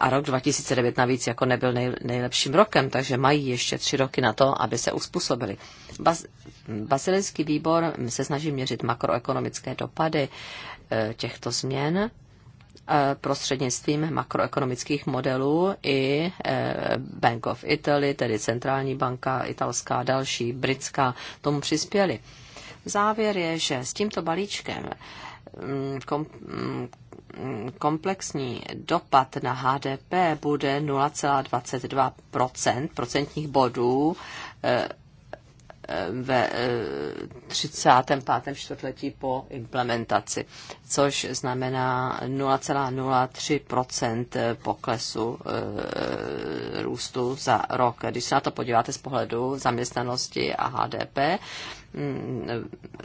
a rok 2009 navíc jako nebyl nejlepším rokem, takže mají ještě tři roky na to, aby se uspůsobili. Baz, Bazilijský výbor se snaží měřit makroekonomické dopady těchto změn Eh, prostřednictvím makroekonomických modelů i eh, Bank of Italy, tedy centrální banka italská, další britská, tomu přispěli. Závěr je, že s tímto balíčkem mm, kom, mm, komplexní dopad na HDP bude 0,22 procentních bodů eh, ve 35. Eh, čtvrtletí po implementaci, což znamená 0,03 eh, poklesu eh, růstu za rok. Když se na to podíváte z pohledu zaměstnanosti a HDP, Mm,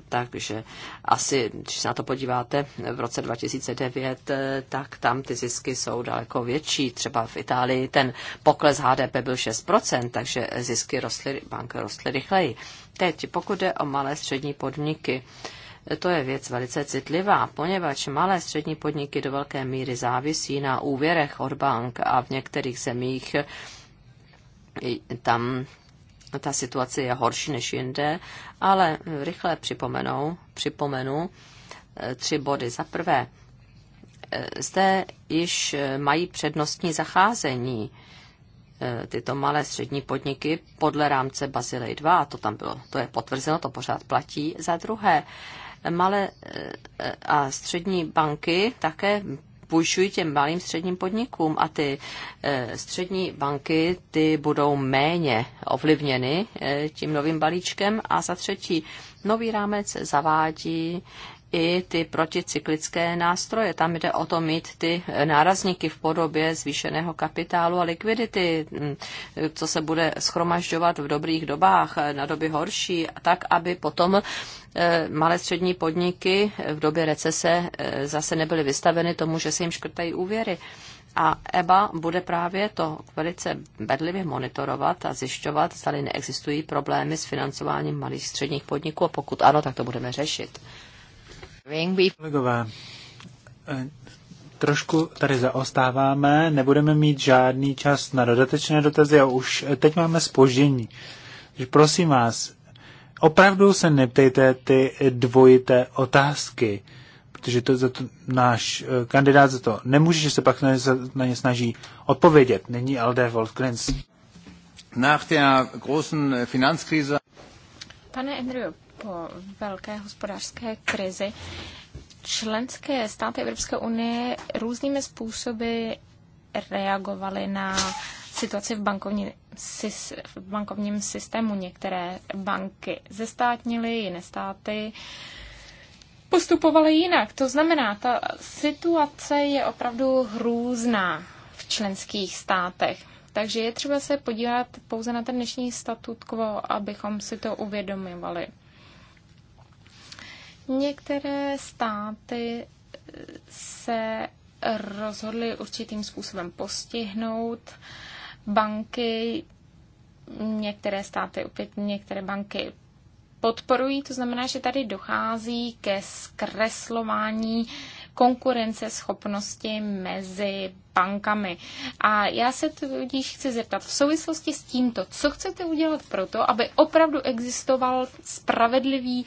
takže asi, když se na to podíváte, v roce 2009, eh, tak tam ty zisky jsou daleko větší. Třeba v Itálii ten pokles HDP byl 6%, takže zisky rostly, banky rostly rychleji. Teď, pokud jde o malé střední podniky, eh, to je věc velice citlivá, poněvadž malé střední podniky do velké míry závisí na úvěrech od bank a v některých zemích tam ta situace je horší než jinde, ale eh, rychle připomenou, připomenu eh, tři body. Za prvé, eh, zde již mají přednostní zacházení tyto malé střední podniky podle rámce Bazilej 2, a to tam bylo, to je potvrzeno, to pořád platí. Za druhé, malé a střední banky také půjčují těm malým středním podnikům a ty eh, střední banky, ty budou méně ovlivněny eh, tím novým balíčkem. A za třetí, nový rámec zavádí i ty proticyklické nástroje. Tam jde o to mít ty nárazníky v podobě zvýšeného kapitálu a likvidity, mm, co se bude schromažďovat v dobrých dobách, na doby horší, tak aby potom eh, malé střední podniky v době recese eh, zase nebyly vystaveny tomu, že se jim škrtají úvěry. A EBA bude právě to velice bedlivě monitorovat a zjišťovat, zda neexistují problémy s financováním malých středních podniků a pokud ano, tak to budeme řešit.
Kolegové, eh, trošku tady zaostáváme, nebudeme mít žádný čas na dodatečné dotazy a už eh, teď máme spoždění. Prosím vás, opravdu se neptejte ty dvojité otázky, protože to za to náš eh, kandidát za to nemůže, že se pak na ně snaží odpovědět. Není Alde Wolfgrins. Nach der großen Finanzkrise
Pane Andrew, po velké hospodářské krizi členské státy Evropské unie různými způsoby reagovaly na situaci v, bankovní, v bankovním systému. Některé banky zestátnily, jiné státy postupovaly jinak. To znamená, ta situace je opravdu hrůzná v členských státech. Takže je třeba se podívat pouze na ten dnešní statut quo, abychom si to uvědomovali. Některé státy eh, se eh, rozhodly určitým způsobem postihnout banky. Některé státy, opět některé banky podporují, to znamená, že tady dochází ke zkreslování konkurenceschopnosti mezi bankami. A já se tudíž chci zeptat v souvislosti s tímto, co chcete udělat pro to, aby opravdu existoval spravedlivý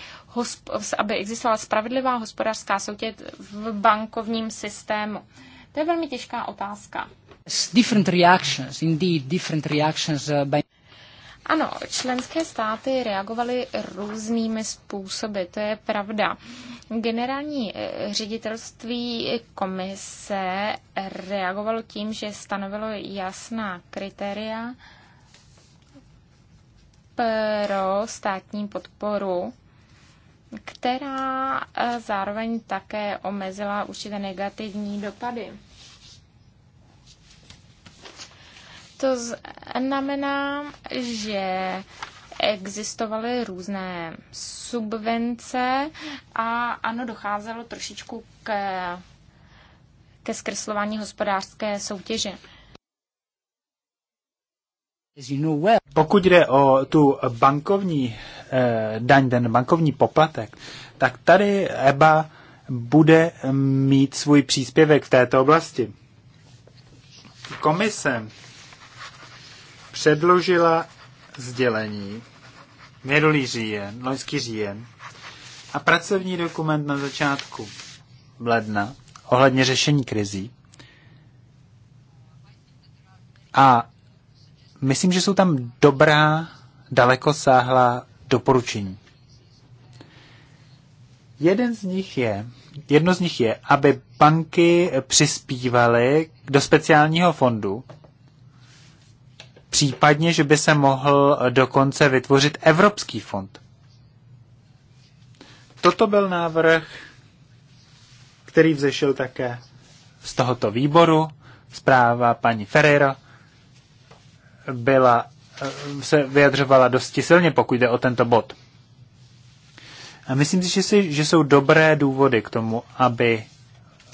aby existovala spravedlivá hospodářská soutěž v bankovním systému? To je velmi těžká otázka. Different reactions, indeed, different reactions uh, by... Ano, členské státy reagovaly různými způsoby, to je pravda. Uh, Generální eh, ředitelství komise reagovalo tím, že stanovilo jasná kritéria pro státní podporu která eh, zároveň také omezila určité negativní dopady. To znamená, že existovaly různé subvence a ano, docházelo trošičku k, ke zkreslování hospodářské soutěže.
Pokud jde o tu bankovní eh, daň, ten bankovní poplatek, tak tady EBA bude mít svůj příspěvek v této oblasti. Komise předložila sdělení minulý říjen, loňský říjen a pracovní dokument na začátku ledna ohledně řešení krizí. A myslím, že jsou tam dobrá, daleko sáhlá doporučení. Jeden z nich je, jedno z nich je, aby banky přispívaly do speciálního fondu, Případně, že by se mohl dokonce vytvořit Evropský fond. Toto byl návrh, který vzešel také z tohoto výboru. Zpráva paní Ferreira byla, eh, se vyjadřovala dosti silně, pokud jde o tento bod. A myslím si, že, si, že jsou dobré důvody k tomu, aby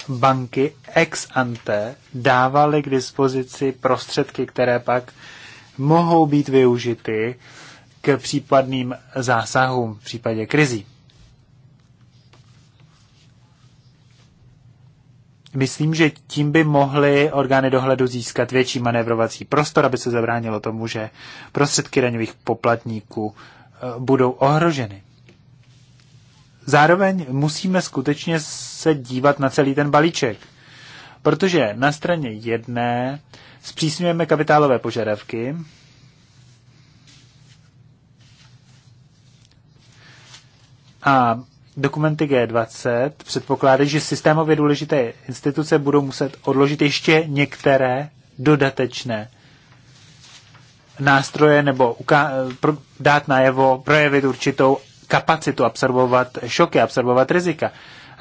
banky ex ante dávaly k dispozici prostředky, které pak mohou být využity k případným zásahům v případě krizí. Myslím, že tím by mohly orgány dohledu získat větší manévrovací prostor, aby se zabránilo tomu, že prostředky daňových poplatníků eh, budou ohroženy. Zároveň musíme skutečně se dívat na celý ten balíček, protože na straně jedné Zpřísňujeme kapitálové požadavky. A dokumenty G20 předpokládají, že systémově důležité instituce budou muset odložit ještě některé dodatečné nástroje nebo dát najevo, projevit určitou kapacitu absorbovat šoky, absorbovat rizika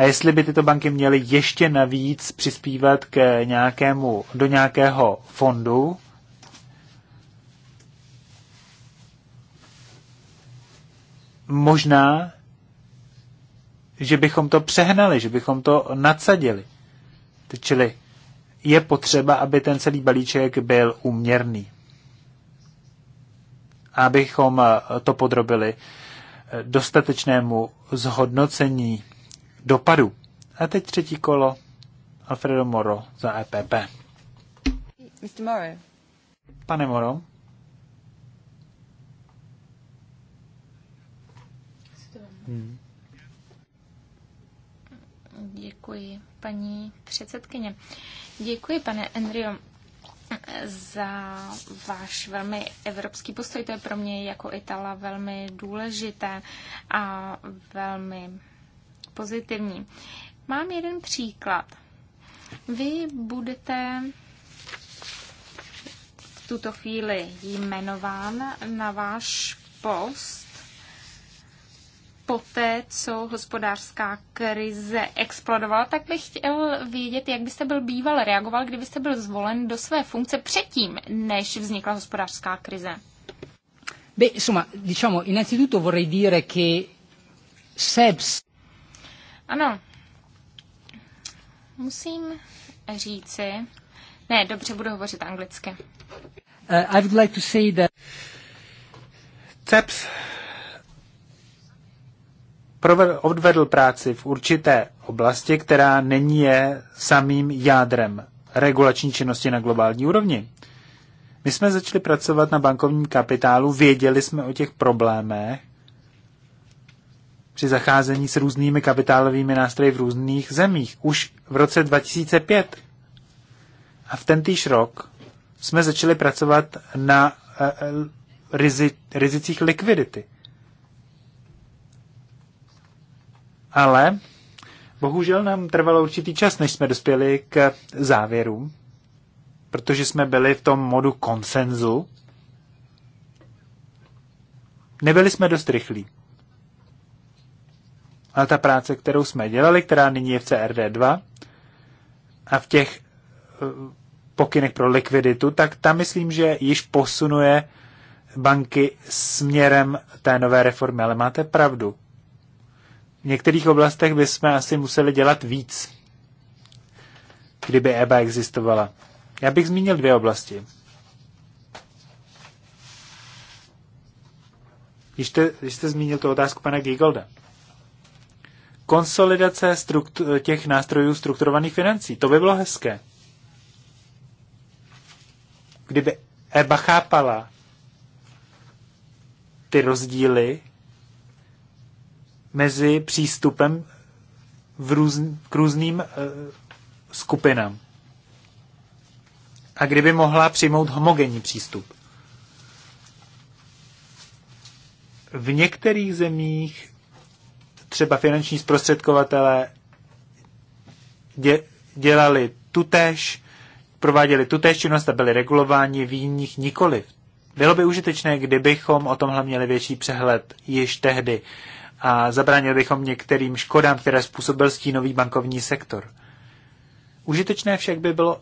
a jestli by tyto banky měly ještě navíc přispívat k nějakému, do nějakého fondu, možná, že bychom to přehnali, že bychom to nadsadili. Čili je potřeba, aby ten celý balíček byl uměrný. Abychom to podrobili dostatečnému zhodnocení dopadů. A teď třetí kolo. Alfredo Moro za EPP. Mr. Moro. Pane Moro.
Děkuji, paní předsedkyně. Děkuji, pane Andrio, za váš velmi evropský postoj. To je pro mě jako Itala velmi důležité a velmi pozitivní. Mám jeden příklad. Vy budete v tuto chvíli jmenován na váš post poté, co hospodářská krize explodovala, tak bych chtěl vědět, jak byste byl býval reagoval, kdybyste byl zvolen do své funkce předtím, než vznikla hospodářská krize. Beh, insomma, diciamo, innanzitutto vorrei dire che SEBS ano, musím říci, ne, dobře, budu hovořit anglicky.
Uh, I would like to say that CEPS odvedl práci v určité oblasti, která není je samým jádrem regulační činnosti na globální úrovni. My jsme začali pracovat na bankovním kapitálu, věděli jsme o těch problémech, při zacházení s různými kapitálovými nástroji v různých zemích. Už v roce 2005. A v tentýž rok jsme začali pracovat na eh, eh, rizi, rizicích likvidity. Ale bohužel nám trvalo určitý čas, než jsme dospěli k závěrům, protože jsme byli v tom modu konsenzu. Nebyli jsme dost rychlí. Ale ta práce, kterou jsme dělali, která nyní je v CRD2 a v těch eh, pokynech pro likviditu, tak tam myslím, že již posunuje banky směrem té nové reformy. Ale máte pravdu. V některých oblastech bychom asi museli dělat víc, kdyby EBA existovala. Já bych zmínil dvě oblasti. Když jste, když jste zmínil tu otázku pana Gigolda konsolidace těch nástrojů strukturovaných financí. To by bylo hezké. Kdyby EBA chápala ty rozdíly mezi přístupem v různ, k různým uh, skupinám. A kdyby mohla přijmout homogenní přístup. V některých zemích třeba finanční zprostředkovatele dělali tutéž, prováděli tutéž činnost a byli regulováni v jiných nikoliv. Bylo by užitečné, kdybychom o tomhle měli větší přehled již tehdy a zabránili bychom některým škodám, které způsobil stínový bankovní sektor. Užitečné však by bylo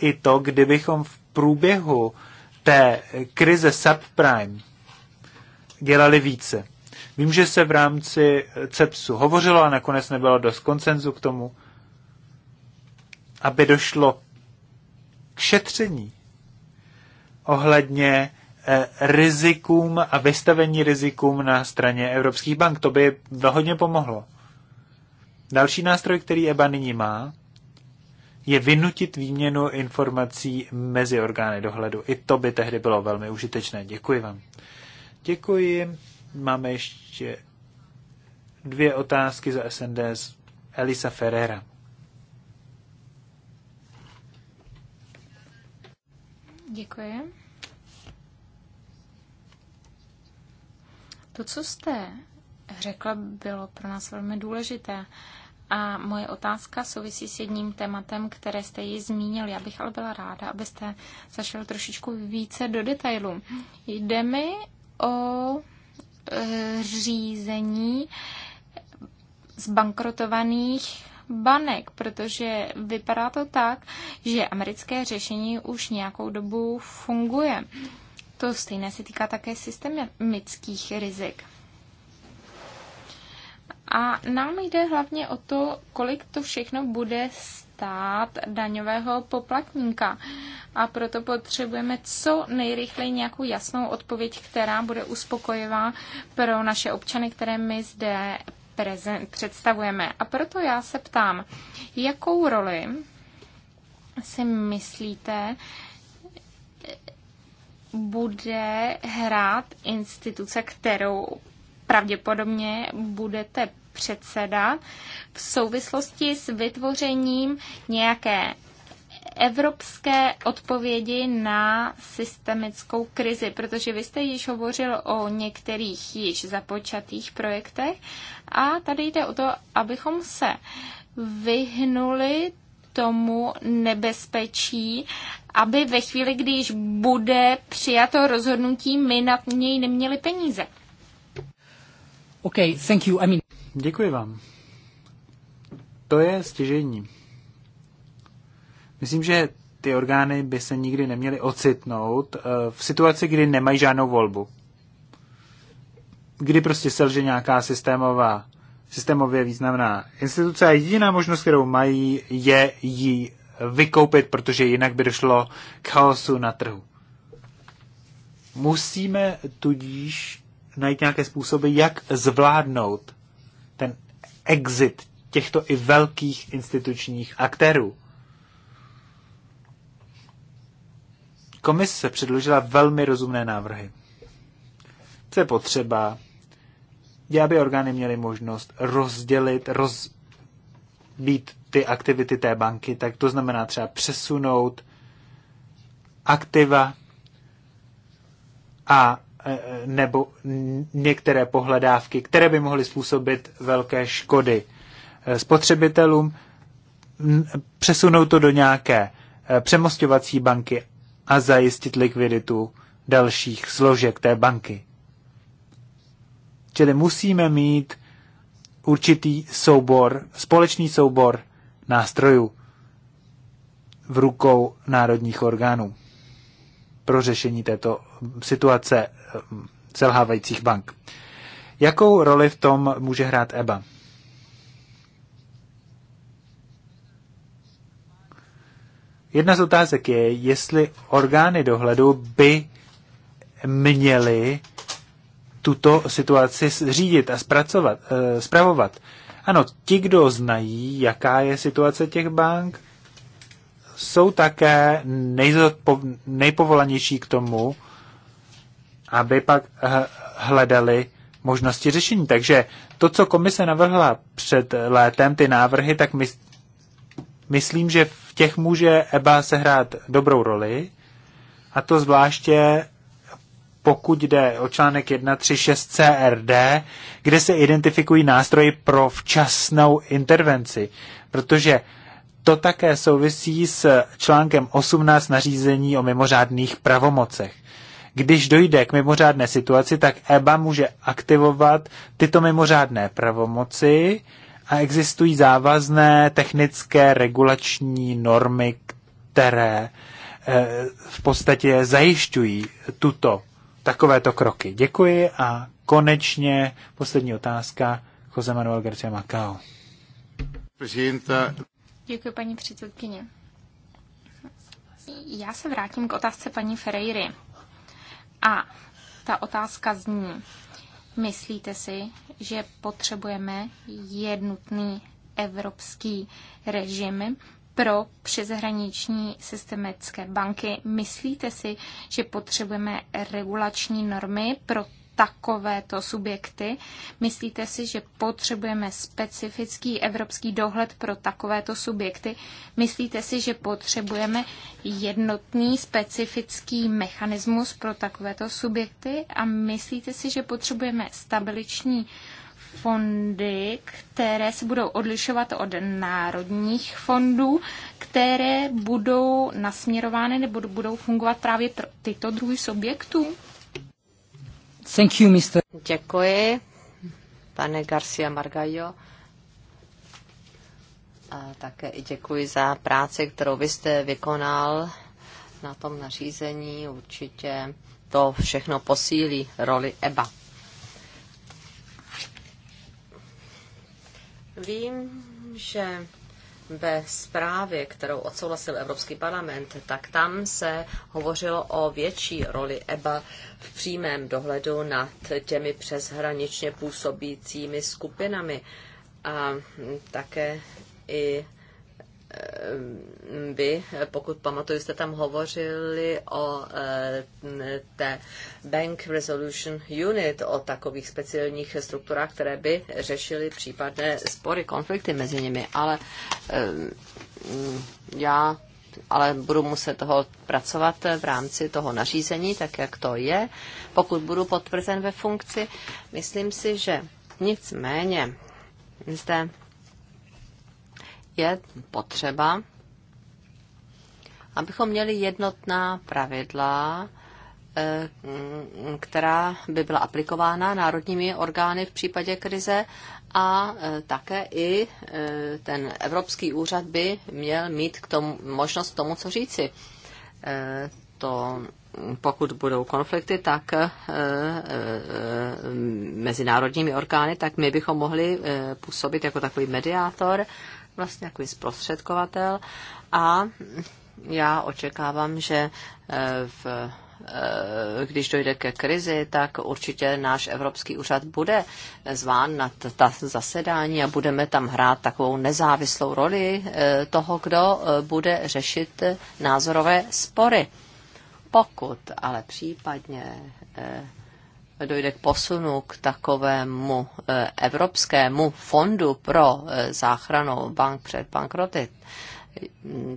i to, kdybychom v průběhu té krize subprime dělali více. Vím, že se v rámci CEPSu hovořilo a nakonec nebylo dost koncenzu k tomu, aby došlo k šetření ohledně eh, rizikům a vystavení rizikům na straně evropských bank. To by hodně pomohlo. Další nástroj, který EBA nyní má, je vynutit výměnu informací mezi orgány dohledu. I to by tehdy bylo velmi užitečné. Děkuji vám. Děkuji. Máme ještě dvě otázky za SND z Elisa Ferrera.
Děkuji. To, co jste řekla, bylo pro nás velmi důležité. A moje otázka souvisí s jedním tématem, které jste ji zmínil. Já bych ale byla ráda, abyste zašel trošičku více do detailů. Jde mi o řízení zbankrotovaných banek, protože vypadá to tak, že americké řešení už nějakou dobu funguje. To stejné se týká také systemických rizik. A nám jde hlavně o to, kolik to všechno bude stát daňového poplatníka. A proto potřebujeme co nejrychleji nějakou jasnou odpověď, která bude uspokojivá pro naše občany, které my zde prezent, představujeme. A proto já se ptám, jakou roli si myslíte, bude hrát instituce, kterou pravděpodobně budete předseda v souvislosti s vytvořením nějaké evropské odpovědi na systemickou krizi, protože vy jste již hovořil o některých již započatých projektech a tady jde o to, abychom se vyhnuli tomu nebezpečí, aby ve chvíli, když bude přijato rozhodnutí, my na něj neměli peníze. Okay, thank you. I mean...
Děkuji vám. To je stěžení. Myslím, že ty orgány by se nikdy neměly ocitnout eh, v situaci, kdy nemají žádnou volbu. Kdy prostě selže nějaká systémová, systémově významná instituce a jediná možnost, kterou mají, je ji vykoupit, protože jinak by došlo k chaosu na trhu. Musíme tudíž najít nějaké způsoby, jak zvládnout ten exit těchto i velkých institučních aktérů. Komise předložila velmi rozumné návrhy. Co je potřeba? Je, aby orgány měly možnost rozdělit, rozbít ty aktivity té banky, tak to znamená třeba přesunout aktiva a E, nebo některé pohledávky, které by mohly způsobit velké škody e, spotřebitelům, přesunout to do nějaké e, přemostovací banky a zajistit likviditu dalších složek té banky. Čili musíme mít určitý soubor, společný soubor nástrojů v rukou národních orgánů pro řešení této situace selhávajících bank. Jakou roli v tom může hrát EBA? Jedna z otázek je, jestli orgány dohledu by měly tuto situaci řídit a zpracovat, e, eh, zpravovat. Ano, ti, kdo znají, jaká je situace těch bank, jsou také nejpovolanější k tomu, aby pak eh, hledali možnosti řešení. Takže to, co komise navrhla před létem, ty návrhy, tak my, myslím, že v těch může EBA sehrát dobrou roli, a to zvláště pokud jde o článek 136 CRD, kde se identifikují nástroje pro včasnou intervenci, protože to také souvisí s článkem 18 nařízení o mimořádných pravomocech. Když dojde k mimořádné situaci, tak EBA může aktivovat tyto mimořádné pravomoci a existují závazné technické regulační normy, které eh, v podstatě zajišťují tuto, takovéto kroky. Děkuji a konečně poslední otázka Jose Manuel García Macao.
Děkuji, paní předsedkyně. Já se vrátím k otázce paní Ferreiry. A ta otázka zní, myslíte si, že potřebujeme jednotný evropský režim pro přeshraniční systemické banky. Myslíte si, že potřebujeme regulační normy pro takovéto subjekty? Myslíte si, že potřebujeme specifický evropský dohled pro takovéto subjekty? Myslíte si, že potřebujeme jednotný specifický mechanismus pro takovéto subjekty? A myslíte si, že potřebujeme stabiliční fondy, které se budou odlišovat od národních fondů, které budou nasměrovány nebo budou fungovat právě pro tyto druhy subjektů? Thank you, Mr. Děkuji,
pane Garcia Margallo. A také i děkuji za práci, kterou vy jste vykonal na tom nařízení. Určitě to všechno posílí roli EBA. Vím, že ve zprávě, kterou odsouhlasil Evropský parlament, tak tam se hovořilo o větší roli EBA v přímém dohledu nad těmi přeshraničně působícími skupinami a také i Eh, vy, pokud pamatuju, jste tam hovořili o eh, té Bank Resolution Unit, o takových speciálních strukturách, které by řešily případné spory, konflikty mezi nimi, ale eh, já ale budu muset toho pracovat v rámci toho nařízení, tak jak to je, pokud budu potvrzen ve funkci. Myslím si, že nicméně zde je potřeba, abychom měli jednotná pravidla, eh, která by byla aplikována národními orgány v případě krize a eh, také i eh, ten Evropský úřad by měl mít k tomu, možnost k tomu, co říci. To, pokud budou konflikty, tak mezinárodními orgány, tak my bychom mohli působit jako takový mediátor vlastně jako zprostředkovatel a já očekávám, že eh, v eh, když dojde ke krizi, tak určitě náš Evropský úřad bude zván na ta zasedání a budeme tam hrát takovou nezávislou roli eh, toho, kdo bude řešit názorové spory. Pokud ale případně dojde k posunu k takovému eh, evropskému fondu pro eh, záchranu bank před bankroty,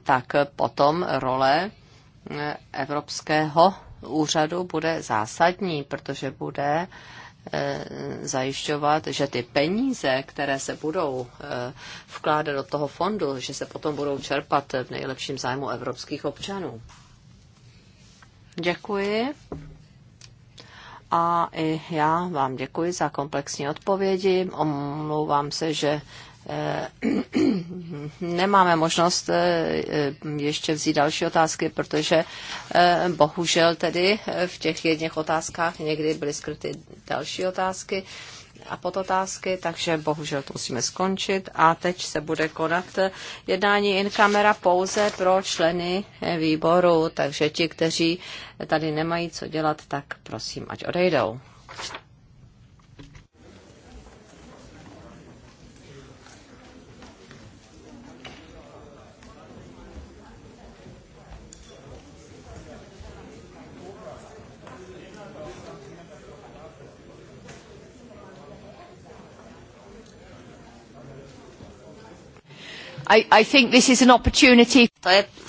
tak potom role eh, Evropského úřadu bude zásadní, protože bude zajišťovat, že ty peníze, které se budou vkládat do toho fondu, že se potom budou čerpat v nejlepším zájmu evropských občanů. Děkuji. A i já vám děkuji za komplexní odpovědi. Omlouvám se, že eh, [clears throat] nemáme možnost eh, ještě vzít další otázky, protože eh, bohužel tedy v těch jedněch otázkách někdy byly skryty další otázky a podotázky, takže bohužel to musíme skončit. A teď se bude konat jednání in camera pouze pro členy výboru, takže ti, kteří tady nemají co dělat, tak prosím, ať odejdou. I, I think this is an opportunity. To je